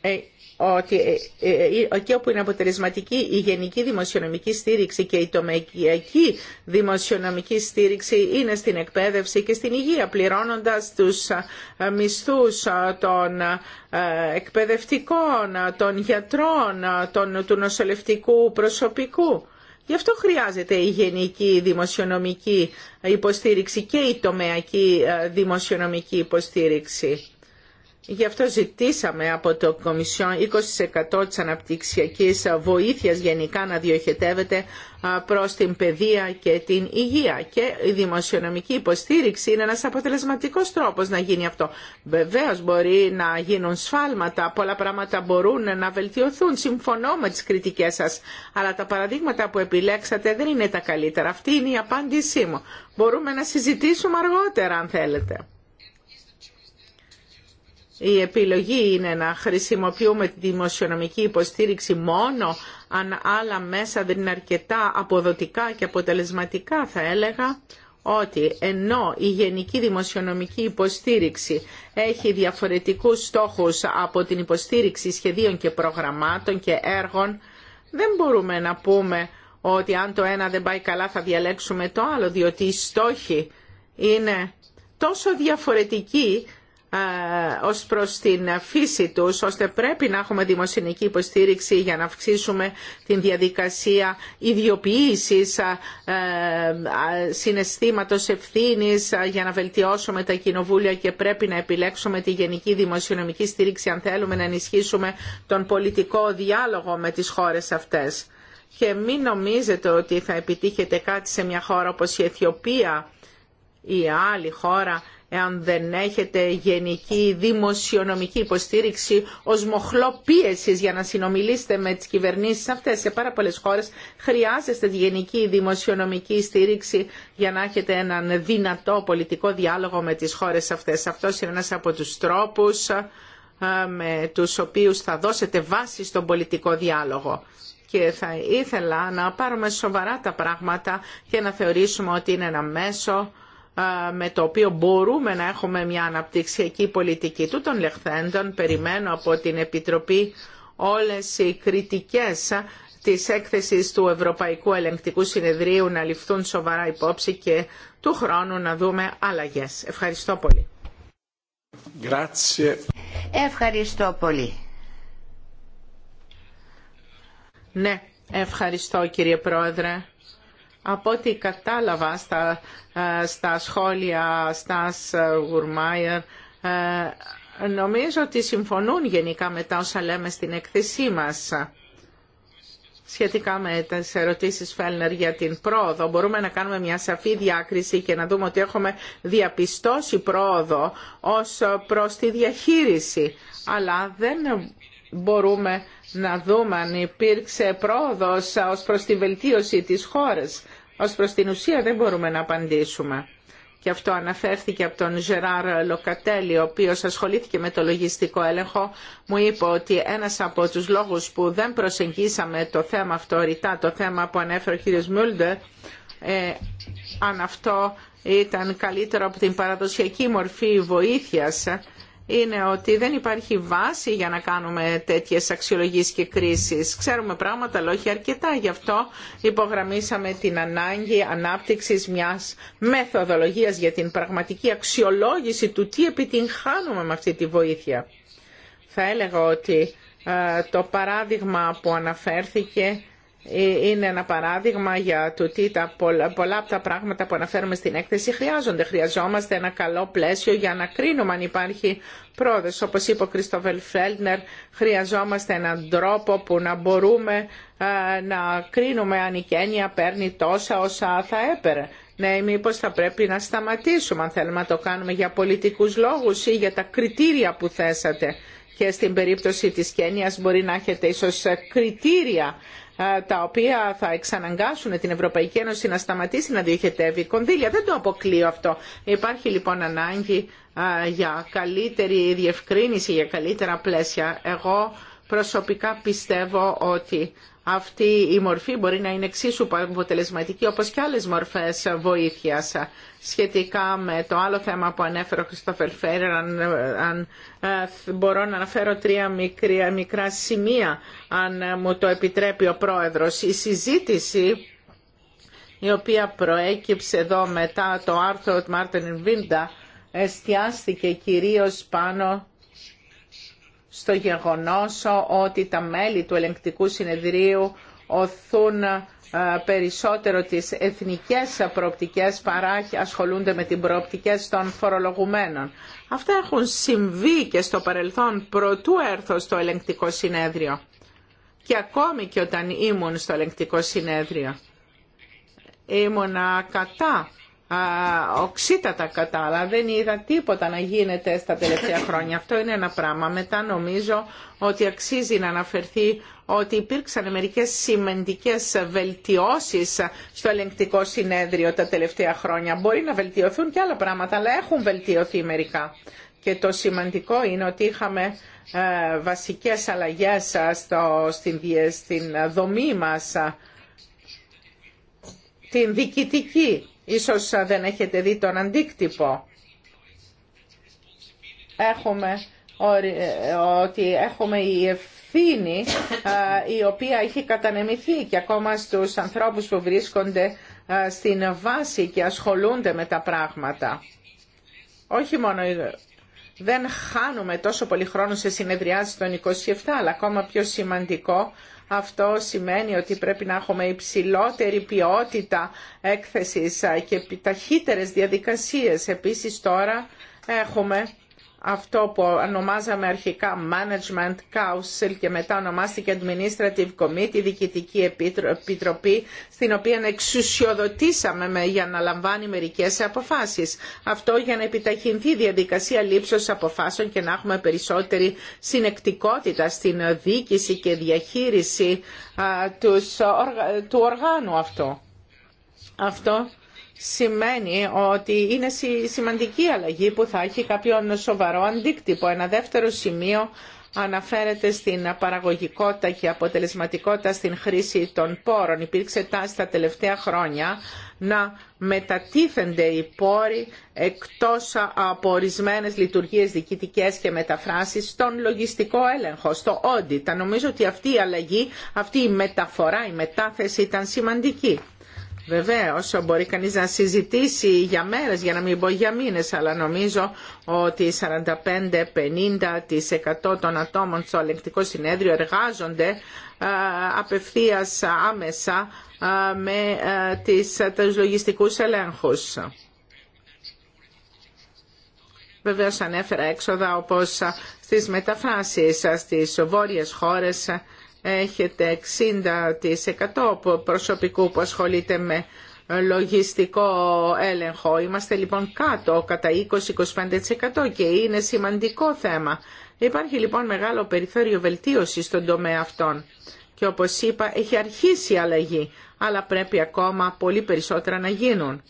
ε, ότι εκεί ε, ε, ε, όπου είναι αποτελεσματική η γενική δημοσιονομική στήριξη και η τομεακή δημοσιονομική στήριξη είναι στην εκπαίδευση και στην υγεία, πληρώνοντας τους μισθούς των εκπαιδευτικών, των γιατρών, των, του νοσολευτικού προσωπικού. Γι' αυτό χρειάζεται η γενική δημοσιονομική υποστήριξη και η τομεακή δημοσιονομική υποστήριξη Γι' αυτό ζητήσαμε από το Κομισιόν 20% της αναπτυξιακής βοήθειας γενικά να διοχετεύεται προς την παιδεία και την υγεία. Και η δημοσιονομική υποστήριξη είναι ένας αποτελεσματικός τρόπος να γίνει αυτό. Βεβαίως μπορεί να γίνουν σφάλματα, πολλά πράγματα μπορούν να βελτιωθούν. Συμφωνώ με τις κριτικές σας, αλλά τα παραδείγματα που επιλέξατε δεν είναι τα καλύτερα. Αυτή είναι η απάντησή μου. Μπορούμε να συζητήσουμε αργότερα αν θέλετε η επιλογή είναι να χρησιμοποιούμε τη δημοσιονομική υποστήριξη μόνο αν άλλα μέσα δεν είναι αρκετά αποδοτικά και αποτελεσματικά θα έλεγα ότι ενώ η γενική δημοσιονομική υποστήριξη έχει διαφορετικούς στόχους από την υποστήριξη σχεδίων και προγραμμάτων και έργων, δεν μπορούμε να πούμε ότι αν το ένα δεν πάει καλά θα διαλέξουμε το άλλο, διότι οι στόχοι είναι τόσο διαφορετικοί ως προς την φύση τους, ώστε πρέπει να έχουμε δημοσιονική υποστήριξη για να αυξήσουμε την διαδικασία ιδιοποίησης ε, συναισθήματος ευθύνης για να βελτιώσουμε τα κοινοβούλια και πρέπει να επιλέξουμε τη γενική δημοσιονομική στήριξη αν θέλουμε να ενισχύσουμε τον πολιτικό διάλογο με τις χώρες αυτές. Και μην νομίζετε ότι θα επιτύχετε κάτι σε μια χώρα όπως η Αιθιοπία ή άλλη χώρα εάν δεν έχετε γενική δημοσιονομική υποστήριξη ως μοχλό πίεση για να συνομιλήσετε με τις κυβερνήσεις αυτές σε πάρα πολλές χώρες, χρειάζεστε γενική δημοσιονομική στήριξη για να έχετε έναν δυνατό πολιτικό διάλογο με τις χώρες αυτές. Αυτός είναι ένας από τους τρόπους ε, με τους οποίους θα δώσετε βάση στον πολιτικό διάλογο και θα ήθελα να πάρουμε σοβαρά τα πράγματα και να θεωρήσουμε ότι είναι ένα μέσο με το οποίο μπορούμε να έχουμε μια αναπτυξιακή πολιτική του των λεχθέντων. Περιμένω από την Επιτροπή όλες οι κριτικές της έκθεσης του Ευρωπαϊκού Ελεγκτικού Συνεδρίου να ληφθούν σοβαρά υπόψη και του χρόνου να δούμε αλλαγές. Ευχαριστώ πολύ. Ευχαριστώ πολύ. Ναι, ευχαριστώ κύριε Πρόεδρε. Από ό,τι κατάλαβα στα, ε, στα σχόλια Στάς ε, Γουρμάιερ, ε, νομίζω ότι συμφωνούν γενικά με τα όσα λέμε στην εκθεσή μας. Σχετικά με τις ερωτήσεις Φέλνερ για την πρόοδο, μπορούμε να κάνουμε μια σαφή διάκριση και να δούμε ότι έχουμε διαπιστώσει πρόοδο ως προς τη διαχείριση. Αλλά δεν μπορούμε να δούμε αν υπήρξε πρόοδος ως προς τη βελτίωση της χώρας. Ως προς την ουσία δεν μπορούμε να απαντήσουμε. Και αυτό αναφέρθηκε από τον Ζεράρ Λοκατέλη, ο οποίος ασχολήθηκε με το λογιστικό έλεγχο. Μου είπε ότι ένας από τους λόγους που δεν προσεγγίσαμε το θέμα αυτό ρητά, το θέμα που ανέφερε ο κ. Μούλντερ, ε, αν αυτό ήταν καλύτερο από την παραδοσιακή μορφή βοήθειας είναι ότι δεν υπάρχει βάση για να κάνουμε τέτοιες αξιολογήσεις και κρίσεις. Ξέρουμε πράγματα, αλλά όχι αρκετά. Γι' αυτό υπογραμμίσαμε την ανάγκη ανάπτυξης μιας μεθοδολογίας για την πραγματική αξιολόγηση του τι επιτυγχάνουμε με αυτή τη βοήθεια. Θα έλεγα ότι ε, το παράδειγμα που αναφέρθηκε ε, είναι ένα παράδειγμα για το τι τα πολλά, από τα πράγματα που αναφέρουμε στην έκθεση χρειάζονται. Χρειαζόμαστε ένα καλό πλαίσιο για να κρίνουμε αν υπάρχει πρόοδος. Όπως είπε ο Κριστόβελ Φέλτνερ, χρειαζόμαστε έναν τρόπο που να μπορούμε να κρίνουμε αν η Κένια παίρνει τόσα όσα θα έπαιρνε ναι, μήπως θα πρέπει να σταματήσουμε αν θέλουμε να το κάνουμε για πολιτικούς λόγους ή για τα κριτήρια που θέσατε. Και στην περίπτωση της Κένιας μπορεί να έχετε ίσως κριτήρια τα οποία θα εξαναγκάσουν την Ευρωπαϊκή Ένωση να σταματήσει να διοχετεύει κονδύλια. Δεν το αποκλείω αυτό. Υπάρχει λοιπόν ανάγκη για καλύτερη διευκρίνηση, για καλύτερα πλαίσια. Εγώ προσωπικά πιστεύω ότι αυτή η μορφή μπορεί να είναι εξίσου αποτελεσματική όπως και άλλες μορφές βοήθειας. Σχετικά με το άλλο θέμα που ανέφερε ο Χριστόφερ Φέρερ, αν, ε, μπορώ να αναφέρω τρία μικρά σημεία, αν μου το επιτρέπει ο Πρόεδρος. Η συζήτηση η οποία προέκυψε εδώ μετά το άρθρο του Μάρτιν Βίντα εστιάστηκε κυρίως πάνω στο γεγονός ότι τα μέλη του ελεγκτικού συνεδρίου οθούν ε, περισσότερο τις εθνικές προοπτικές παρά ασχολούνται με την προοπτικές των φορολογουμένων. Αυτά έχουν συμβεί και στο παρελθόν προτού έρθω στο ελεγκτικό συνέδριο και ακόμη και όταν ήμουν στο ελεγκτικό συνέδριο. Ήμουνα κατά οξύτατα κατά, δεν είδα τίποτα να γίνεται στα τελευταία χρόνια. Αυτό είναι ένα πράγμα. Μετά νομίζω ότι αξίζει να αναφερθεί ότι υπήρξαν μερικές σημαντικές βελτιώσεις στο ελεγκτικό συνέδριο τα τελευταία χρόνια. Μπορεί να βελτιωθούν και άλλα πράγματα, αλλά έχουν βελτιωθεί μερικά. Και το σημαντικό είναι ότι είχαμε ε, βασικές αλλαγές ε, στο, στην, στην δομή μας, ε, την διοικητική Ίσως δεν έχετε δει τον αντίκτυπο. Έχουμε ε, ότι έχουμε η ευθύνη η οποία έχει κατανεμηθεί και ακόμα στους ανθρώπους που βρίσκονται στην βάση και ασχολούνται με τα πράγματα. Όχι μόνο δεν χάνουμε τόσο πολύ χρόνο σε συνεδριάσεις των 27, αλλά ακόμα πιο σημαντικό αυτό σημαίνει ότι πρέπει να έχουμε υψηλότερη ποιότητα έκθεσης και ταχύτερες διαδικασίες. Επίσης τώρα έχουμε αυτό που ονομάζαμε αρχικά Management Council και μετά ονομάστηκε Administrative Committee, Διοικητική Επιτροπή, στην οποία εξουσιοδοτήσαμε για να λαμβάνει μερικές αποφάσεις. Αυτό για να επιταχυνθεί η διαδικασία λήψης αποφάσεων και να έχουμε περισσότερη συνεκτικότητα στην διοίκηση και διαχείριση του οργάνου αυτό. Αυτό σημαίνει ότι είναι σημαντική αλλαγή που θα έχει κάποιον σοβαρό αντίκτυπο. Ένα δεύτερο σημείο αναφέρεται στην παραγωγικότητα και αποτελεσματικότητα στην χρήση των πόρων. Υπήρξε τάση τα τελευταία χρόνια να μετατίθενται οι πόροι εκτός από ορισμένε λειτουργίες διοικητικές και μεταφράσεις στον λογιστικό έλεγχο, στο Τα Νομίζω ότι αυτή η αλλαγή, αυτή η μεταφορά, η μετάθεση ήταν σημαντική. Βεβαίω, μπορεί κανείς να συζητήσει για μέρες για να μην πω για μήνες αλλά νομίζω ότι 45-50% των ατόμων στο ελεγκτικό συνέδριο εργάζονται ε, απευθείας άμεσα ε, με ε, τις, τους λογιστικούς ελέγχους. Βεβαίως ανέφερα έξοδα όπως στις μεταφράσεις στις βόρειες χώρες έχετε 60% προσωπικού που ασχολείται με λογιστικό έλεγχο. Είμαστε λοιπόν κάτω κατά 20-25% και είναι σημαντικό θέμα. Υπάρχει λοιπόν μεγάλο περιθώριο βελτίωσης στον τομέα αυτών. Και όπως είπα έχει αρχίσει η αλλαγή, αλλά πρέπει ακόμα πολύ περισσότερα να γίνουν.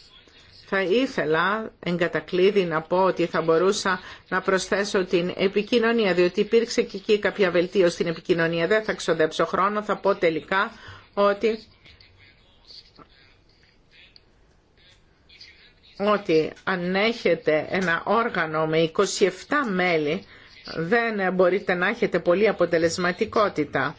Θα ήθελα εγκατακλείδη να πω ότι θα μπορούσα να προσθέσω την επικοινωνία, διότι υπήρξε και εκεί κάποια βελτίωση στην επικοινωνία. Δεν θα ξοδέψω χρόνο, θα πω τελικά ότι ότι αν έχετε ένα όργανο με 27 μέλη δεν μπορείτε να έχετε πολύ αποτελεσματικότητα.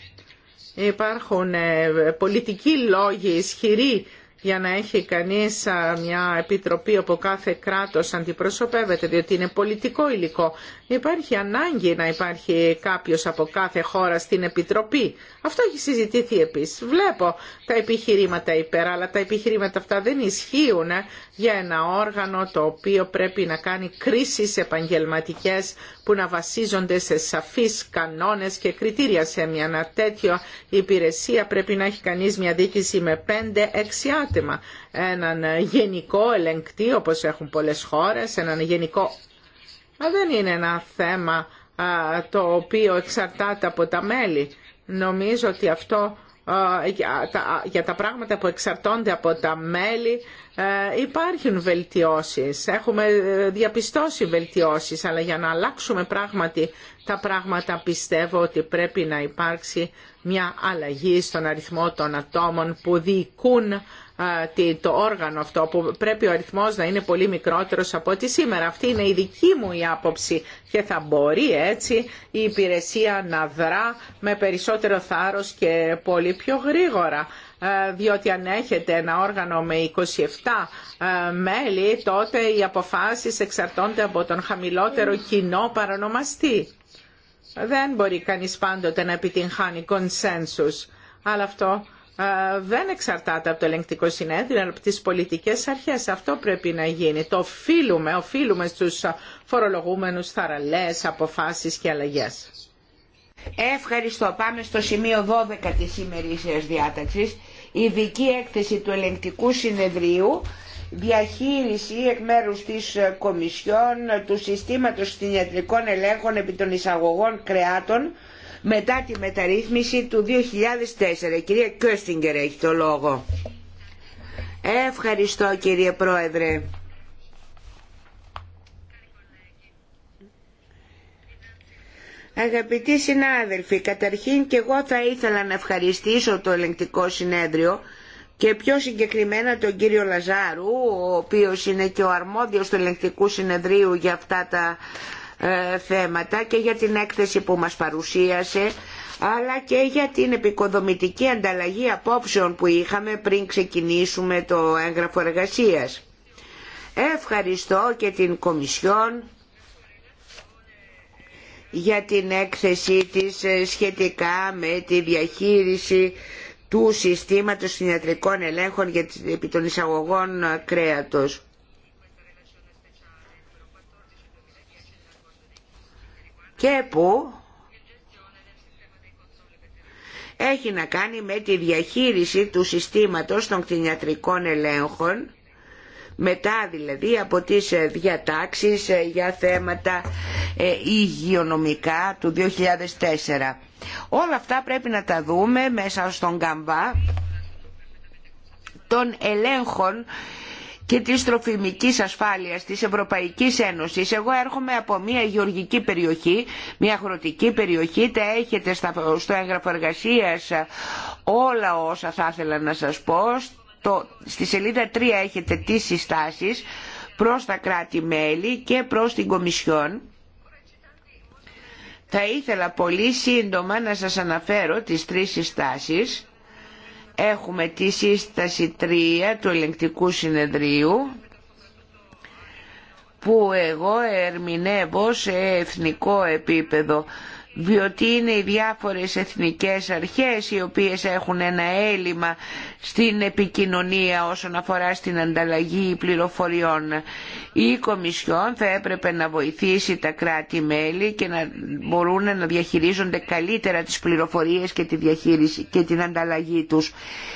Υπάρχουν ε, πολιτικοί λόγοι ισχυροί για να έχει κανείς μια επιτροπή από κάθε κράτος αντιπροσωπεύεται, διότι είναι πολιτικό υλικό. Υπάρχει ανάγκη να υπάρχει κάποιος από κάθε χώρα στην επιτροπή. Αυτό έχει συζητηθεί επίσης. Βλέπω τα επιχειρήματα υπέρ, αλλά τα επιχειρήματα αυτά δεν ισχύουν ε, για ένα όργανο το οποίο πρέπει να κάνει κρίσεις επαγγελματικές που να βασίζονται σε σαφείς κανόνες και κριτήρια σε μια τέτοια υπηρεσία. Πρέπει να έχει κανείς μια δίκηση με 5-6 άτομα Έναν γενικό ελεγκτή, όπως έχουν πολλές χώρες, έναν γενικό... Μα δεν είναι ένα θέμα το οποίο εξαρτάται από τα μέλη. Νομίζω ότι αυτό για τα πράγματα που εξαρτώνται από τα μέλη υπάρχουν βελτιώσεις. Έχουμε ε, διαπιστώσει βελτιώσεις, αλλά για να αλλάξουμε πράγματι τα πράγματα πιστεύω ότι πρέπει να υπάρξει μια αλλαγή στον αριθμό των ατόμων που διοικούν το όργανο αυτό που πρέπει ο αριθμός να είναι πολύ μικρότερος από ό,τι σήμερα. Αυτή είναι η δική μου η άποψη και θα μπορεί έτσι η υπηρεσία να δρά με περισσότερο θάρρος και πολύ πιο γρήγορα διότι αν έχετε ένα όργανο με 27 μέλη, τότε οι αποφάσεις εξαρτώνται από τον χαμηλότερο κοινό παρονομαστή. Δεν μπορεί κανείς πάντοτε να επιτυγχάνει κονσένσους, αλλά αυτό δεν εξαρτάται από το ελεγκτικό συνέδριο, αλλά από τις πολιτικές αρχές. Αυτό πρέπει να γίνει. Το οφείλουμε, οφείλουμε στους φορολογούμενους θαραλές, αποφάσεις και αλλαγές. Ευχαριστώ. Πάμε στο σημείο 12 της σημερίσιας διάταξης. Ειδική έκθεση του ελεγκτικού συνεδρίου διαχείριση εκ μέρου της Κομισιόν του συστήματος συνιατρικών ελέγχων επί των εισαγωγών κρεάτων μετά τη μεταρρύθμιση του 2004. Η κυρία Κιώστιγκερ έχει το λόγο. Ευχαριστώ κύριε Πρόεδρε. Αγαπητοί συνάδελφοι, καταρχήν και εγώ θα ήθελα να ευχαριστήσω το ελεγκτικό συνέδριο και πιο συγκεκριμένα τον κύριο Λαζάρου, ο οποίος είναι και ο αρμόδιος του ελεγκτικού συνεδρίου για αυτά τα ε, θέματα και για την έκθεση που μας παρουσίασε αλλά και για την επικοδομητική ανταλλαγή απόψεων που είχαμε πριν ξεκινήσουμε το έγγραφο εργασίας. Ευχαριστώ και την Κομισιόν για την έκθεσή της ε, σχετικά με τη διαχείριση του συστήματος συνιατρικών ελέγχων επί των εισαγωγών ε, κρέατος. και που έχει να κάνει με τη διαχείριση του συστήματος των κτηνιατρικών ελέγχων μετά δηλαδή από τις ε, διατάξεις ε, για θέματα ε, υγειονομικά του 2004. Όλα αυτά πρέπει να τα δούμε μέσα στον καμπά των ελέγχων και της τροφιμικής ασφάλειας της Ευρωπαϊκής Ένωσης. Εγώ έρχομαι από μια γεωργική περιοχή, μια αγροτική περιοχή, τα έχετε στο έγγραφο εργασίας όλα όσα θα ήθελα να σας πω. στη σελίδα 3 έχετε τις συστάσεις προς τα κράτη-μέλη και προς την Κομισιόν. Θα ήθελα πολύ σύντομα να σας αναφέρω τις τρεις συστάσεις έχουμε τη σύσταση 3 του ελεγκτικού συνεδρίου που εγώ ερμηνεύω σε εθνικό επίπεδο διότι είναι οι διάφορες εθνικές αρχές οι οποίες έχουν ένα έλλειμμα στην επικοινωνία όσον αφορά στην ανταλλαγή πληροφοριών. Η Κομισιόν θα έπρεπε να βοηθήσει τα κράτη-μέλη και να μπορούν να διαχειρίζονται καλύτερα τις πληροφορίες και, τη διαχείριση και την ανταλλαγή τους.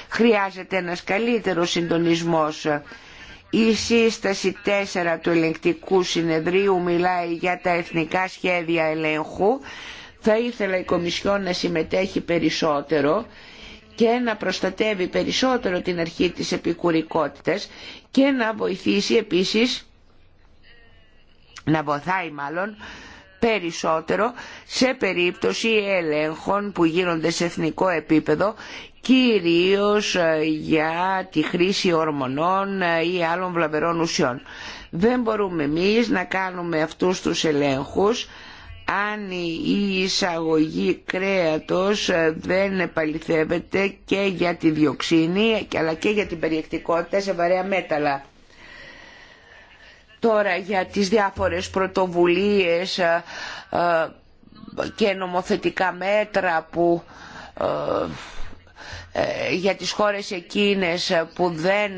Χρειάζεται ένας καλύτερος συντονισμός. Η σύσταση 4 του ελεγκτικού συνεδρίου μιλάει για τα εθνικά σχέδια ελέγχου θα ήθελα η Κομισιόν να συμμετέχει περισσότερο και να προστατεύει περισσότερο την αρχή της επικουρικότητας και να βοηθήσει επίσης, να βοηθάει μάλλον, περισσότερο σε περίπτωση ελέγχων που γίνονται σε εθνικό επίπεδο κυρίως ε, για τη χρήση ορμονών ε, ή άλλων βλαβερών ουσιών. Δεν μπορούμε εμείς να κάνουμε αυτούς τους ελέγχους αν η εισαγωγή κρέατος δεν επαληθεύεται και για τη διοξίνη αλλά και για την περιεκτικότητα σε βαρέα μέταλλα. Τώρα για τις διάφορες πρωτοβουλίες ε, και νομοθετικά μέτρα που ε, ε, για τις χώρες εκείνες που δεν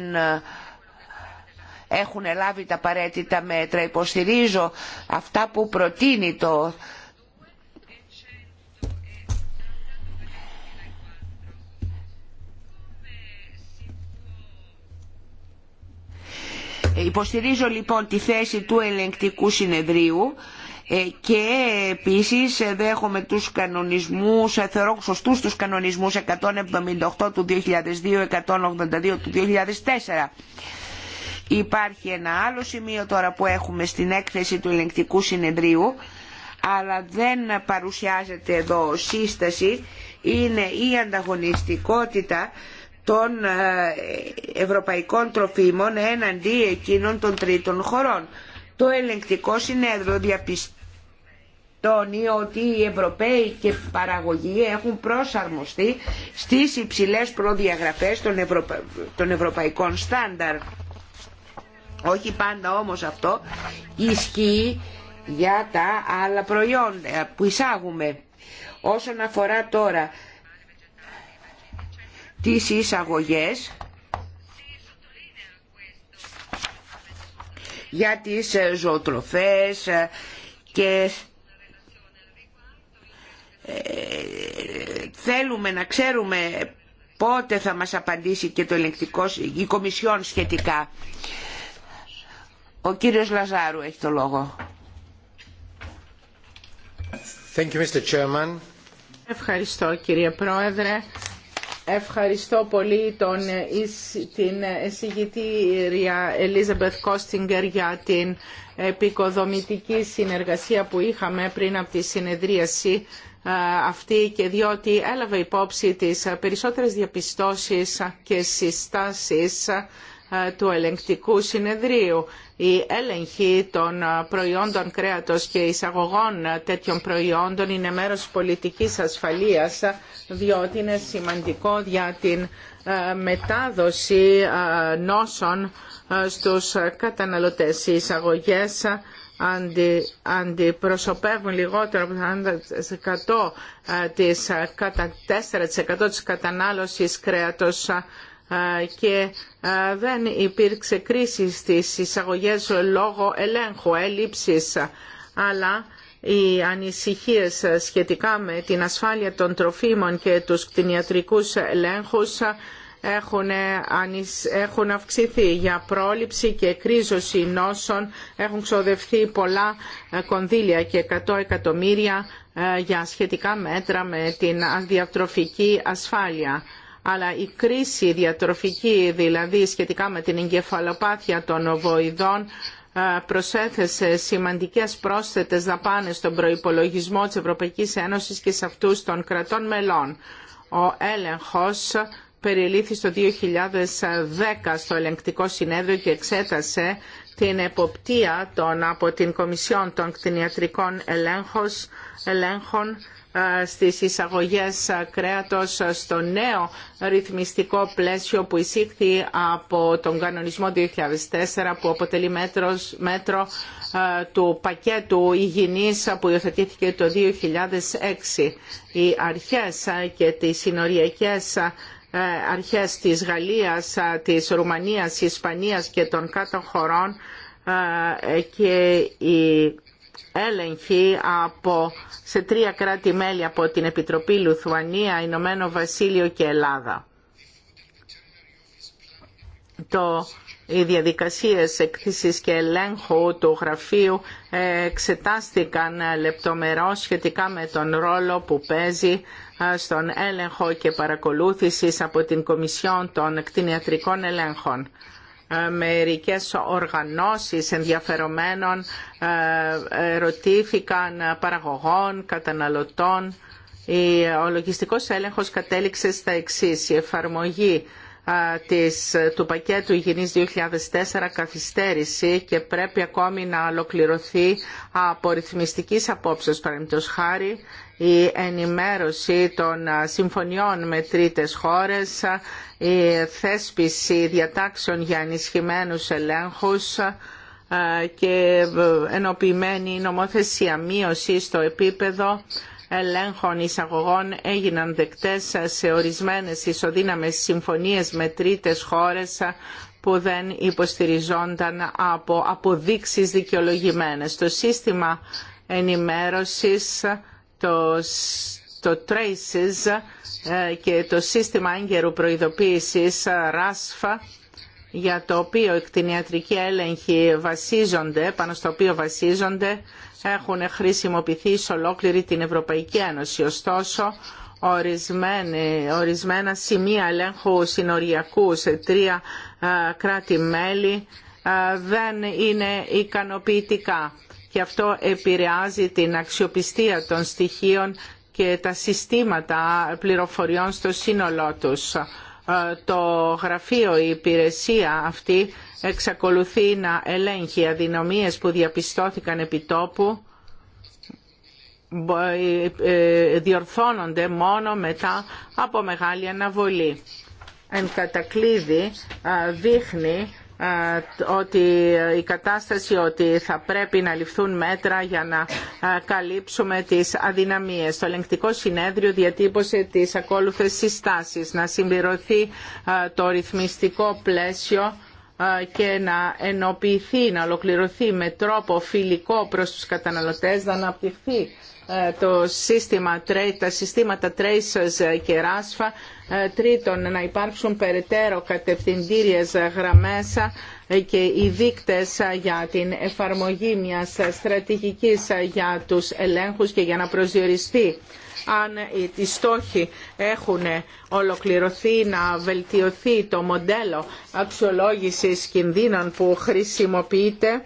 έχουν λάβει τα απαραίτητα μέτρα. Υποστηρίζω αυτά που προτείνει το Υποστηρίζω λοιπόν τη θέση του ελεγκτικού συνεδρίου ε, και επίσης δέχομαι τους κανονισμούς, ε, θεωρώ σωστούς τους κανονισμούς 178 του 2002, 182 του 2004 Υπάρχει ένα άλλο σημείο τώρα που έχουμε στην έκθεση του ελεγκτικού συνεδρίου αλλά δεν παρουσιάζεται εδώ σύσταση είναι η ανταγωνιστικότητα των ε, ευρωπαϊκών τροφίμων έναντι εκείνων των τρίτων χωρών. Το ελεγκτικό συνέδριο διαπιστώνει ότι οι Ευρωπαίοι και παραγωγοί έχουν προσαρμοστεί στις υψηλές προδιαγραφές των, ευρωπαϊκών στάνταρ. Όχι πάντα όμως αυτό ισχύει για τα άλλα προϊόντα που εισάγουμε. Όσον αφορά τώρα τις εισαγωγές για τις ζωοτροφές και ε, θέλουμε να ξέρουμε πότε θα μας απαντήσει και το ελεγκτικό η Κομισιόν σχετικά. Ο κύριος Λαζάρου έχει το λόγο. Ευχαριστώ κύριε Πρόεδρε. Ευχαριστώ πολύ την εισηγητήρια Ελίζαμπεθ Κόστιγκερ για την επικοδομητική συνεργασία που είχαμε πριν από τη συνεδρίαση ε, αυτή και διότι έλαβε υπόψη τις περισσότερες διαπιστώσεις και συστάσεις ε, του ελεγκτικού συνεδρίου η έλεγχη των προϊόντων κρέατος και εισαγωγών τέτοιων προϊόντων είναι μέρος της πολιτικής ασφαλείας διότι είναι σημαντικό για την ε, μετάδοση ε, νόσων ε, στους καταναλωτές. Οι εισαγωγές αντιπροσωπεύουν λιγότερο από 4% της κατανάλωσης κρέατος και δεν υπήρξε κρίση στις εισαγωγές λόγω ελέγχου, έλλειψης, αλλά οι ανησυχίες σχετικά με την ασφάλεια των τροφίμων και τους κτηνιατρικούς ελέγχους έχουν, αυξηθεί για πρόληψη και κρίζωση νόσων, έχουν ξοδευτεί πολλά ε, κονδύλια και 100 εκατομμύρια ε, για σχετικά μέτρα με την αδιατροφική ασφάλεια αλλά η κρίση διατροφική δηλαδή σχετικά με την εγκεφαλοπάθεια των οβοειδών ε, προσέθεσε σημαντικές πρόσθετες δαπάνες στον προϋπολογισμό της Ευρωπαϊκής Ένωσης και σε αυτούς των κρατών μελών. Ο έλεγχος περιλήθη στο 2010 στο ελεγκτικό συνέδριο και εξέτασε την εποπτεία των, από την Κομισιόν των Κτηνιατρικών Ελέγχων στις εισαγωγές κρέατος στο νέο ρυθμιστικό πλαίσιο που εισήχθη από τον κανονισμό 2004 που αποτελεί μέτρος, μέτρο του πακέτου υγιεινής που υιοθετήθηκε το 2006. Οι αρχές και τις συνοριακές ε, αρχές της Γαλλίας, της Ρουμανίας, της Ισπανίας και των κάτω χωρών ε, και οι έλεγχοι από, σε τρία κράτη-μέλη από την Επιτροπή Λουθουανία, Ηνωμένο Βασίλειο και Ελλάδα. Το, οι διαδικασίες εκθήσης και ελέγχου του γραφείου εξετάστηκαν λεπτομερώς σχετικά με τον ρόλο που παίζει στον έλεγχο και παρακολούθησης από την Κομισιόν των Κτηνιατρικών Ελέγχων. Ε, μερικές οργανώσεις ενδιαφερομένων ε, ρωτήθηκαν ε, παραγωγών, καταναλωτών. Ο λογιστικός έλεγχος κατέληξε στα εξής. Η εφαρμογή της, του πακέτου Υγιεινής 2004 καθυστέρηση και πρέπει ακόμη να ολοκληρωθεί από ρυθμιστικής απόψεως, παραδείγματος χάρη, η ενημέρωση των συμφωνιών με τρίτες χώρες, η θέσπιση διατάξεων για ενισχυμένους ελέγχους και ενοποιημένη νομοθεσία μείωση στο επίπεδο ελέγχων εισαγωγών έγιναν δεκτές σε ορισμένες ισοδύναμες συμφωνίες με τρίτες χώρες που δεν υποστηριζόνταν από αποδείξεις δικαιολογημένες. Το σύστημα ενημέρωσης το, Traces ε, και το σύστημα έγκαιρου προειδοποίησης ε, RASF για το οποίο οι κτηνιατρικοί έλεγχοι βασίζονται, πάνω στο οποίο βασίζονται, έχουν χρησιμοποιηθεί σε ολόκληρη την Ευρωπαϊκή Ένωση. Ωστόσο, ορισμένα σημεία ελέγχου συνοριακού σε τρία ε, κράτη-μέλη δεν είναι ικανοποιητικά και αυτό επηρεάζει την αξιοπιστία των στοιχείων και τα συστήματα πληροφοριών στο σύνολό τους. Ε, το γραφείο, η υπηρεσία αυτή εξακολουθεί να ελέγχει αδυναμίες που διαπιστώθηκαν επί τόπου ε, ε, διορθώνονται μόνο μετά από μεγάλη αναβολή. Εν κατακλείδη δείχνει ότι η κατάσταση ότι θα πρέπει να ληφθούν μέτρα για να καλύψουμε τις αδυναμίες. Το ελεγκτικό συνέδριο διατύπωσε τις ακόλουθες συστάσεις να συμπληρωθεί το ρυθμιστικό πλαίσιο και να ενοποιηθεί, να ολοκληρωθεί με τρόπο φιλικό προς τους καταναλωτές, να αναπτυχθεί ε, το σύστημα, τα συστήματα Tracers και ράσφα. Ε, τρίτον, να υπάρξουν περαιτέρω κατευθυντήριες γραμμές και οι δείκτες για την εφαρμογή μιας στρατηγικής για τους ελέγχους και για να προσδιοριστεί αν οι στόχοι έχουν ολοκληρωθεί να βελτιωθεί το μοντέλο αξιολόγησης κινδύνων που χρησιμοποιείται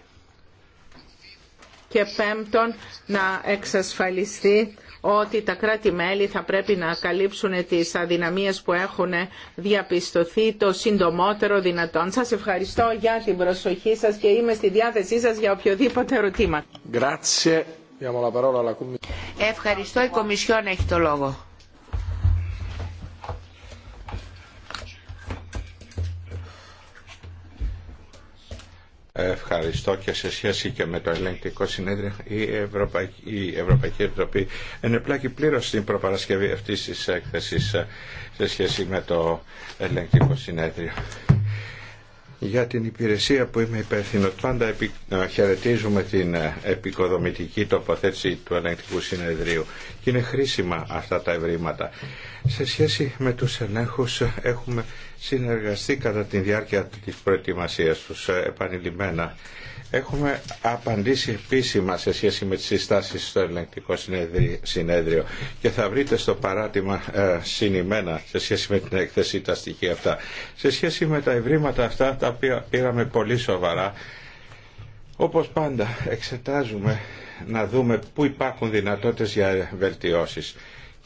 και πέμπτον να εξασφαλιστεί ότι τα κράτη-μέλη θα πρέπει να καλύψουν τις αδυναμίες που έχουν διαπιστωθεί το συντομότερο δυνατόν. Σας ευχαριστώ για την προσοχή σας και είμαι στη διάθεσή σας για οποιοδήποτε ερωτήμα. Ευχαριστώ. Η Κομισιόν έχει το λόγο. ευχαριστώ και σε σχέση και με το ελεγκτικό συνέδριο η Ευρωπαϊκή, η Ευρωπαϊκή Επιτροπή ενεπλάκει πλήρως στην προπαρασκευή αυτής της έκθεσης ε, σε σχέση με το ελεγκτικό συνέδριο για την υπηρεσία που είμαι υπεύθυνο. Πάντα χαιρετίζουμε την ε, επικοδομητική τοποθέτηση του ελεγκτικού συνεδρίου και είναι χρήσιμα αυτά τα ευρήματα. Σε σχέση με τους ελέγχους έχουμε συνεργαστεί κατά τη διάρκεια της προετοιμασίας τους ε, επανειλημμένα Έχουμε απαντήσει επίσημα σε σχέση με τις συστάσεις στο ελεγκτικό συνέδριο και θα βρείτε στο παράτημα ε, συνημένα σε σχέση με την έκθεση τα στοιχεία αυτά. Σε σχέση με τα ευρήματα αυτά τα οποία πήραμε πολύ σοβαρά, όπως πάντα εξετάζουμε να δούμε πού υπάρχουν δυνατότητες για βελτιώσεις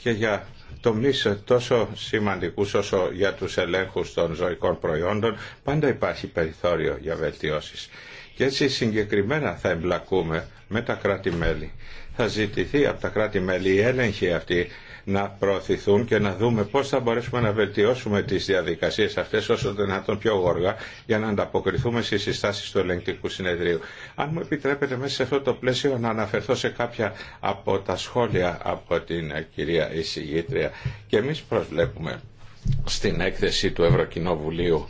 και για τομείς τόσο σημαντικούς όσο για τους ελέγχους των ζωικών προϊόντων πάντα υπάρχει περιθώριο για βελτιώσεις. Και έτσι συγκεκριμένα θα εμπλακούμε με τα κράτη-μέλη. Θα ζητηθεί από τα κράτη-μέλη η έλεγχη αυτή να προωθηθούν και να δούμε πώς θα μπορέσουμε να βελτιώσουμε τις διαδικασίες αυτές όσο το δυνατόν πιο γόργα για να ανταποκριθούμε στις συστάσεις του ελεγκτικού συνεδρίου. Αν μου επιτρέπετε μέσα σε αυτό το πλαίσιο να αναφερθώ σε κάποια από τα σχόλια από την κυρία εισηγήτρια και εμείς προσβλέπουμε στην έκθεση του Ευρωκοινοβουλίου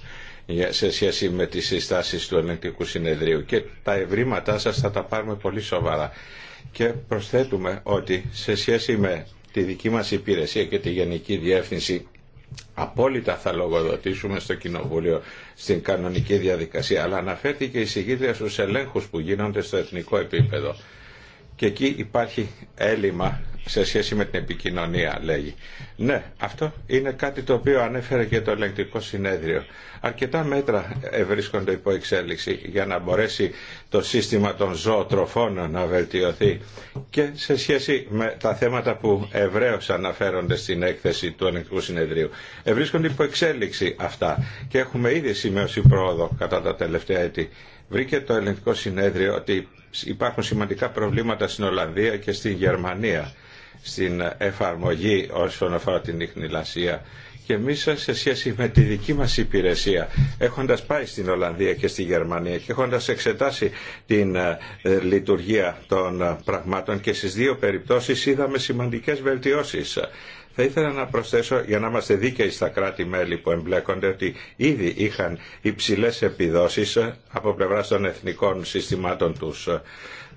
σε σχέση με τις συστάσεις του Ελληνικού συνεδρίου και τα ευρήματά σας θα τα πάρουμε πολύ σοβαρά και προσθέτουμε ότι σε σχέση με τη δική μας υπηρεσία και τη Γενική Διεύθυνση απόλυτα θα λογοδοτήσουμε στο Κοινοβούλιο στην κανονική διαδικασία αλλά αναφέρθηκε η συγκίτρια στους ελέγχους που γίνονται στο εθνικό επίπεδο και εκεί υπάρχει έλλειμμα σε σχέση με την επικοινωνία λέγει. Ναι, αυτό είναι κάτι το οποίο ανέφερε και το ελεγκτικό συνέδριο. Αρκετά μέτρα βρίσκονται υπό εξέλιξη για να μπορέσει το σύστημα των ζωοτροφών να βελτιωθεί και σε σχέση με τα θέματα που ευρέω αναφέρονται στην έκθεση του ελεγκτικού συνεδρίου. Ευρίσκονται υπό εξέλιξη αυτά και έχουμε ήδη σημειώσει πρόοδο κατά τα τελευταία έτη. Βρήκε το ελεγκτικό συνέδριο ότι υπάρχουν σημαντικά προβλήματα στην Ολλανδία και στην Γερμανία στην εφαρμογή όσον αφορά την ιχνηλασία. Και εμεί σε σχέση με τη δική μα υπηρεσία, έχοντα πάει στην Ολλανδία και στη Γερμανία και έχοντα εξετάσει την ε, λειτουργία των ε, πραγμάτων και στι δύο περιπτώσει είδαμε σημαντικέ βελτιώσει. Θα ήθελα να προσθέσω, για να είμαστε δίκαιοι στα κράτη-μέλη που εμπλέκονται, ότι ήδη είχαν υψηλέ επιδόσει ε, από πλευρά των εθνικών συστημάτων του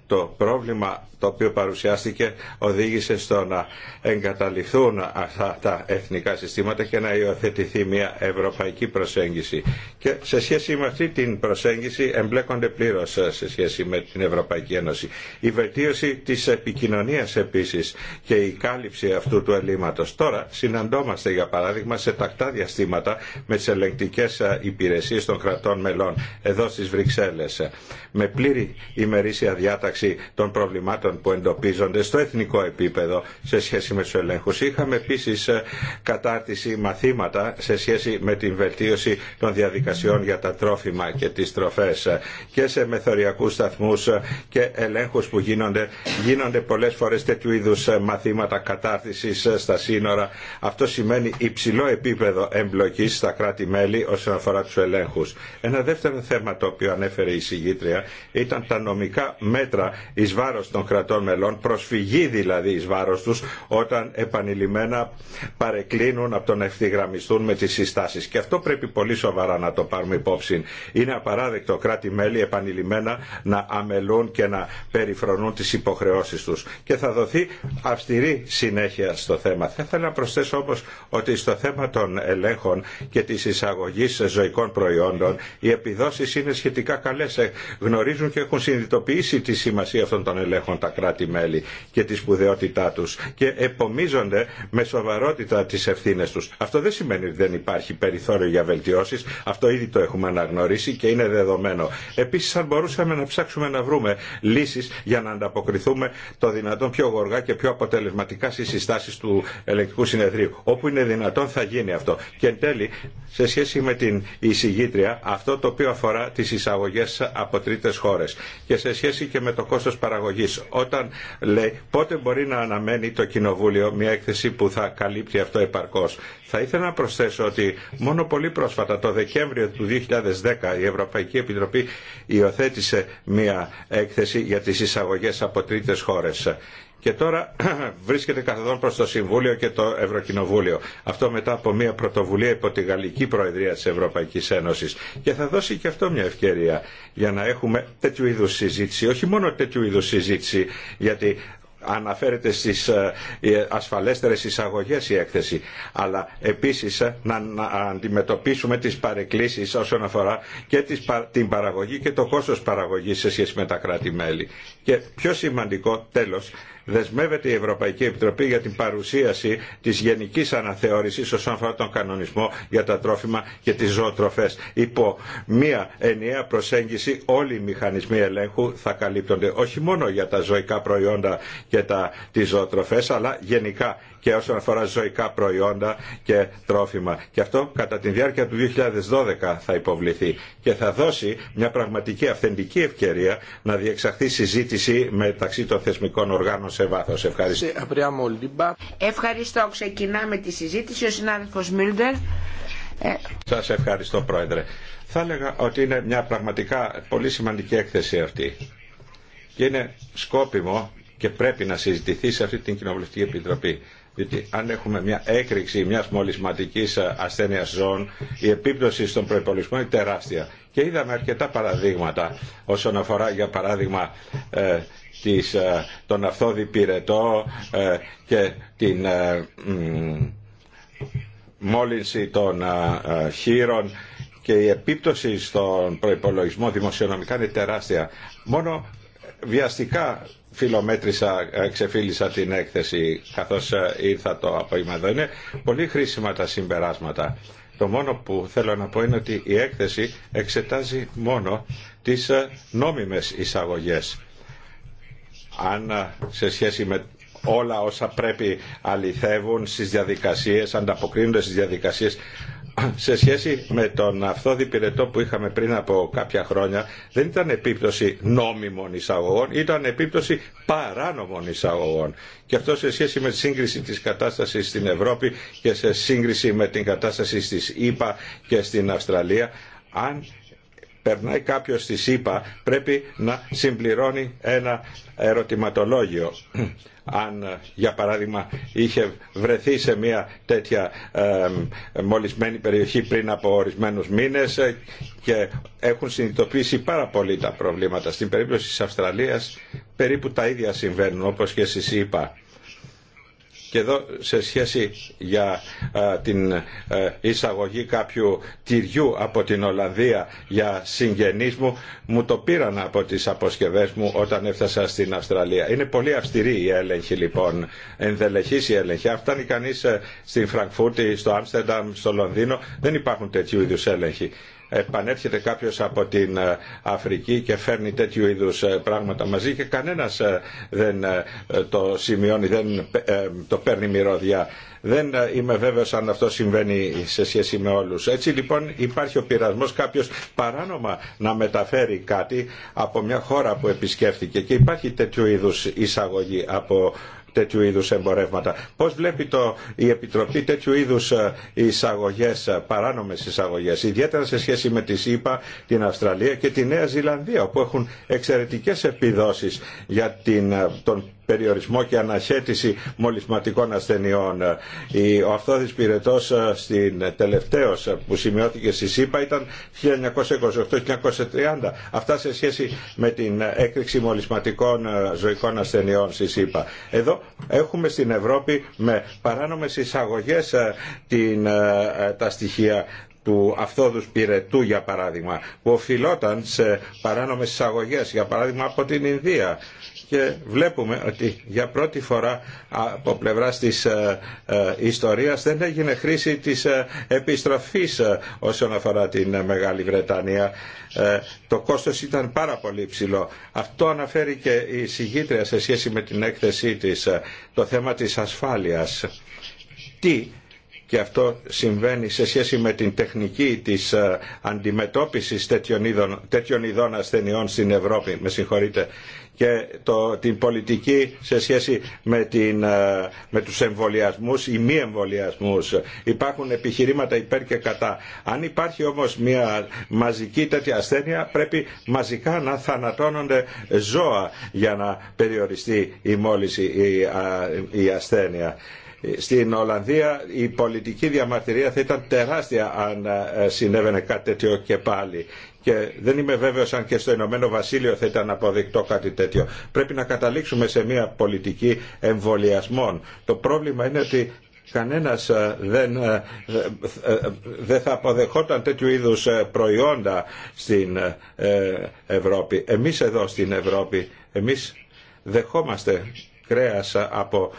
Το πρόβλημα το οποίο παρουσιάστηκε οδήγησε στο να εγκαταληφθούν αυτά τα εθνικά συστήματα και να υιοθετηθεί μια ευρωπαϊκή προσέγγιση. Και σε σχέση με αυτή την προσέγγιση εμπλέκονται πλήρω ε, σε σχέση με την Ευρωπαϊκή Ένωση. Η βελτίωση τη επικοινωνία επίση και η κάλυψη αυτού του ελλείμματο. Τώρα συναντόμαστε για παράδειγμα σε τακτά διαστήματα με τι ελεγκτικέ ε, υπηρεσίε των κρατών μελών εδώ στι Βρυξέλλε ε, με πλήρη ημερήσια διάταξη των προβλημάτων που εντοπίζονται στο εθνικό επίπεδο σε σχέση με τους ελέγχους. Είχαμε επίσης ε, κατάρτιση μαθήματα σε σχέση με την βελτίωση των διαδικασιών για τα τρόφιμα και τις τροφές ε, και σε μεθοριακούς σταθμούς ε, και ελέγχους που γίνονται. Γίνονται πολλές φορές τέτοιου είδους μαθήματα κατάρτισης στα σύνορα. Αυτό σημαίνει υψηλό επίπεδο εμπλοκής στα κράτη-μέλη όσον αφορά τους ελέγχους. Ένα δεύτερο θέμα το οποίο ανέφερε η συγγήτρια ήταν τα νομικά μέτρα εις βάρος των κρατών μελών, προσφυγή δηλαδή εις βάρος τους, όταν επανειλημμένα παρεκκλίνουν από το να ευθυγραμμιστούν με τις συστάσεις. Και αυτό πρέπει πολύ σοβαρά να το πάρουμε υπόψη. Είναι απαράδεκτο κράτη-μέλη επανειλημμένα να αμελούν και να περιφρονούν τις υποχρεώσεις τους. Και θα δοθεί αυστηρή συνέχεια στο θέμα. Θα ήθελα να προσθέσω όμως ότι στο θέμα των ελέγχων και της εισαγωγής ζωικών προϊόντων οι επιδόσεις είναι σχετικά καλές. Ε, γνωρίζουν και έχουν συνειδητοποιήσει τη σημασία αυτών των ελέγχων τα κράτη-μέλη και τη σπουδαιότητά τους και επομίζονται με σοβαρότητα τις ευθύνες τους. Αυτό δεν σημαίνει ότι δεν υπάρχει περιθώριο για βελτιώσεις, αυτό ήδη το έχουμε αναγνωρίσει και είναι δεδομένο. Επίσης αν μπορούσαμε να ψάξουμε να βρούμε λύσεις για να ανταποκριθούμε το δυνατόν πιο γοργά και πιο αποτελεσματικά στις συστάσεις του ελεκτικού συνεδρίου. Όπου είναι δυνατόν θα γίνει αυτό. Και εν τέλει, σε σχέση με την εισηγήτρια, αυτό το οποίο αφορά τις εισαγωγέ από τρίτες χώρες και σε σχέση και με το κόστος παραγωγής όταν λέει πότε μπορεί να αναμένει το Κοινοβούλιο μια έκθεση που θα καλύπτει αυτό επαρκώς. Θα ήθελα να προσθέσω ότι μόνο πολύ πρόσφατα, το Δεκέμβριο του 2010, η Ευρωπαϊκή Επιτροπή υιοθέτησε μια έκθεση για τις εισαγωγές από τρίτες χώρες και τώρα βρίσκεται καθοδόν προς το Συμβούλιο και το Ευρωκοινοβούλιο. Αυτό μετά από μια πρωτοβουλία υπό τη Γαλλική Προεδρία της Ευρωπαϊκής Ένωσης. Και θα δώσει και αυτό μια ευκαιρία για να έχουμε τέτοιου είδους συζήτηση, όχι μόνο τέτοιου είδους συζήτηση, γιατί αναφέρεται στις ε, ασφαλέστερες εισαγωγές η έκθεση αλλά επίσης ε, να αντιμετωπίσουμε τις παρεκκλήσεις όσον αφορά και την παραγωγή και το κόστος παραγωγής σε σχέση με τα κράτη-μέλη. Και πιο σημαντικό τέλος δεσμεύεται η Ευρωπαϊκή Επιτροπή για την παρουσίαση τη γενική αναθεώρηση όσον αφορά τον κανονισμό για τα τρόφιμα και τι ζωοτροφέ. Υπό μία ενιαία προσέγγιση όλοι οι μηχανισμοί ελέγχου θα καλύπτονται όχι μόνο για τα ζωικά προϊόντα και τα, τις ζωοτροφές αλλά γενικά και όσον αφορά ζωικά προϊόντα και τρόφιμα. Και αυτό κατά τη διάρκεια του 2012 θα υποβληθεί και θα δώσει μια πραγματική αυθεντική ευκαιρία να διεξαχθεί συζήτηση μεταξύ των θεσμικών οργάνων σε βάθο. Ευχαριστώ. Ευχαριστώ. Ξεκινάμε τη συζήτηση. Ο συνάδελφο Μίλντερ. Ε, Σα ευχαριστώ Πρόεδρε. Θα έλεγα ότι είναι μια πραγματικά πολύ σημαντική έκθεση αυτή. Και είναι σκόπιμο και πρέπει να συζητηθεί σε αυτή την Κοινοβουλευτική Επιτροπή διότι αν έχουμε μια έκρηξη μια μολυσματική ε, ασθένεια ζώων, η επίπτωση στον προπολογισμό είναι τεράστια. Και είδαμε αρκετά παραδείγματα όσον αφορά για παράδειγμα ε, της, ε, τον αυθόδη πυρετό και την μόλυνση των χείρων και η επίπτωση στον προϋπολογισμό δημοσιονομικά είναι τεράστια. Μόνο βιαστικά φιλομέτρησα, ε, ξεφίλησα την έκθεση καθώς ε, ήρθα το απόγευμα εδώ. Είναι πολύ χρήσιμα τα συμπεράσματα. Το μόνο που θέλω να πω είναι ότι η έκθεση εξετάζει μόνο τις ε, νόμιμες εισαγωγές. Αν σε σχέση με όλα όσα πρέπει αληθεύουν στις διαδικασίες, ανταποκρίνονται στις διαδικασίες. Σε σχέση με τον αυτό διπηρετό που είχαμε πριν από κάποια χρόνια, δεν ήταν επίπτωση νόμιμων εισαγωγών, ήταν επίπτωση παράνομων εισαγωγών. Και αυτό σε σχέση με τη σύγκριση της κατάστασης στην Ευρώπη και σε σύγκριση με την κατάσταση στις ΗΠΑ και στην Αυστραλία, αν περνάει κάποιος στη ΣΥΠΑ πρέπει να συμπληρώνει ένα ερωτηματολόγιο αν για παράδειγμα είχε βρεθεί σε μια τέτοια μολυσμένη περιοχή πριν από ορισμένους μήνες και έχουν συνειδητοποιήσει πάρα πολύ τα προβλήματα. Στην περίπτωση της Αυστραλίας περίπου τα ίδια συμβαίνουν όπως και εσείς είπα και εδώ σε σχέση για την α, εισαγωγή κάποιου τυριού από την Ολλανδία για συγγενείς μου, μου το πήραν από τις αποσκευές μου όταν έφτασα στην Αυστραλία. Είναι πολύ αυστηρή η έλεγχη λοιπόν, ενδελεχής η έλεγχη. Αν φτάνει κανείς ε, στην Φραγκφούρτη, στο Άμστερνταμ, στο Λονδίνο, δεν υπάρχουν τέτοιου είδους έλεγχοι επανέρχεται κάποιος από την ε, Αφρική και φέρνει τέτοιου είδους ε, πράγματα μαζί και κανένας ε, δεν το σημειώνει, δεν το παίρνει μυρωδιά. Δεν είμαι βέβαιος αν αυτό συμβαίνει σε σχέση με όλους. Έτσι λοιπόν υπάρχει ο πειρασμός κάποιος παράνομα να μεταφέρει κάτι από μια χώρα που επισκέφθηκε και υπάρχει τέτοιου είδους εισαγωγή από τέτοιου είδους εμπορεύματα. Πώς βλέπει το, η Επιτροπή τέτοιου είδους ε, εισαγωγές, ε, παράνομες εισαγωγές, ιδιαίτερα σε σχέση με τη ΣΥΠΑ, την Αυστραλία και τη Νέα Ζηλανδία, όπου έχουν εξαιρετικές επιδόσεις για την, ε, τον περιορισμό και αναχέτηση μολυσματικών ασθενειών. Ο Αυτόδης πυρετός ε, στην τελευταίος ε, που σημειώθηκε στη ΣΥΠΑ ήταν 1928-1930. Αυτά σε σχέση με την έκρηξη μολυσματικών ε, ζωικών ασθενειών στη ΣΥΠΑ. Εδώ έχουμε στην Ευρώπη με παράνομες εισαγωγές την, τα στοιχεία του Αυτόδου πυρετού για παράδειγμα που οφειλόταν σε παράνομες εισαγωγές για παράδειγμα από την Ινδία και βλέπουμε ότι για πρώτη φορά από πλευρά της ε, ε, ιστορίας δεν έγινε χρήση της ε, επιστροφής όσον αφορά την Μεγάλη Βρετανία. Το κόστος ήταν πάρα πολύ ψηλό. Αυτό αναφέρει και η συγκίτρια σε σχέση με την έκθεσή της, το θέμα της ασφάλειας. Τι και αυτό συμβαίνει σε σχέση με την τεχνική της αντιμετώπισης τέτοιων ειδών, τέτοιων ειδών ασθενειών στην Ευρώπη. Με συγχωρείτε και το, την πολιτική σε σχέση με, την, ε, με τους εμβολιασμούς ή μη εμβολιασμούς. Υπάρχουν επιχειρήματα υπέρ και κατά. Αν υπάρχει όμως μια μαζική τέτοια ασθένεια πρέπει μαζικά να θανατώνονται ζώα για να περιοριστεί η μόλυση, η, η ασθένεια στην Ολλανδία η πολιτική διαμαρτυρία θα ήταν τεράστια αν ε, συνέβαινε κάτι τέτοιο και πάλι και δεν είμαι βέβαιος αν και στο Ηνωμένο Βασίλειο θα ήταν αποδεικτό κάτι τέτοιο. Πρέπει να καταλήξουμε σε μια πολιτική εμβολιασμών. Το πρόβλημα είναι ότι κανένας ε, δεν, ε, ε, δεν θα αποδεχόταν τέτοιου είδους προϊόντα στην Ευρώπη. Εμείς εδώ στην Ευρώπη, εμείς δεχόμαστε κρέας από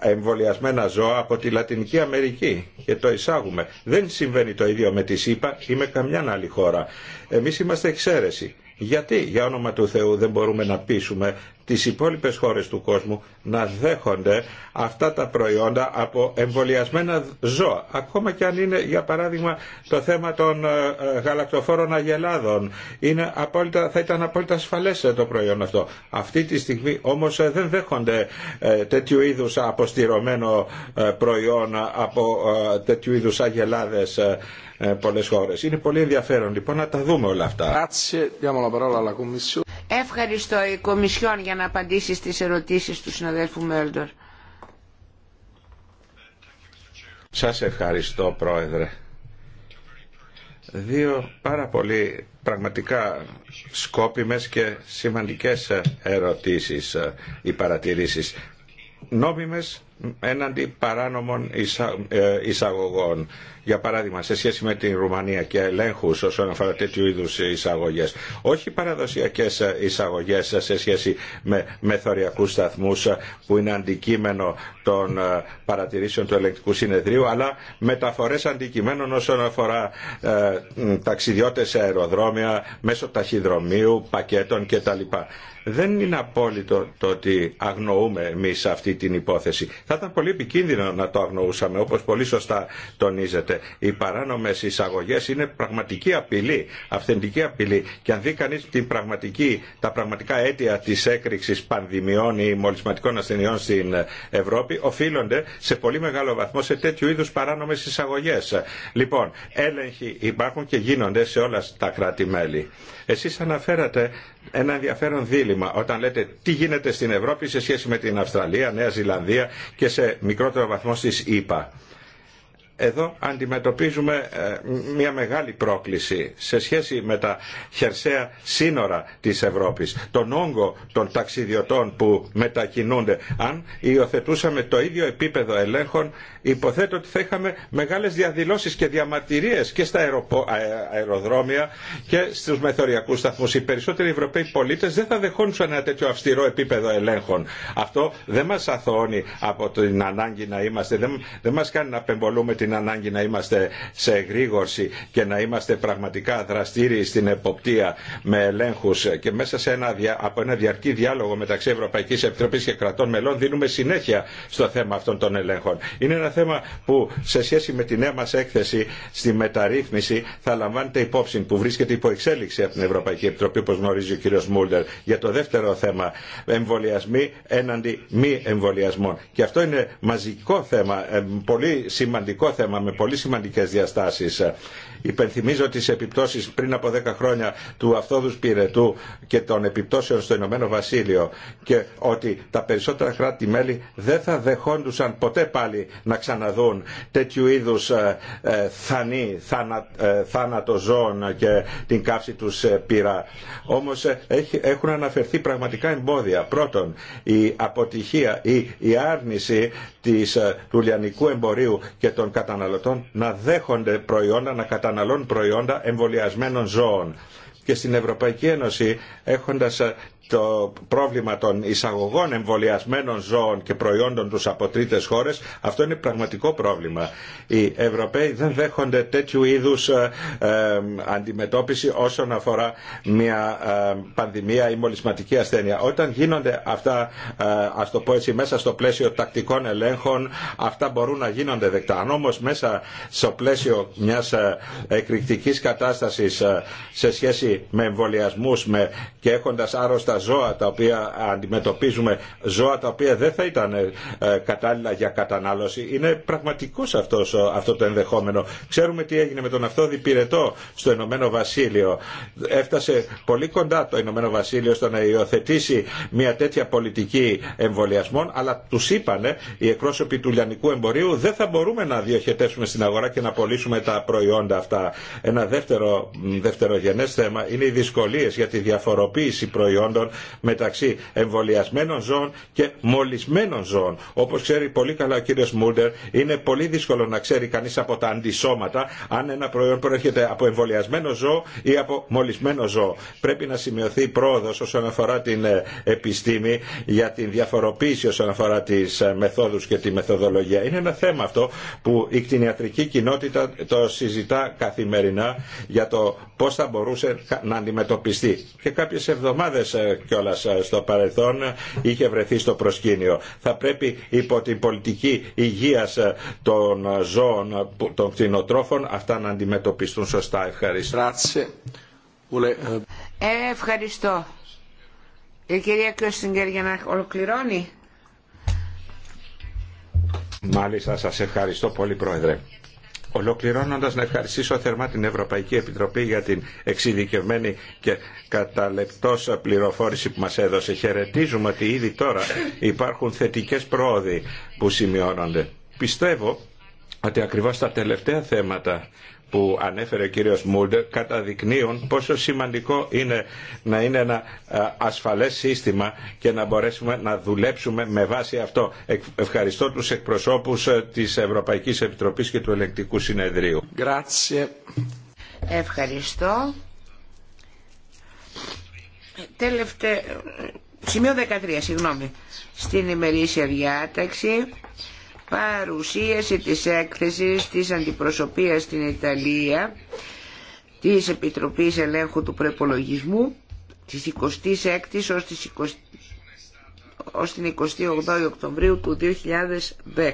εμβολιασμένα ζώα από τη Λατινική Αμερική και το εισάγουμε. Δεν συμβαίνει το ίδιο με τη ΣΥΠΑ ή με καμιά άλλη χώρα. Εμείς είμαστε εξαίρεση. Γιατί για όνομα του Θεού δεν μπορούμε να πείσουμε τις υπόλοιπες χώρες του κόσμου να δέχονται αυτά τα προϊόντα από εμβολιασμένα ζώα. Ακόμα και αν είναι για παράδειγμα το θέμα των ε, ε, γαλακτοφόρων αγελάδων. Είναι απόλυτα, θα ήταν απόλυτα ασφαλές ε, το προϊόν αυτό. Αυτή τη στιγμή όμως δεν δέχονται τέτοιου είδους αποστηρωμένο προϊόν από τέτοιου είδους αγελάδες ε, πολλές χώρες. Είναι πολύ ενδιαφέρον λοιπόν να τα δούμε όλα αυτά. Ευχαριστώ η Κομισιόν για να απαντήσει στι ερωτήσει του συναδέλφου Μέλντορ. Σα ευχαριστώ Πρόεδρε. Δύο πάρα πολύ πραγματικά σκόπιμες και σημαντικές ερωτήσεις ή ε, παρατηρήσεις. Νόμιμες έναντι παράνομων ε, εισαγωγών. Για παράδειγμα, σε σχέση με την Ρουμανία και ελέγχου όσον αφορά τέτοιου είδου εισαγωγέ. Όχι παραδοσιακέ εισαγωγέ σε σχέση με μεθοριακού σταθμού που είναι αντικείμενο των ε, παρατηρήσεων του ελεγκτικού συνεδρίου, αλλά μεταφορέ αντικειμένων όσον αφορά ε, ταξιδιώτε σε αεροδρόμια, μέσω ταχυδρομείου, πακέτων κτλ. Δεν είναι απόλυτο το ότι αγνοούμε εμεί αυτή την υπόθεση. Θα ήταν πολύ επικίνδυνο να το αγνοούσαμε, όπως πολύ σωστά τονίζετε. Οι παράνομες εισαγωγές είναι πραγματική απειλή, αυθεντική απειλή. Και αν δει κανείς την πραγματική, τα πραγματικά αίτια της έκρηξης πανδημιών ή μολυσματικών ασθενειών στην Ευρώπη, οφείλονται σε πολύ μεγάλο βαθμό σε τέτοιου είδους παράνομες εισαγωγές. Λοιπόν, έλεγχοι υπάρχουν και γίνονται σε όλα τα κράτη-μέλη. Εσείς αναφέρατε ένα ενδιαφέρον δίλημα όταν λέτε τι γίνεται στην Ευρώπη σε σχέση με την Αυστραλία, Νέα Ζηλανδία και σε μικρότερο βαθμό στις ΗΠΑ εδώ αντιμετωπίζουμε ε, μια μεγάλη πρόκληση σε σχέση με τα χερσαία σύνορα της Ευρώπης, τον όγκο των ταξιδιωτών που μετακινούνται. Αν υιοθετούσαμε το ίδιο επίπεδο ελέγχων, υποθέτω ότι θα είχαμε μεγάλες διαδηλώσεις και διαμαρτυρίες και στα αεροδρόμια και στους μεθοριακούς σταθμούς. Οι περισσότεροι Ευρωπαίοι πολίτες δεν θα δεχόντουσαν ένα τέτοιο αυστηρό επίπεδο ελέγχων. Αυτό δεν μας αθώνει από την ανάγκη να είμαστε, δεν, δεν μας κάνει να απεμπολούμε την την ανάγκη να είμαστε σε εγρήγορση και να είμαστε πραγματικά δραστήριοι στην εποπτεία με ελέγχου και μέσα σε ένα, από ένα διαρκή διάλογο μεταξύ Ευρωπαϊκή Επιτροπή και κρατών μελών δίνουμε συνέχεια στο θέμα αυτών των ελέγχων. Είναι ένα θέμα που σε σχέση με τη νέα μα έκθεση στη μεταρρύθμιση θα λαμβάνεται υπόψη που βρίσκεται υπό εξέλιξη από την Ευρωπαϊκή Επιτροπή όπω γνωρίζει ο κ. Μούλτερ για το δεύτερο θέμα εμβολιασμοί έναντι μη εμβολιασμών. Και αυτό είναι μαζικό θέμα, ε, πολύ σημαντικό θέμα με πολύ σημαντικές διαστάσεις Υπενθυμίζω τις επιπτώσεις πριν από 10 χρόνια του αυθόδους πυρετού και των επιπτώσεων στο Ηνωμένο Βασίλειο και ότι τα περισσότερα κράτη-μέλη δεν θα δεχόντουσαν ποτέ πάλι να ξαναδούν τέτοιου είδους ε, ε, θανή, ε, θάνατο ζώων και την καύση τους πυρά. Όμως έχουν αναφερθεί πραγματικά εμπόδια. Πρώτον, η αποτυχία ή η άρνηση της, του λιανικού εμπορίου και των καταναλωτών να δέχονται προϊόντα να καταναλών προϊόντα εμβολιασμένων ζώων. Και στην Ευρωπαϊκή Ένωση έχοντας ε, το πρόβλημα των εισαγωγών εμβολιασμένων ζώων και προϊόντων τους από τρίτες χώρες, αυτό είναι πραγματικό πρόβλημα. Οι Ευρωπαίοι δεν δέχονται τέτοιου είδους ε, ε, αντιμετώπιση όσον αφορά μια ε, πανδημία ή μολυσματική ασθένεια. Όταν γίνονται αυτά, ε, ας το πω έτσι, μέσα στο πλαίσιο τακτικών ελέγχων, αυτά μπορούν να γίνονται δεκτά. Αν όμως μέσα στο πλαίσιο μιας εκρηκτικής κατάστασης σε σχέση με εμβολιασμούς με, και έχοντας άρρωστα ζώα τα οποία αντιμετωπίζουμε, ζώα τα οποία δεν θα ήταν ε, κατάλληλα για κατανάλωση. Είναι πραγματικό αυτό το ενδεχόμενο. Ξέρουμε τι έγινε με τον αυτόδη πυρετό στο Ηνωμένο Βασίλειο. Έφτασε πολύ κοντά το Ηνωμένο Βασίλειο στο να υιοθετήσει μια τέτοια πολιτική εμβολιασμών, αλλά του είπανε οι εκπρόσωποι του λιανικού εμπορίου δεν θα μπορούμε να διοχετεύσουμε στην αγορά και να πωλήσουμε τα προϊόντα αυτά. Ένα δεύτερο, δευτερογενές θέμα είναι οι δυσκολίε για τη διαφοροποίηση προϊόντων μεταξύ εμβολιασμένων ζώων και μολυσμένων ζώων. Όπω ξέρει πολύ καλά ο κύριο Μούντερ, είναι πολύ δύσκολο να ξέρει κανεί από τα αντισώματα αν ένα προϊόν προέρχεται από εμβολιασμένο ζώο ή από μολυσμένο ζώο. Πρέπει να σημειωθεί πρόοδο όσον αφορά την ε, επιστήμη για την διαφοροποίηση όσον αφορά τι ε, μεθόδου και τη μεθοδολογία. Είναι ένα θέμα αυτό που η κτηνιατρική κοινότητα το συζητά καθημερινά για το πώ θα μπορούσε να αντιμετωπιστεί. Και κάποιε εβδομάδε ε, κι κιόλα ε, στο παρελθόν είχε βρεθεί στο προσκήνιο. Θα πρέπει υπό την πολιτική υγεία ε, των ζώων, των κτηνοτρόφων, αυτά να αντιμετωπιστούν σωστά. Ευχαριστώ. Ε, ευχαριστώ. Η κυρία Κιώστιγκερ για να ολοκληρώνει. Μάλιστα, σας ευχαριστώ πολύ Πρόεδρε. Ολοκληρώνοντας να ευχαριστήσω θερμά την Ευρωπαϊκή Επιτροπή για την εξειδικευμένη και καταλεπτόσα πληροφόρηση που μας έδωσε. Χαιρετίζουμε ότι ήδη τώρα υπάρχουν θετικές πρόοδοι που σημειώνονται. Πιστεύω ότι ακριβώς τα τελευταία θέματα που ανέφερε ο κύριος Μούλτερ καταδεικνύουν πόσο σημαντικό είναι να είναι ένα ε, ασφαλές σύστημα και να μπορέσουμε να δουλέψουμε με βάση αυτό. Ευχαριστώ τους εκπροσώπους ε, της Ευρωπαϊκής Επιτροπής και του Ελεκτικού Συνεδρίου. Ευχαριστώ. Τελευταίο, σημείο 13, συγγνώμη, στην ημερήσια διάταξη παρουσίαση της έκθεσης της αντιπροσωπείας στην Ιταλία της Επιτροπής Ελέγχου του Προπολογισμού της 26ης ως, την 28η Οκτωβρίου του 2010.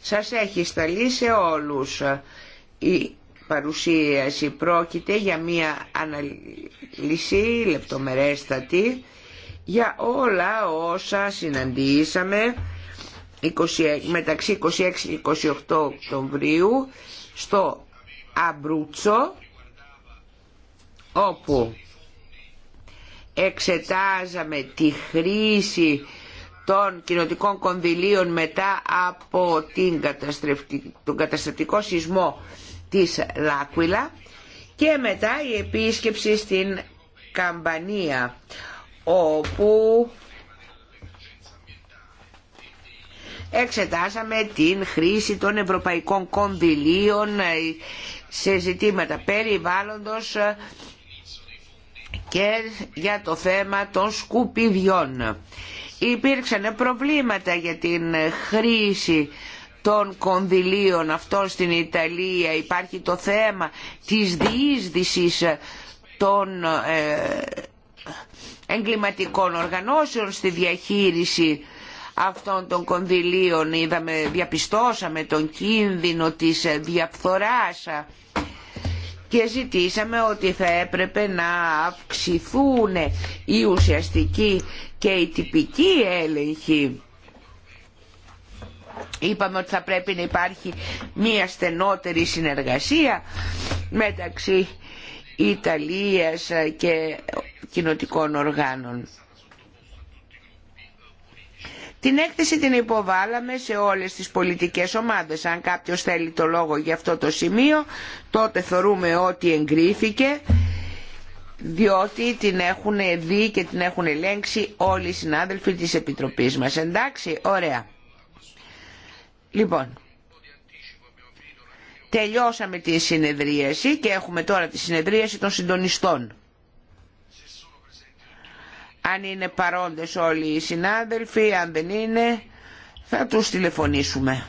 Σας έχει σταλεί σε όλους η παρουσίαση. Πρόκειται για μία αναλύση λεπτομερέστατη για όλα όσα συναντήσαμε μεταξύ 26 και 28 Οκτωβρίου στο Αμπρούτσο όπου εξετάζαμε τη χρήση των κοινοτικών κονδυλίων μετά από την τον καταστατικό σεισμό της Λάκουιλα και μετά η επίσκεψη στην Καμπανία όπου εξετάσαμε την χρήση των ευρωπαϊκών κονδυλίων ε, σε ζητήματα περιβάλλοντος και για το θέμα των σκουπιδιών. Υπήρξαν προβλήματα για την χρήση των κονδυλίων αυτών στην Ιταλία. Υπάρχει το θέμα της διείσδυσης των ε, εγκληματικών οργανώσεων στη διαχείριση αυτών των κονδυλίων είδαμε, διαπιστώσαμε τον κίνδυνο της διαφθοράς και ζητήσαμε ότι θα έπρεπε να αυξηθούν οι ουσιαστικοί και οι τυπικοί έλεγχοι. Είπαμε ότι θα πρέπει να υπάρχει μία στενότερη συνεργασία μεταξύ Ιταλίας και κοινοτικών οργάνων. Την έκθεση την υποβάλαμε σε όλες τις πολιτικές ομάδες. Αν κάποιος θέλει το λόγο για αυτό το σημείο, τότε θεωρούμε ότι εγκρίθηκε, διότι την έχουν δει και την έχουν ελέγξει όλοι οι συνάδελφοι της Επιτροπής μας. Εντάξει, ωραία. Λοιπόν, τελειώσαμε τη συνεδρίαση και έχουμε τώρα τη συνεδρίαση των συντονιστών αν είναι παρόντες όλοι οι συνάδελφοι, αν δεν είναι θα τους τηλεφωνήσουμε.